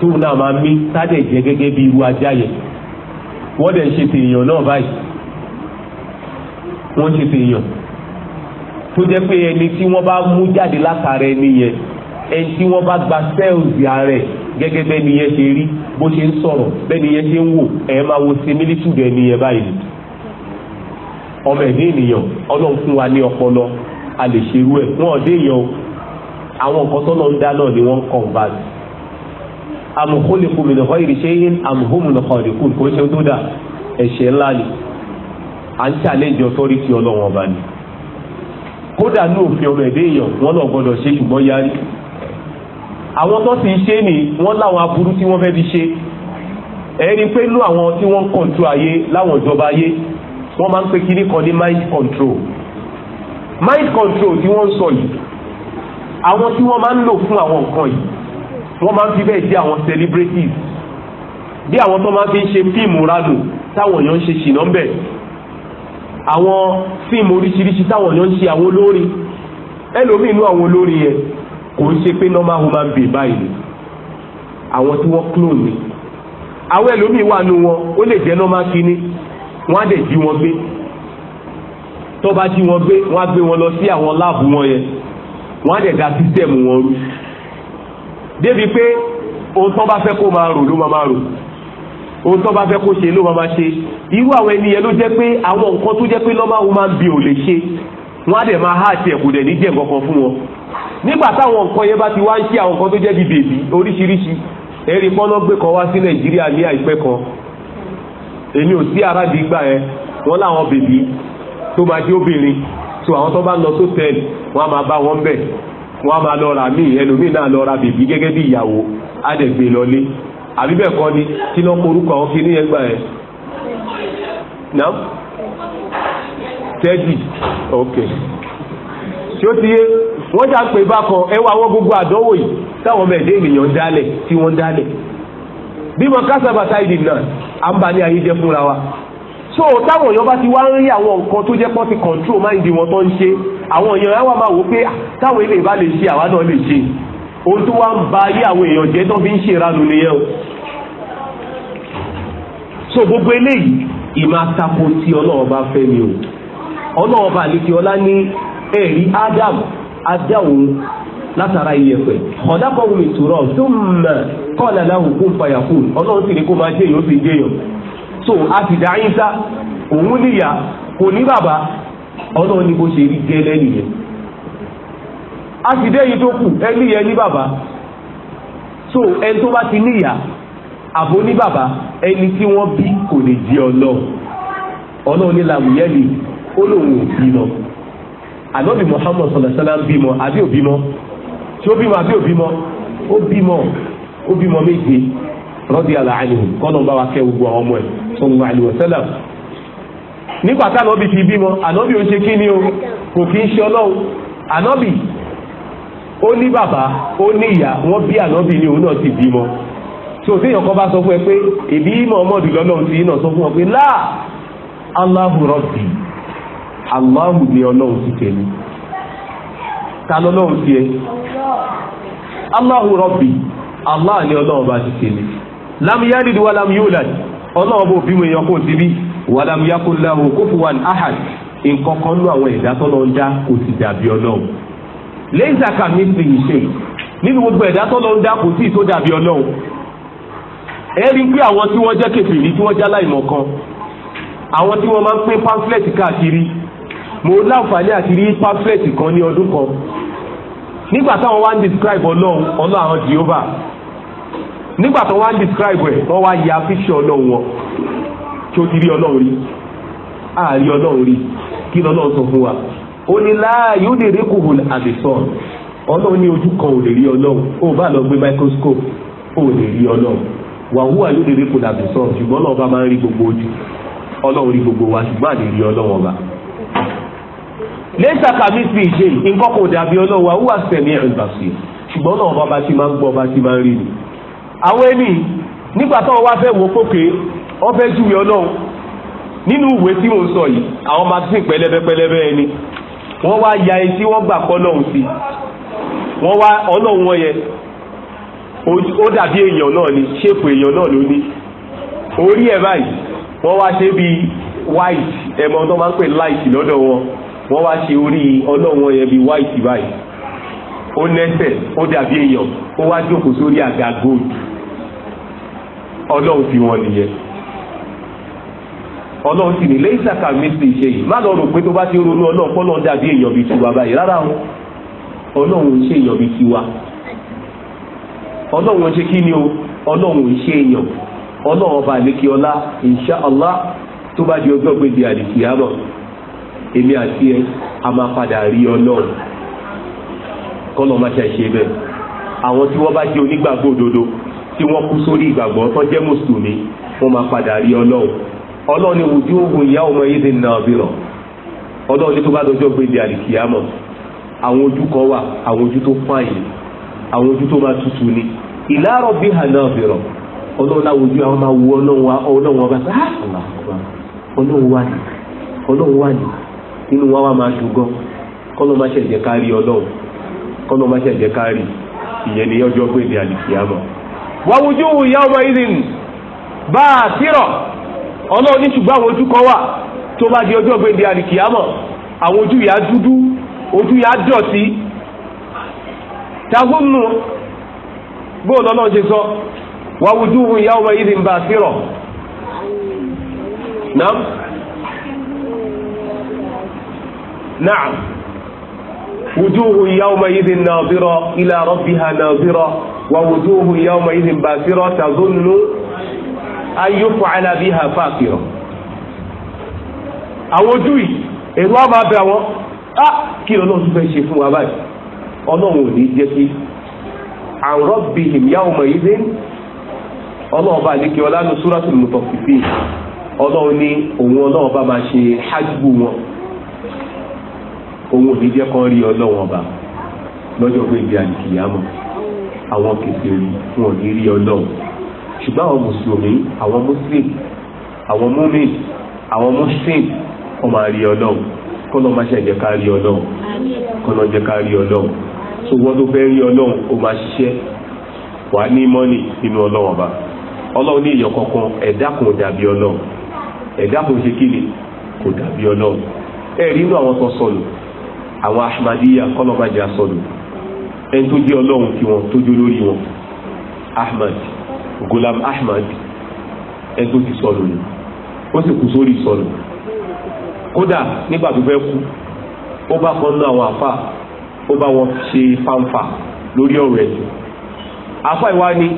Speaker 1: tóun náà máa mí sádẹ̀ jẹ́ gẹ́gẹ́ bí irú ajá yẹn wọ́n dẹ̀ ń ṣe tèèyàn náà báyìí wọ́n ń ṣe tèèyàn tó jẹ́ pé ẹni tí wọ́n bá mú jáde látara ẹni yẹn ẹni tí wọ́n bá gba sẹ́ẹ̀lì ààrẹ gẹ́gẹ́ bẹ́ẹ̀ ni yẹn ṣe rí bó ṣe ń sọ̀rọ̀ bẹ́ẹ̀ ni yẹn ṣe ń wò ẹ̀ máa wo similitude ẹni yẹn báyìí ọmọ ẹ̀dí ènìyàn ọlọ́run fún wa ní ọpọlọ a lè ṣerú ẹ̀ wọ́n ọ̀dẹ́ èèyàn àwọn nǹkan tọ́nà ń dá náà ni wọ́n ń kọ̀ ń bá mi amukoliku mi nìkan ìrìṣẹ́ yín amuhomu nìkan ìrìkú kò ṣe tó dà ẹ̀ṣẹ̀ ńlá ni à ń challenge authority ọlọ́run ọba ni kódà àwọn tó sì ń ṣe ni wọ́n láwọn aburú tí wọ́n fẹ́ fi ṣe ẹ̀rí pé ló àwọn tí wọ́n ń kọ̀ǹtró ayé láwọn ìjọba ayé wọ́n máa ń pè kíní kan ní mind control mind control tí wọ́n ń sọ yìí àwọn tí wọ́n máa ń lò fún àwọn nǹkan yìí wọ́n máa ń fi bẹ́ẹ̀ jẹ́ àwọn celebrities bí àwọn tó máa fi ń ṣe fíìmù rálò táwọn èèyàn ń ṣe ṣìnà ń bẹ̀ àwọn fíìmù oríṣiríṣi táwọn èèyàn ń ṣe àwọn olórin ẹlòmíì inú àwọn olórin yẹn kò ń ṣe pé normal human being báyìí ni àwọn tí wọ́n clone ni àwọn ẹlòmíì wà nù wọn ó lè jẹ́ normal kíní wọ́n á dẹ̀ jí wọn gbé tó bá jí wọn gbé wọ́n á gbé wọn lọ sí àwọn láàbù wọn yẹn wọ́n á dẹ̀ da sísẹ̀mù wọn rú débi pé ohun tó bá fẹ́ kó máa rò ló máa máa rò ohun tó bá fẹ́ kó ṣe ló máa máa ṣe irú àwọn ẹni yẹn ló jẹ́ pé àwọn nǹkan tó jẹ́ pé normal human being ò lè ṣe wọ́n á dẹ̀ máa háàtì ẹ̀kú ní jẹ́ fún wọn nígbà táwọn nǹkan yẹn bá ti wá ń ṣe àwọn nǹkan tó jẹ́ bíi bèbí oríṣiríṣi ẹ̀rí pọ́nà gbé kan wá sí nàìjíríà ní àìpẹ́ kan èmi ò sí aráàlú gbà yẹn wọ́n láwọn bèbí tó máa jẹ́ obìnrin tó àwọn tó bá ń lọ sótẹ́ẹ̀lì wọ́n á máa bá wọn bẹ̀ wọ́n á máa lọ ra míì ẹlòmíì náà lọ ra bèbí gẹ́gẹ́ bí ìyàwó adẹ̀gbẹ́ lọlé àbí bẹ́ẹ̀ kọ́ ni kí lọ́ korúkọ àwọn kí ní ẹgbà ẹ̀ tẹ́jì ok ṣé ó ti yé wọ́n ṣà ń pè bákan ẹ wá wọ́n gbogbo àdánwò yìí táwọn ọmọ ẹ̀dẹ́ ènìyàn dálẹ̀ tí wọ́n dálẹ̀ bímọ kásábàtà ìdì náà à ń bá ní ayé jẹ́ fúnra wa so táwọn èèyàn bá ti wá ń rí àwọn nǹkan tó jẹ́ pọ́ ti control di wọn tó ń ṣe àwọn èèyàn á wà máa wò pé táwọn ilé ìbá lè ṣe àwa náà lè ṣe ohun tó wá ń ba ayé àwọn èèyàn jẹ́ tó fi ń ṣèranu nìyẹn o so gbogbo eléyìí ìmọ̀ àtakò tí ọlọ́ọ̀bá fẹ́ mi o ọlọ́ọ̀bá àlekè ní ẹ̀rí Ádámù adá òun látara iyẹ̀pẹ̀ khalaqahu min turab thumma qala lahu kun fayakun ọlọ́run sì ní kó máa jẹ́yìn ó sì jẹ́yìn so a sì dá Ìsá òun níyà kò ní bàbá ọlọ́run ní bó ṣe rí gẹ́lẹ́ nìyẹn a sì dẹ́yìn tó kù ẹni yẹn ní bàbá so ẹni tó bá ti níyà àbó ní bàbá ẹni tí wọ́n bí kò lè jẹ́ ọlọ́run ọlọ́run ní làwùyẹ́ ni ó lòun ò bí lọ ànábì muhammad sọlọsọlá ń bímọ àbí ò bímọ tí ó bímọ àbí ò bímọ ó bímọ ó bímọ méje radiyallahu anhu kọ́nà bá wa kẹ́ gbogbo àwọn ọmọ ẹ̀ sallallahu alaihi wasallam nígbà tá ànábì ti bímọ ànábì ó ṣe kí ni o kò kí ń ṣe ọlọ́run ànábì ó ní bàbá ó ní ìyá wọ́n bí ànábì ni òun náà ti bímọ tí òsì èèyàn kan bá sọ fún ẹ pé èbí mọ̀ọ́mọ́dù lọ́lọ́run ti náà sọ fún ọ pé láà Allahu Rabbi Allah ni ọlọ́run ti tèmi ta lọ́lọ́run ti ẹ Rabbi Allah ni ọlọ́run bá ti tèmi lam wa lam yulad ọlọ́run bó bímọ èèyàn kò sí bí wa lam yakun lahu kufuwan ahad nǹkan kan ló àwọn ẹ̀dá tọ́lọ́ pé àwọn tí wọ́n jẹ́ tí wọ́n jálá ìmọ̀ kan àwọn tí wọ́n máa ń pín mo láǹfààní àti rí pamphlet kan ní ọdún kan nígbà táwọn wá ń describe ọlọ́run ọlọ́run àwọn Jehovah nígbà táwọn wá ń describe ẹ̀ wọ́n wá ya picture ọlọ́run wọn tí ó ti rí ọlọ́run rí àárí ọlọ́run rí kí lọ́lọ́run sọ fún wa ó ní láàyè ó lè rí kùhùn àbẹ̀sọ̀ ọlọ́run ní ojú kan ò lè rí ọlọ́run ó bá lọ gbé microscope ó lè rí ọlọ́run wàhùwà yóò lè rí kùhùn àbẹ̀sọ̀ ṣùgbọ́n ọlọ́run bá máa ń rí gbogbo ojú ọlọ́run rí gbogbo wa ṣùgbọ́n àlè rí ọlọ́run ọba lẹ́sà kàmí sí ìṣe nǹkan kò dàbí ọlọ́wà ó wà sẹ̀mí ìbàṣẹ ṣùgbọ́n náà bàbá ti máa ń gbọ́ bá ti máa ń rí ni. àwọn ẹni nígbà táwọn wá fẹ́ wo pókè wọ́n fẹ́ júwe ọlọ́run nínú ìwé tí mò ń sọ yìí àwọn magazine pẹlẹbẹ pẹlẹbẹ ẹni wọ́n wá ya etí wọ́n gbà kọ́ ọlọ́run sí wọ́n wá ọlọ́run wọn yẹ ó dàbí èèyàn náà ni ṣépù èèyàn náà ló ní orí ẹ̀ báyìí wọ́n wá ṣe bíi white ẹ̀mọ́ tó máa ń pè light lọ́dọ̀ wọn wọ́n wá ṣe orí ọlọ́wọ́n yẹ bíi white báyìí ó lẹ́sẹ̀ ó dàbí èèyàn ó wá jókòó sórí àga gold ọlọ́run fi wọn nìyẹn ọlọ́run sì nílé lẹ́yìn sàkà ṣe yìí má lọ pé tó bá ti ronú ọlọ́run kọ́ bíi tiwa báyìí rárá o ọlọ́run ń ṣe èèyàn bíi tiwa ọlọ́run ṣe èmi àti ẹ a máa padà rí ọlọ́run kọ́nà má ṣe ṣe bẹ́ẹ̀ àwọn tí wọ́n bá jẹ́ onígbàgbọ́ òdodo tí wọ́n kú sórí ìgbàgbọ́ tó jẹ́ mùsùlùmí wọ́n máa padà rí ọlọ́run ọlọ́run ni ojú ogun ìyá ọmọ yìí ti nà bírọ̀ ọlọ́run ní tó bá dọjọ́ gbélé àlìkìyàmọ̀ àwọn ojú kan wà àwọn ojú tó fààyè àwọn ojú tó máa tutù ni ìlàrọ̀ bí hànà bírọ̀ ọlọ́run láwùjọ ọlọ́run wa ọlọ́run wa bá sá ah, ọlọ́run wà inú wa wá máa dùn gan kọ́nà má ṣe jẹ́ kárí ọlọ́run kọ́nà má ṣe jẹ́ kárí ìyẹn ní ọjọ́ pé èdè àlìkìyàmọ̀. wà wùjú ìyá ọmọ ìdìn bá a tírọ̀ ọlọ́run ní ṣùgbọ́n àwọn ojú kan wà tó bá di ọjọ́ pé èdè àlìkìyàmọ̀ àwọn ojú yà dúdú ojú yà dọ̀tí tahunnu bóòlù ọlọ́run ṣe sọ wà wùjú ìyá ọmọ نعم وجوه يومئذ ناظرة إلى ربها ناظرة ووجوه يومئذ باسرة تظن أن يفعل بها فاقرة àwọn ojú yìí èrò àmà bẹ àwọn á ah, kí ọlọ́run fẹ́ ṣe fún wa báyìí ọlọ́run ò ní jẹ́ kí àrùn na yawma idhin ọlọ́run bá òun ò ní jẹ́ rí ọlọ́wọ́n ọba lọ́jọ́ gbèbí àlìkìyàmọ̀ àwọn kèfèrí wọn ò rí ọlọ́wọ́n ṣùgbọ́n àwọn mùsùlùmí àwọn muslim àwọn mumin àwọn muslim wọn máa rí ọlọ́wọ́n kọ́nà máa ṣe ká rí ọlọ́wọ́n kọ́nà jẹ́ ká rí ọlọ́wọ́n tó wọ́n tó fẹ́ rí ó máa ṣiṣẹ́ wà ní mọ́nì nínú ọba ní ìyọ̀ kankan àwọn ahmadiyya kọ́lọ́mọdé asọ́dù ẹni tó jẹ́ ọlọ́run tí wọn tó jó lórí wọn ahmad gulam ahmad ẹni tó ti sọnù ni ó sì kú sórí sọnù kódà nígbà tó fẹ́ kú ó bá kan náà àwọn àfà ó bá wọn ṣe fanfa lórí ọ̀rọ̀ ẹ̀sìn àfà ìwá ni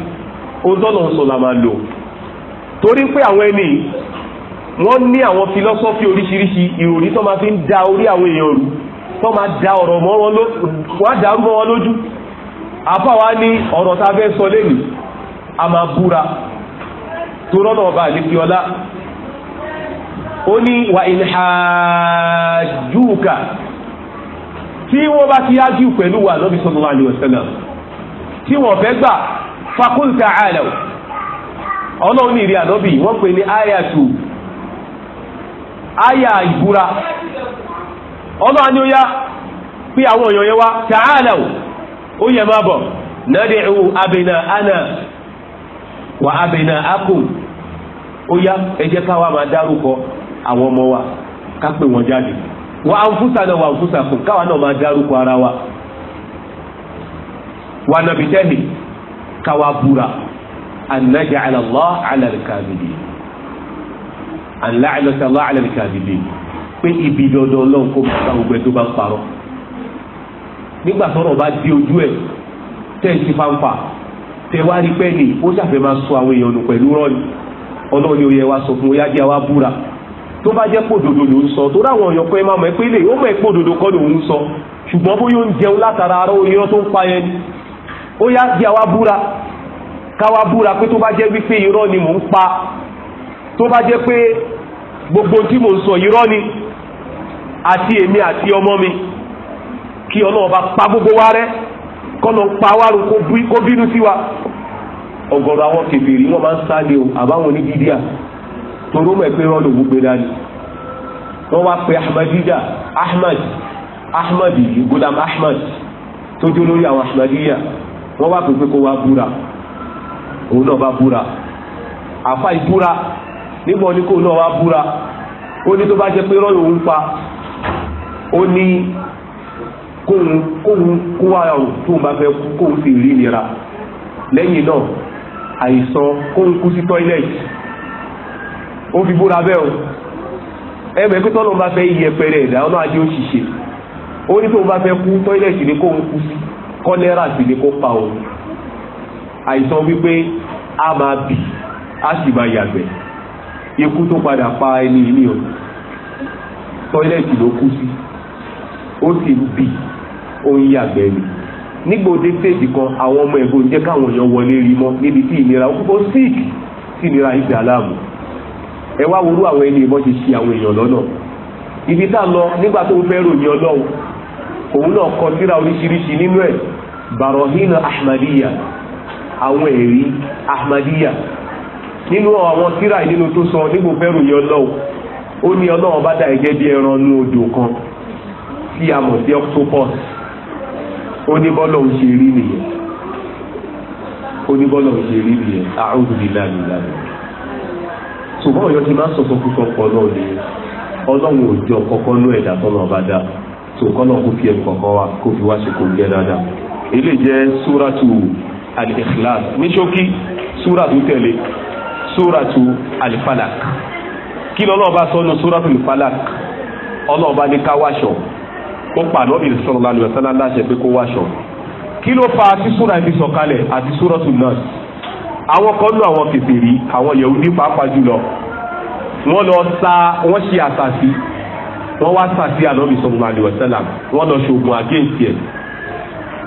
Speaker 1: ó dọ́nà sọ la máa lò torí pé àwọn ẹni wọ́n ní àwọn fílọ́sọ́fì oríṣiríṣi ìròrí tó máa fi ń da orí àwọn èèyàn rú tó máa da ọ̀rọ̀ mọ́ wọn lójú wọ́n wa ní ọ̀rọ̀ tá a fẹ́ sọ lẹ́nu a máa búra tó rọ́nà ọba àlejò ọlá ó ní wà tí wọ́n bá ti yájú pẹ̀lú wa lọ́bí sallallahu alaihi wasallam tí wọ́n fẹ́ gbà ọlọ́wà ni ó yá pé àwọn èèyàn yẹn wá ta'alaw ó yẹ máa bọ̀ nad'u abna'ana wa abna'akum ó yá ẹ jẹ́ káwa máa dárúkọ àwọn ọmọ wa ká pè wọ́n jáde wa anfusana wa anfusakum káwa náà máa dárúkọ ara wa wa nabitahi káwa búra an naj'ala Allah 'ala al-kadhibin an pé ibi dandan ọlọ́run kó máa bá gbogbo ẹ tó bá ń parọ́ nígbà bá di ojú ẹ̀ tẹ́ ẹ ti fanfa wá rí pẹ́ẹ́nì ó ṣàfẹ́ máa sọ àwọn èèyàn nù pẹ̀lú rọ́ọ̀nì ọlọ́run ni sọ fún sọ tó dáwọn máa mọ̀ pé lè ó mọ̀ sọ ṣùgbọ́n ń jẹun látara ara tó ń pa yẹn ni búra ni mò ń pa tó bá gbogbo tí mò ń sọ ni àti èmi àti ọmọ mi kí ọlọ́run bá pa gbogbo wa rẹ́ kọ́nà ń pa wárò kó bínú sí wa ọ̀gọ̀rọ̀ àwọn kèfèrí wọ́n máa ń sáré o àbáwọn onídìídíà toró mọ̀ pé wọ́n lò gbogbo dání wọ́n wá pe ahmadida ahmad ahmad yìí gulam ahmad tó lórí àwọn ahmadiyya wọ́n wá pè kó wá búra òun náà bá búra àfa ìbúra nígbà wọn náà wá búra ó ní tó bá jẹ́ pé rọ́ọ̀lù òun pa ó ní kóhun kóhun kó wá ọ̀rùn tóun bá fẹ́ kú kóhun sì rí ìlera lẹ́yìn náà àìsàn kóhun kú sí tọ́ílẹ̀tì ó fi búra bẹ́ẹ̀ o ẹgbẹ́ pé tọ́lọ́ bá fẹ́ yẹpẹrẹ ẹ̀dá ọlọ́ ajé òṣìṣẹ́ ó ní tóun bá fẹ́ kú tọ́ílẹ̀tì ni kóhun kú sí kọ́lẹ́rà sì ni kó pa òun àìsàn wípé a máa bì a sì máa yàgbẹ́ ikú tó padà pa ẹni ìní o tọ́ílẹ̀tì ló kú sí. o sì ń bì ó ń yàgbẹ́ ni nígbòde stage kan àwọn ọmọ ẹ̀gbọ́n jẹ́ káwọn èèyàn wọlé rí mọ́ níbi tí ìnira ó sick sí ìnira ìgbà aláàmù ẹ wá àwọn ẹni ìbọn ti ṣe àwọn èèyàn lọ́nà ibi tá lọ nígbà tó fẹ́ ròyìn ọlọ́run òun náà kọ síra oríṣiríṣi nínú ẹ̀ barohina ahmadiyya àwọn ẹ̀rí ahmadiyya nínú àwọn síra ìnínú tó sọ nígbò fẹ́ ròyìn ọlọ́run ó ní ọlọ́run bá dá ẹ̀jẹ̀ tí a mọ̀ sí octopus ó ní bọ́lọ̀ ń ṣe rí nìyẹn ó ní bọ́lọ̀ ń ṣe rí nìyẹn àrùn nílá nílá ṣùgbọ́n ọ̀yọ́ ti máa ń sọ̀tọ̀ fún sọ́kọ̀ náà ni ọlọ́run ò jọ kọ́kọ́ ló ẹ̀dá tọ́lọ̀ bá dá ṣùkọ́ náà kó fi ẹ̀ kọ̀ọ̀kan wá kó fi wá ṣe kò jẹ́ dáadáa ilé jẹ́ súrátù al ní ṣókí súrátù tẹ̀lé súrátù al-falak kí lọ́lọ́ọ̀bá sọ́nu súrátù al-falak ọlọ́ọ̀bá ní káwáṣọ̀ ó pàdé ọ́bì sallallahu alaihi wasallam láṣẹ pé kó wáṣọ kí ló fa tí súra ibi sọ̀kalẹ̀ àti súratu nas àwọn kan nú àwọn kèfèrí àwọn yẹ̀wúdí pàápàá jùlọ wọ́n lọ sa wọ́n ṣe àṣàṣì wọ́n wá sàṣì ànábì sallallahu alaihi wasallam wọ́n lọ ṣoògùn àgéǹtì ẹ̀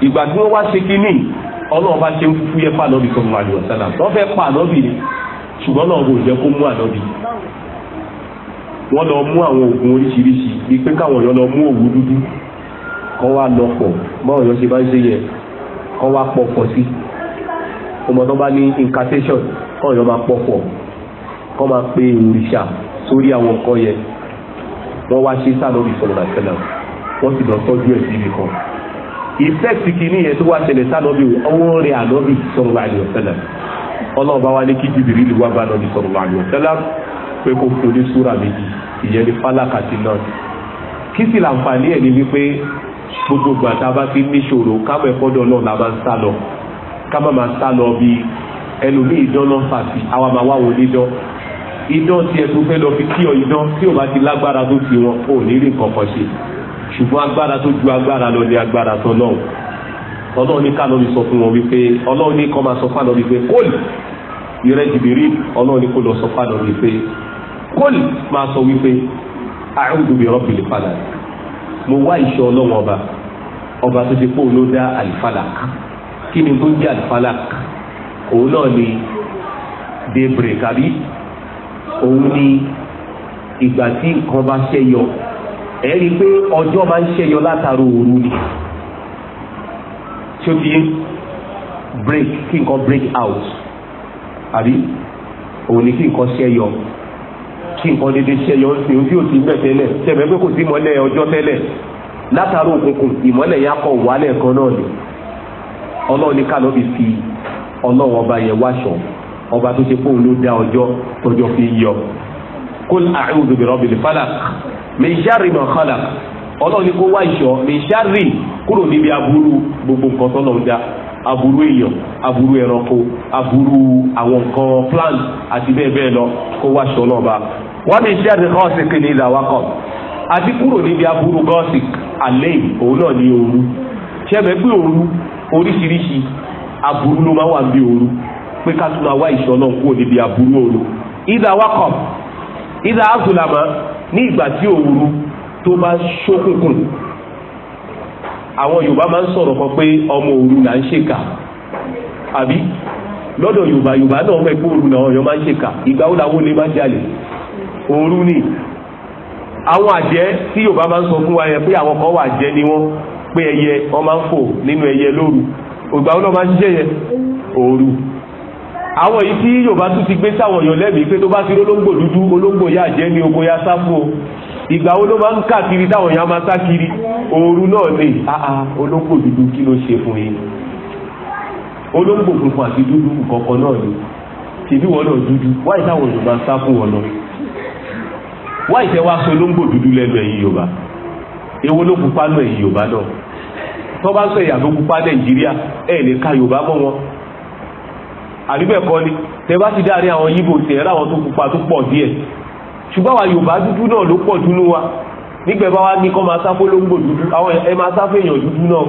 Speaker 1: ìgbà tí wọ́n wá ṣe kínní ọlọ́run bá ṣe ń fúyẹ́ pa ànábì sallallahu alaihi wasallam wọ́n fẹ́ pa ànábì náà wọ́n lọ mú àwọn oògùn oríṣiríṣi bí pé káwọn èèyàn lọ mú òwú dúdú kọ́ wá lọ pọ̀ báwọn èèyàn ṣe bá ń ṣe yẹ kọ́ wá pọ̀ pọ̀ sí ọmọ tó bá ní incantation kọ́ èèyàn máa pọ̀ pọ̀ kọ́ máa pe òrìṣà sórí àwọn nǹkan yẹn wọ́n wá ṣe sáà lórí ìfọ̀rọ̀ àṣẹlẹ̀ wọ́n sì lọ tọ́jú ẹ̀ síbi kan effect kìíní yẹn tó wá ṣẹlẹ̀ sáà lọ́bì ọwọ́ rẹ̀ àlọ́bì sọ̀rọ̀ àlùfẹ́lẹ̀ ọlọ́ọ̀bá wa ní kí jìbìrì lè wá bá lọ́bì sọ̀rọ̀ àlùfẹ́lẹ̀ pé kó fún ní súrà méjì ìyẹn ní fálákà àti náà kí sì làǹfààní ẹ̀ ní wípé gbogbo ìgbà tá a bá fi níṣòro kámọ ẹ̀fọ́dọ̀ náà la máa ń sá lọ kámọ máa sá lọ bí ẹlòmíì dán náà fàtì àwa máa wá wo nídán idán tí ẹ tún fẹ́ lọ fi kí ọ idán tí ò bá ti lágbára tó ti wọn ò ní rí nǹkan kan ṣe ṣùgbọ́n agbára tó ju agbára lọ ní agbára tó náà ọlọ́run ní kálọ́ọ̀nì sọ fún wọn wípé ọlọ́run ní kọ́ máa sọ fún àlọ́ wípé kóòlì ìrẹ́jìbìrì ọlọ́run ní kó lọ sọ fún àlọ́ wípé kọ́lì máa sọ wípé a'udhu bi rabbil falaq mo wá ìṣọ́ ọlọ́wọ́n ọba ọba tó ti pọ̀ ló dá al-falaq kí ni tó ń jẹ́ al-falaq òun náà ni daybreak àbí òun ni ìgbà tí nǹkan bá ṣẹ́yọ ẹ rí i pé ọjọ́ máa ń ṣẹ́yọ látara òru ni tí ó ti break kí nǹkan break out àbí òun ni kí nǹkan ṣẹ́yọ kí nǹkan dédé ṣẹyọ ṣe ojú òsì ń bẹ̀ tẹ́lẹ̀ ṣẹ̀bẹ̀ pé kò sí ìmọ́lẹ̀ ọjọ́ tẹ́lẹ̀ látàrí òkùnkùn ìmọ́lẹ̀ yẹn akọ̀ wálẹ̀ kan náà ni ọlọ́run ní kánò bí fi ọlọ́run ọba yẹn wáṣọ ọba tó ṣe fóun ló dá ọjọ́ tọjọ́ fi yọ kul a'udhu bi rabbil falaq min sharri ma khalaq ọlọ́run ní kó wá ìṣọ́ min sharri kúrò níbi aburú gbogbo nǹkan tọ́lọ́ ń dá aburú èèyàn aburú ẹranko aburú àwọn nǹkan plant àti bẹ́ẹ̀ bẹ́ẹ̀ lọ kó wáṣọ náà bá wọ́n mi ṣẹ́ẹ̀rì kọ́ọ̀sì kìíní ìlà wakọ̀ àti kúrò níbi aburú gọ́ọ̀sì àlẹ́yìn òun náà ní ooru ṣẹ́ẹ̀mẹ́ pé ooru oríṣiríṣi aburú ló máa wà ní ooru pé ká tún máa wá ìṣọ́ náà kúrò níbi aburú ooru ìlà wakọ̀ ìlà azùlámà ní ìgbà tí ooru tó bá ṣókùnkùn àwọn yorùbá máa ń sọ̀rọ̀ kan pé ọmọ òru là ń ṣèkà àbí lọ́dọ̀ yorùbá yorùbá náà mọ̀ pé òru làwọn èèyàn máa ń ṣèkà ìgbà ó làwọn olè máa ń jalè òru ni àwọn àjẹ́ tí Yorùbá máa ń sọ fún wa yẹn pé àwọn kan wà jẹ́ ni wọ́n pé ẹyẹ wọ́n máa ń fò nínú ẹyẹ lóru ògbà wọn náà máa ń jẹ́ yẹn òru àwọn èyí tí Yorùbá tún ti gbé sáwọn èèyàn lẹ́mìí pé tó bá ti rólógbò dúdú ológbò yá jẹ́ ní ogun ya sáfò ìgbà wo ló máa ń káàkiri táwọn èèyàn máa sá kiri òru náà lè àà ah, ah, ológbò dúdú kí ló ṣe fún yín ológbò funfun àti dúdú kọ̀ọ̀kan náà ni wá ìfẹ́ wá sọ lóńgbò dúdú lẹ́nu ẹ̀yin yorùbá èwo ló pupa lọ ẹ̀yin yorùbá náà tó bá sọ ẹ̀yà tó pupa nàìjíríà ẹ̀ lè ka yorùbá mọ́ wọn àbíbẹ̀ kọ́ ni tẹ bá ti dárí àwọn yíbo tẹ̀ ẹ́ láwọn tó pupa tó pọ̀ díẹ̀ ṣùgbọ́n àwọn yorùbá dúdú náà ló pọ̀ dúnú wa nígbà bá wá ní kọ́ máa sáfó lóńgbò dúdú àwọn ẹ máa sáfó èèyàn dúdú náà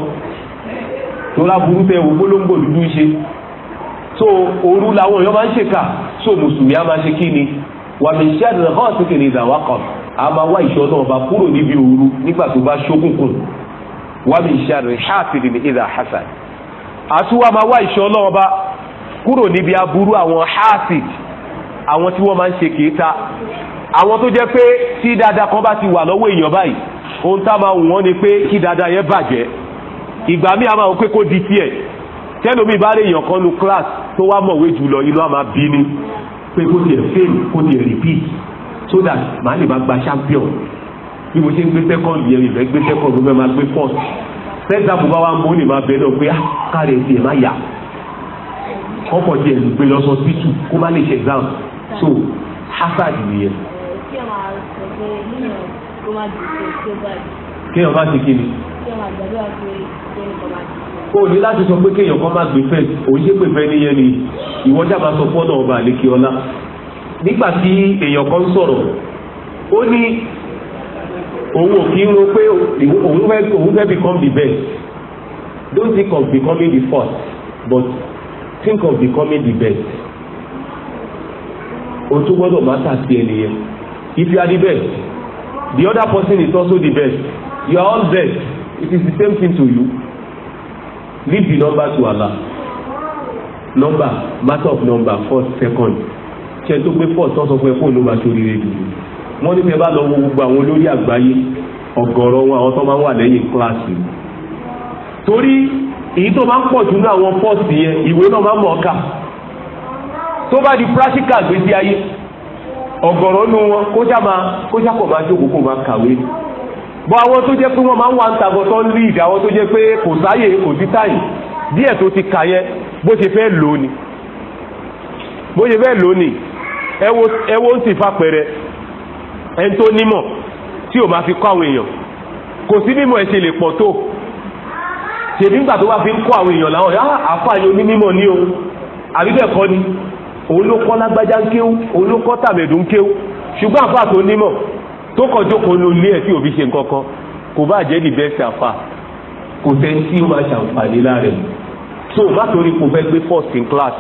Speaker 1: tó láburú tẹ wò gbólóńgbò dúdú ṣe so òru làwọn èèyàn máa ń ṣèkà so mùsùlùmí wàmí sẹ́ẹ̀dì hàn síkè ní ìdàwà kan a máa wá ìṣọ́ náà bá kúrò níbi òru nígbà tó bá ṣókùnkùn wàmí sẹ́ẹ̀dì ṣáàtìrì ní ìdà hasan àtúwà máa wá ìṣọ́ náà bá kúrò níbi aburú àwọn hasid àwọn tí wọ́n máa ń ṣe kéta àwọn tó jẹ́ pé tí dáadáa kan bá ti wà lọ́wọ́ èèyàn báyìí ohun tá máa wù wọ́n ni pé kí dáadáa yẹn bàjẹ́ ìgbà míì a máa wọ pé kó di tiẹ̀ tẹ́lómi bá èèyàn kan nu class tó wá mọ̀wé jùlọ inú a máa bí ni pé kó tiẹ̀ fail kó tiẹ̀ repeat so that màá lè máa gba champion bí mo ṣe ń gbé second yẹn mi fẹ́ gbé second mo fẹ́ máa gbé first sẹ́ńtà bùbá wa mú ní máa bẹ̀ náà pé káre tiẹ̀ má yà ọkọ̀ tiẹ̀ ló gbé lọ sọ títù kó má lè ṣe exam
Speaker 2: so hazard nìyẹn. kí ẹ máa sọ pé kí ẹ máa gbàdúrà
Speaker 1: o ní láti sọ pé kéèyàn kan má gbé fẹ́ òun ṣe pé fẹ́ níyẹn ni ìwọ jábà sọ fọ́nà ọba àlékè ọlá nígbà tí èèyàn kan sọ̀rọ̀ ó ní òun ò kí ń ro pé òun fẹ́ òun fẹ́ become the best don't think of becoming the first but think of becoming the best o tún gbọ́dọ̀ má tà sí ẹni if you are the best the other person is also the best you are all best it is the same thing to you leave the number to Allah number matter of number first second ṣe tó gbé first tó sọ fún ẹ fóònù máa torí rẹ dùn wọ́n ní fẹ́ bá lọ wo gbogbo àwọn olórí àgbáyé ọ̀gọ̀rọ̀ wọn àwọn tó máa ń wà lẹ́yìn kíláàsì torí èyí tó máa ń pọ̀ jù ní àwọn fọ́ọ̀sì yẹn ìwé náà máa ń mọ̀ ọ́ kà tó bá di practical gbèsè ayé ọ̀gọ̀rọ̀ nu wọn kó sá kọ̀ máa jókòó kó máa kàwé bọ́ àwọn tó jẹ́ pé wọ́n máa ń wà ń tàgọ́ tó ń rí ìdí àwọn tó jẹ́ pé kò sáyè kò sí táyì díẹ̀ tó ti kà yẹn bó ṣe fẹ́ lò ní bó ṣe fẹ́ lò ní ẹ wo ń sì fa pẹ̀rẹ̀ ẹni tó nímọ̀ tí ò máa fi kọ́ àwọn èèyàn kò sí mímọ̀ ẹ̀ ṣe lè pọ̀ tó ṣèbí ńgbà tó bá fi ń kọ́ àwọn èèyàn láwọn ah, àfààní onímọ̀ ní o àbí bẹ́ẹ̀ kọ́ ni òun ló kọ́ lágbájá ń kéwú òun ló kọ́ tàmẹ̀dù ń kéwú ṣùgbọ́n àfààní onímọ̀ tó kàn jókòó ló lé ẹ̀ tí òbí ṣe nǹkan kan kò bá jẹ́ níbẹ̀ ṣàfà kò sẹ́ni tí ó ṣàǹfààní lára ẹ̀ so má torí kò fẹ́ gbé first in class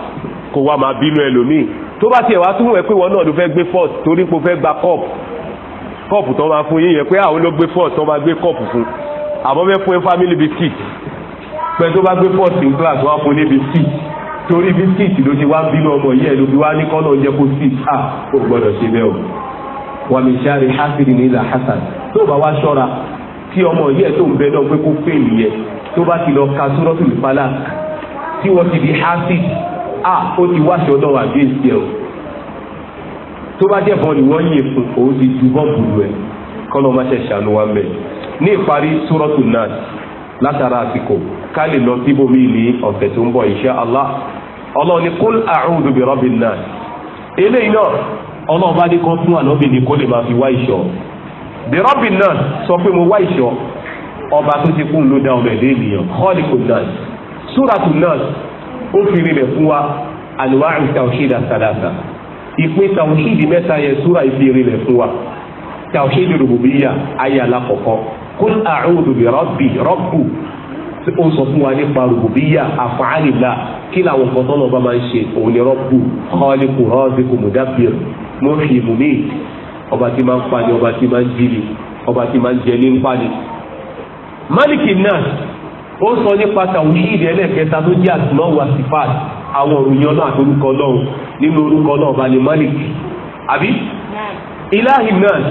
Speaker 1: kò wá máa bínú ẹlòmíì tó bá tiẹ̀ wá túmọ̀ ẹ pé wọn náà ló fẹ́ gbé first torí kò fẹ́ gba cup cup tó máa fún yín yẹn pé àwọn ló gbé first tó máa gbé cup fún àmọ́ fẹ́ fún ẹ family biscuit pé tó bá gbé first in class wá fún ní biscuit torí biscuit ló ti wá bínú ọmọ yẹn ló fi wá ní kọ́nà jẹ́ kó sit ah ò gbọ́dọ̀ ṣe bẹ́ẹ̀ o wàmí sáré hásìrì ní ìlà hasan tó bá wá ṣọ́ra tí ọmọ yẹ tó ń bẹ náà pé kó fèèlì yẹ tó bá ti lọ ka sórọ́tù ìpalà tí wọ́n ti di hásìrì à ó ti wáṣọ ọlọ́wọ́ àbí èsì ẹ̀ o tó bá jẹ́ bọ́ọ̀lù wọ́n yẹ fún òun ti ju bọ́ọ̀bù rẹ̀ kọ́nà má ṣe ṣàánú wa mẹ́ ní ìparí sórọ́tù náà látara àsìkò ká lè lọ síbòmí ní ọ̀sẹ̀ tó ń bọ̀ insha Allah ọlọ́ọ̀ni kúl a'udhu bi rabbin eléyìí náà ọlọ́run bá ní kan fún ànábì ní kó lè máa fi wá ìṣọ́ the robin náà sọ pé mo wá ìṣọ́ ọba tó ti kún ló dá ọmọ ẹ̀dẹ́ ènìyàn kọ́ọ̀lìkò náà súràtù náà ó fi rinlẹ̀ fún wa àlùwá ìtàwọ̀ṣídà sàdáàsà ìpín tàwọ̀ṣídì mẹ́ta yẹn súrà ìfi rinlẹ̀ fún wa tàwọ̀ṣídì rògbòmíyà ayé alákọ̀ọ́kọ́ kul a'udhu bi rabbi rabbu ó sọ fún wa nípa rògbòmíyà àfààní náà kí làwọn kan tọ́lọ̀ bá máa ń ṣe òun ni rabbu khaliqu raziqu mudabbir mọ́fì ìmùmí ọba tí máa ń pani ọba tí máa ń jìlì ọba tí máa ń jẹ ní ń pani. maliki nas ó sọ nípa tàwíìdì ẹlẹ́kẹta tó jẹ́ àtúná wa sifat àwọn òròyìn ọlọ́run àti orúkọ ọlọ́run nínú orúkọ ọlọ́run bá ní maliki àbí ilahi nas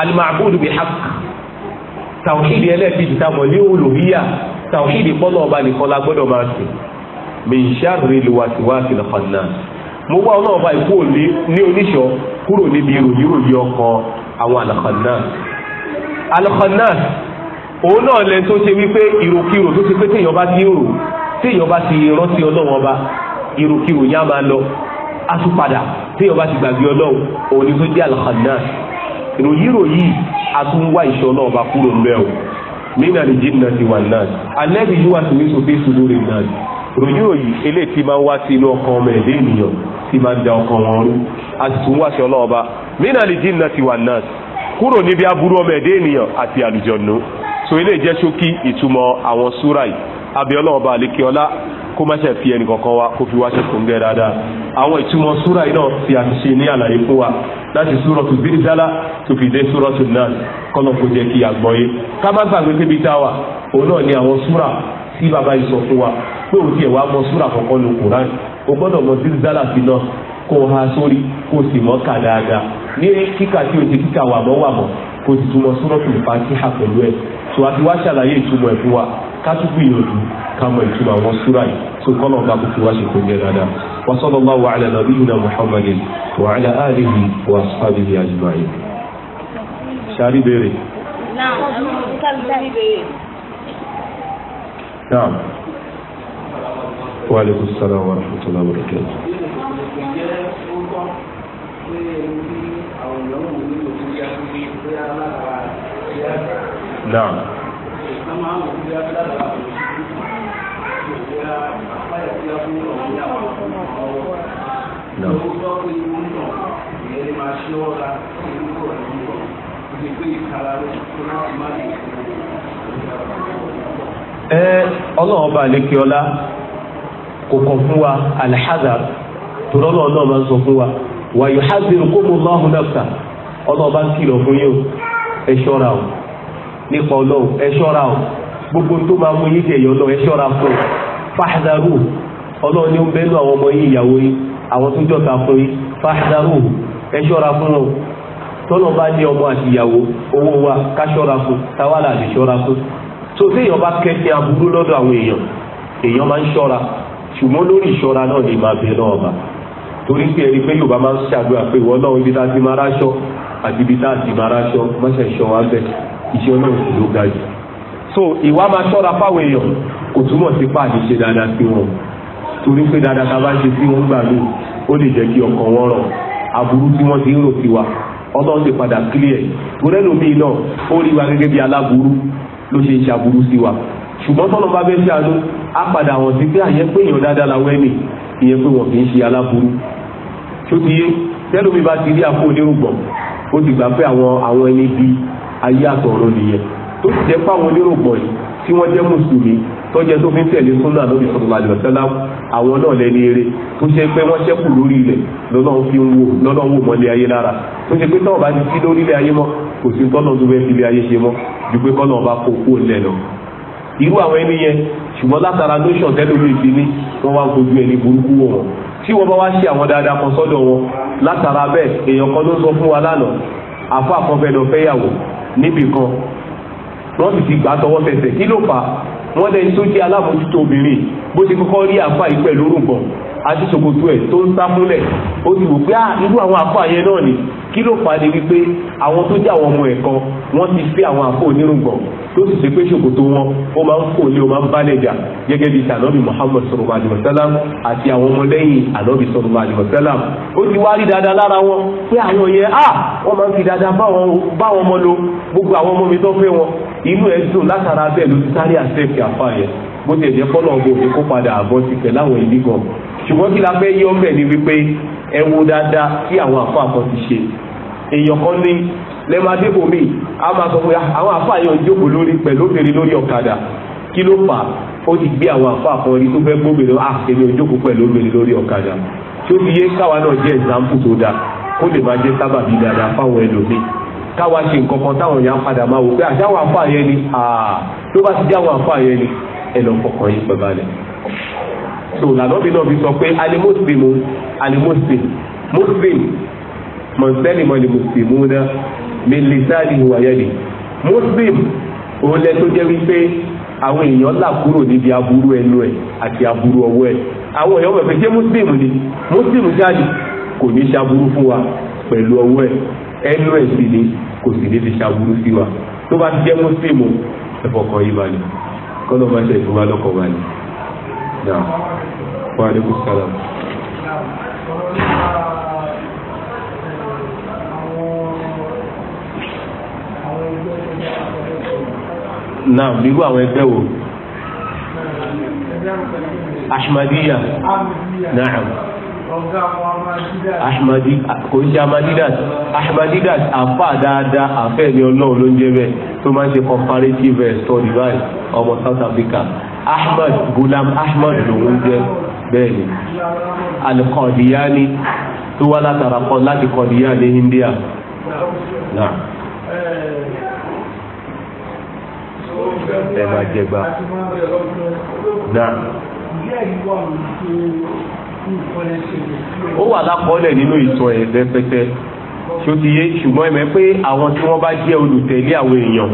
Speaker 1: alimabudu bi haq tàwíìdì ẹlẹ́kẹta táwọn ní olùhíyà tàwíìdì pọ́nlọ́ ọba nìkan la gbọ́dọ̀ máa sìn min sharri lùwàsíwàsí lọ́kàn náà mo wá ọlọ́run bá ikú òní ní oníṣọ́ kúrò níbi ìròyìnròyìn ọkàn àwọn alkhannas alkhannas òun náà lẹ́ni tó ṣe wípé ìròkìrò tó ṣe pé téèyàn bá ti rò téèyàn bá ti rántí ọlọ́run ọba ìròkìrò yá máa lọ àtúpadà téèyàn bá ti gbàgbé ọlọ́run òun ni tó jẹ́ alkhannas ìròyìnròyìn àtúnwá ìṣọ́ náà bá kúrò ń bẹ́ẹ̀ o nínú àlejò náà ti wà náà alẹ́ ròyìn ròyìn eléyìí tí máa ń wá sí inú ọkàn ọmọ ẹ̀dẹ́ ènìyàn tí máa ń da ọkàn wọn rú a sì tún wáṣẹ ọlọ́ọ̀ba nínà lè dín náà ti wà náà kúrò níbi aburú ọmọ ẹ̀dẹ́ ènìyàn àti àlùjọ̀nù so eléyìí jẹ́ ṣókí ìtumọ̀ àwọn súrà yìí abẹ́ ọlọ́ọ̀ba àlékíọlá kó má ṣe fi ẹnì kọ̀ọ̀kan wa kó fi wáṣẹ kò ń gẹ́ dáadáa àwọn ìtumọ̀ súrà yìí náà ti àti ṣe ní àlàyé fún wa láti súrọ̀ tó Zilzala tó fi dé súrọ̀ tó náà kọ́nà kó jẹ́ kí àgbọ̀yé ká má gbàgbé pébi tá òun náà ni àwọn súrà tí bàbá yìí sọ fún wa pé òun tiẹ̀ wá mọ súrà kọ̀ọ̀kan nu Quran o gbọ́dọ̀ mọ zilzala fi náà kó o ha sórí kó o sì mọ́ kà dáadáa ní kíkà tí o ti kíkà wà mọ́ wà mọ́ kó o sì túmọ̀ súratul Fatiha pẹ̀lú ẹ̀ tó a ti wá ṣàlàyé ìtumọ̀ ẹ̀ fún wa ká tún gbìyànjú ká mọ ìtumọ̀ àwọn súrà yìí tó kọ́ lọ́ọ̀ bá kó fi wá ṣe kó yẹ dáadáa wa sallallahu ala nabiyyina Muhammadin wa ala alihi wa ashabihi ajma'in. sáré béèrè.
Speaker 2: naam wa aleykum salaam wa rahmatulah wa barakatuh. naam.
Speaker 1: ẹ ọlọ́run ọba àlékè ọlá koko funwa fún wa alhazar tòlọ́lọ́ náà máa ń fún wa wa yuhadhdhirukumullahu nafsa ọlọ́ọ̀bá ń kìlọ̀ fún yín o ẹ ṣọ́ra o nípa ọlọ́ọ̀ ẹ ṣọ́ra o gbogbo tó máa mú yín jẹ̀yọ́ náà ẹ o fàḥdàrú ọlọ́ọ̀ ni ó ń àwọn ọmọ yín ìyàwó yín àwọn tó jọta fún yín o bá ní ọmọ àti ìyàwó owó wa ká ṣọ́ra fún tawálà lè ṣọ́ra fún tó bá aburú lọ́dọ̀ àwọn èèyàn èèyàn máa ń ṣùgbọ́n lórí ìṣọ́ra náà lè máa bẹ náà bá torí pé ẹni pé yorùbá máa ń ṣàdúrà pé ìwọ náà ibi tá a ti máa ráṣọ àti ibi tá a ti máa ráṣọ má ṣe wa bẹ iṣẹ́ náà sì ló ga jù so ìwà máa ṣọ́ra fáwọn èèyàn kò túmọ̀ sí pàdé ṣe dáadáa sí wọn torí pé dáadáa tá a bá ṣe sí wọn gbà mí ó lè jẹ́ kí ọkàn wọn rọ̀ aburú tí wọ́n ti ń rò sí wa ọlọ́run ti padà kílíẹ̀ torẹ́lòmíì náà ó rí wa gẹ́gẹ́ bí aláburú ló ṣe ń ṣaburú sí wa ṣùgbọ́n tọ́lọ́ bá bẹ́ẹ̀ ṣàánú á padà wọ̀n sí pé àyẹ́ pé èèyàn dáadáa làwọn ẹni ìyẹn pé wọ́n kì í ṣe aláburú tó ti yé tẹ́lómi bá ti rí àpò onírùngbọ̀n ó ti gbà pé àwọn àwọn ẹni bí ayé àtọ̀rọ̀ nìyẹn
Speaker 2: tó ti jẹ́ pé àwọn
Speaker 1: onírùngbọ̀n yìí tí wọ́n jẹ́ mùsùlùmí tọ́jẹ́ tó fi ń tẹ̀lé súnà lórí sọ̀rọ̀ àlùfẹ́lá àwọn náà lẹ́ni eré tó ṣe pé wọ́n ṣẹ́kù lórí ilẹ̀ lọ́nà fi ń wò lọ́nà wò mọ́lé ayé lára tó ṣe pé náà bá ti sí lórí ilẹ̀ ayé mọ́ kò sí tọ́nà tó fẹ́ fi ilé ayé ṣe mọ́ ju pé kọ́nà bá kó kó lẹ̀ lọ irú àwọn ẹni yẹn ṣùgbọ́n látara notion tẹ́lómi ìdílé wọ́n wá gbogbo ẹni burúkú wọn tí wọ́n bá wá ṣe àwọn dáadáa kan sọ́dọ̀ wọn látara bẹ́ẹ̀ èèyàn kan ló sọ fún wa lánàá àfa àkọfẹ́lọ fẹ́yàwó níbì kan wọ́n sì ti gbà tọwọ́ fẹsẹ̀ kí ló fà wọ́n lẹ́ni tó jẹ́ obìnrin bó ti kọ́kọ́ rí àfa ìpẹ́ lórúkọ àti ṣòkòtò ẹ̀ tó ń sámúlẹ̀ ó ti wò pé à ah, irú àwọn àfáà yẹn náà ni kí ló fà á ní wípé àwọn tó jẹ́ àwọn ọmọ ẹ̀kọ́ wọ́n ti fẹ́ àwọn àfọ onírùngbọ̀n tó sì ṣe pé ṣòkòtò wọn ó máa ń kò lé o máa ń bálẹ̀ jà gẹ́gẹ́ bí sànọ́bì Muhammad sọ̀rọ̀mà àdìmọ̀sálàm àti àwọn ọmọlẹ́yìn ànọ́bì sọ̀rọ̀mà àdìmọ̀sálàm ó ti wá rí dáadáa lára wọn pé àwọn yẹn à ah, wọ́n máa ń fi dáadáa bá wọn mọ́ lo gbogbo àwọn ọmọ mi tó fẹ́ wọn inú ẹ̀ dùn látara bẹ́ẹ̀ ló ti sáré àṣẹ ìfẹ́ àfáà yẹn bó ti ẹ̀jẹ̀ kọ́nà ọgbọ̀n òfin kó padà àbọ̀ ti tẹ̀ láwọn ìlú gan ṣùgbọ́n kí la fẹ́ yí ọ́fẹ́ ni wípé ẹ wo dáadáa tí àwọn àfáà kan ti ṣe èèyàn kan ní lẹ́ẹ̀ma débò a máa sọ pé ah, àwọn àfáà yóò jókòó lórí pẹ̀lú obìnrin lórí ọ̀kadà kí ló fà ó ti gbé àwọn àfáà kan rí tó fẹ́ gbóbìnrin á ah, èmi ò pẹ̀lú obìnrin lórí ọ̀kadà tó fi yé káwa náà jẹ́ ẹ̀sáǹpù tó dáa kó lè máa jẹ́ sábàbí dáadáa fáwọn ẹlòmíì káwa ṣe nǹkan kan táwọn èèyàn padà máa wò pé àṣà ah, àwọn àfáà yẹn bá ti jẹ́ àwọn àfáà yẹn ẹ lọ fọkàn yín pẹ̀ balẹ̀ so lànàbí náà fi sọ pé alimọ́sìmù alimọ́sìmù mọ́sìmù mọ̀nsẹ́lìmọ̀ alimọ́sìmù náà mi lè sáàlì ìwàyẹ̀lì mọ́sìmù òun lẹ tó jẹ́ wípé àwọn èèyàn là kúrò níbi aburú ẹnu ẹ̀ àti aburú ọwọ́ ẹ̀ àwọn èèyàn bẹ̀fẹ̀ jẹ́ mọ́sìmù ni mọ́sìmù jáde kò ní ṣaburú fún wa pẹ̀lú ọwọ́ ẹ̀ ẹnu ẹ̀ sì ni kò sì ní fi ṣaburú sí wa tó bá ti jẹ́ mọ́sìmù ẹ̀fọ̀kàn yìí balẹ̀ kọ́nà máa ṣe ìfúnmá lọ́kọ̀ wà ní náà wà ní kùsàlà. náà bíbú àwọn ẹgbẹ́ wo
Speaker 2: Ahmadiyya náà kò ń
Speaker 1: ṣe amadidas amadidas àfa dáadáa àfẹ́ ni ọlọ́run ló ń jẹ́ bẹ́ẹ̀ tó máa ń ṣe comparative eh, study báyìí ọmọ South Africa Ahmad Gulam Ahmad lòún jẹ́ bẹ́ẹ̀ ni
Speaker 2: alikọ̀dìyàní tó wá látara kọ láti
Speaker 1: kọ̀dìyà ní India
Speaker 2: náà ẹ máa jẹgba náà ó wà lákọọ́lẹ̀ nínú ìtàn ẹ̀ rẹpẹtẹ ṣó ti
Speaker 1: yé ṣùgbọ́n ẹ̀mẹ́ pé àwọn tí wọ́n bá jẹ́ olùtẹ̀lé àwọn èèyàn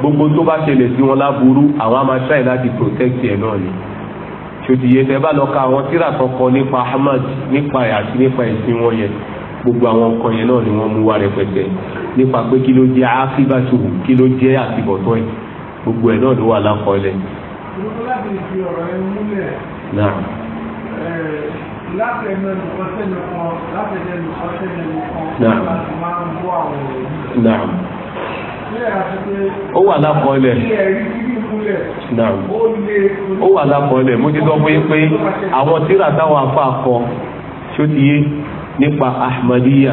Speaker 1: gbogbo tó bá ṣẹlẹ̀ sí wọn láburú àwọn á máa try láti protect ẹ̀ náà ni ṣó ti yé tẹ́ bá lọ ka àwọn tíra kan kọ nípa Ahmad nípa ẹ̀ àti nípa ẹ̀sìn wọn yẹn gbogbo àwọn nǹkan yẹn náà ni wọ́n mú wá rẹpẹtẹ nípa pé kí ló jẹ́ áfíbàṣù kí ló jẹ́ àtibọ̀tọ́ ẹ̀ gbogbo ẹ̀ náà ló wà lákọọ́lẹ̀.
Speaker 2: نعم ẹnu ẹnìkan sẹ́nu kan láti ẹnu ẹnìkan sẹ́nu ẹnìkan láti máa ń bọ́ àwọn èèyàn. ó wà lákọọ́lẹ̀. ó wà lákọọ́lẹ̀ mo ti sọ fún yín pé àwọn tíra
Speaker 1: táwọn afá kọ tí ó ti yé nípa ahmadiyya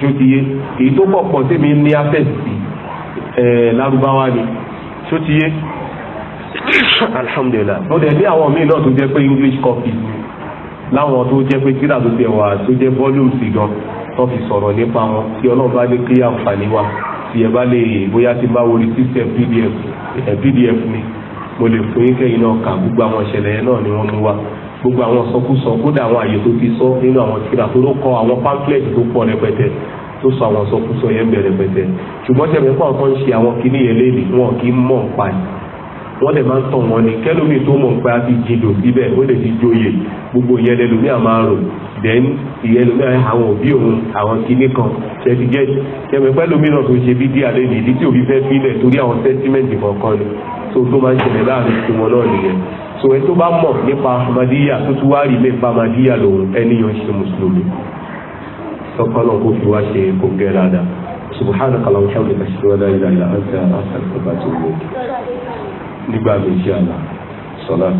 Speaker 1: tí ó ti yé èyí tó pọ̀ pọ̀ tèmi ní afẹ́sì lárúbáwá ni tí ó ti yé alhamdulilah ó ní àwọn míì náà tó jẹ́ pé english copy láwọn tó jẹ́ pé kíra tó tẹ̀ wá tó jẹ́ volumes gan tó fi sọ̀rọ̀ nípa wọn tí ọlọ́run bá lè kí àǹfààní wa tí ẹ bá lè bóyá ti bá wọlé system pdf pdf ni mo lè fún yín kẹ́yìn náà kà gbogbo àwọn ìṣẹ̀lẹ̀ yẹn náà ni wọ́n mú wa gbogbo àwọn sọkúsọ kódà àwọn àyè tó ti sọ nínú àwọn kíra tó ló kọ àwọn pamphlet tó pọ̀ rẹpẹtẹ tó sọ àwọn sọkúsọ yẹn bẹ̀rẹ̀ pẹtẹ ṣùgbọ́n tẹ̀mẹ́fà kan ṣe àwọn kinní yẹn léèlì wọ́n lè máa ń tàn wọ́n ni kẹ́lómi tó mọ̀ pé a ti jìdò síbẹ̀ ó lè ti jóye gbogbo ìyẹn lẹ́lómi àmà rò then ìyẹn lómi àwọn òbí òun àwọn kinní kan ṣẹ́ti jẹ́ ṣẹ́mi pẹ́lómi náà tó ṣe bí díà lẹ́yìn ìdí tí òbí fẹ́ filẹ̀ torí àwọn sẹ́tímẹ́ǹtì kọ̀ọ̀kan ni tó tó máa ń ṣẹlẹ̀ láàrin tí wọn náà nìyẹn so ẹ tó bá mọ̀ nípa ahmadiyya tó tún wá rí mẹ́fà ahmadiyya lòun ẹniyàn ṣe mùsùlùmí sọ́kọ́nà kó fi wá ṣe kò gẹ́ dáadáa subhanaka allahumma wa bihamdika ashhadu an la ilaha illa anta astaghfiruka wa atubu
Speaker 2: ilayk
Speaker 1: nígbà méjì àná sọlá.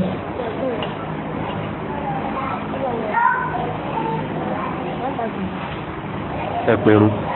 Speaker 2: ẹ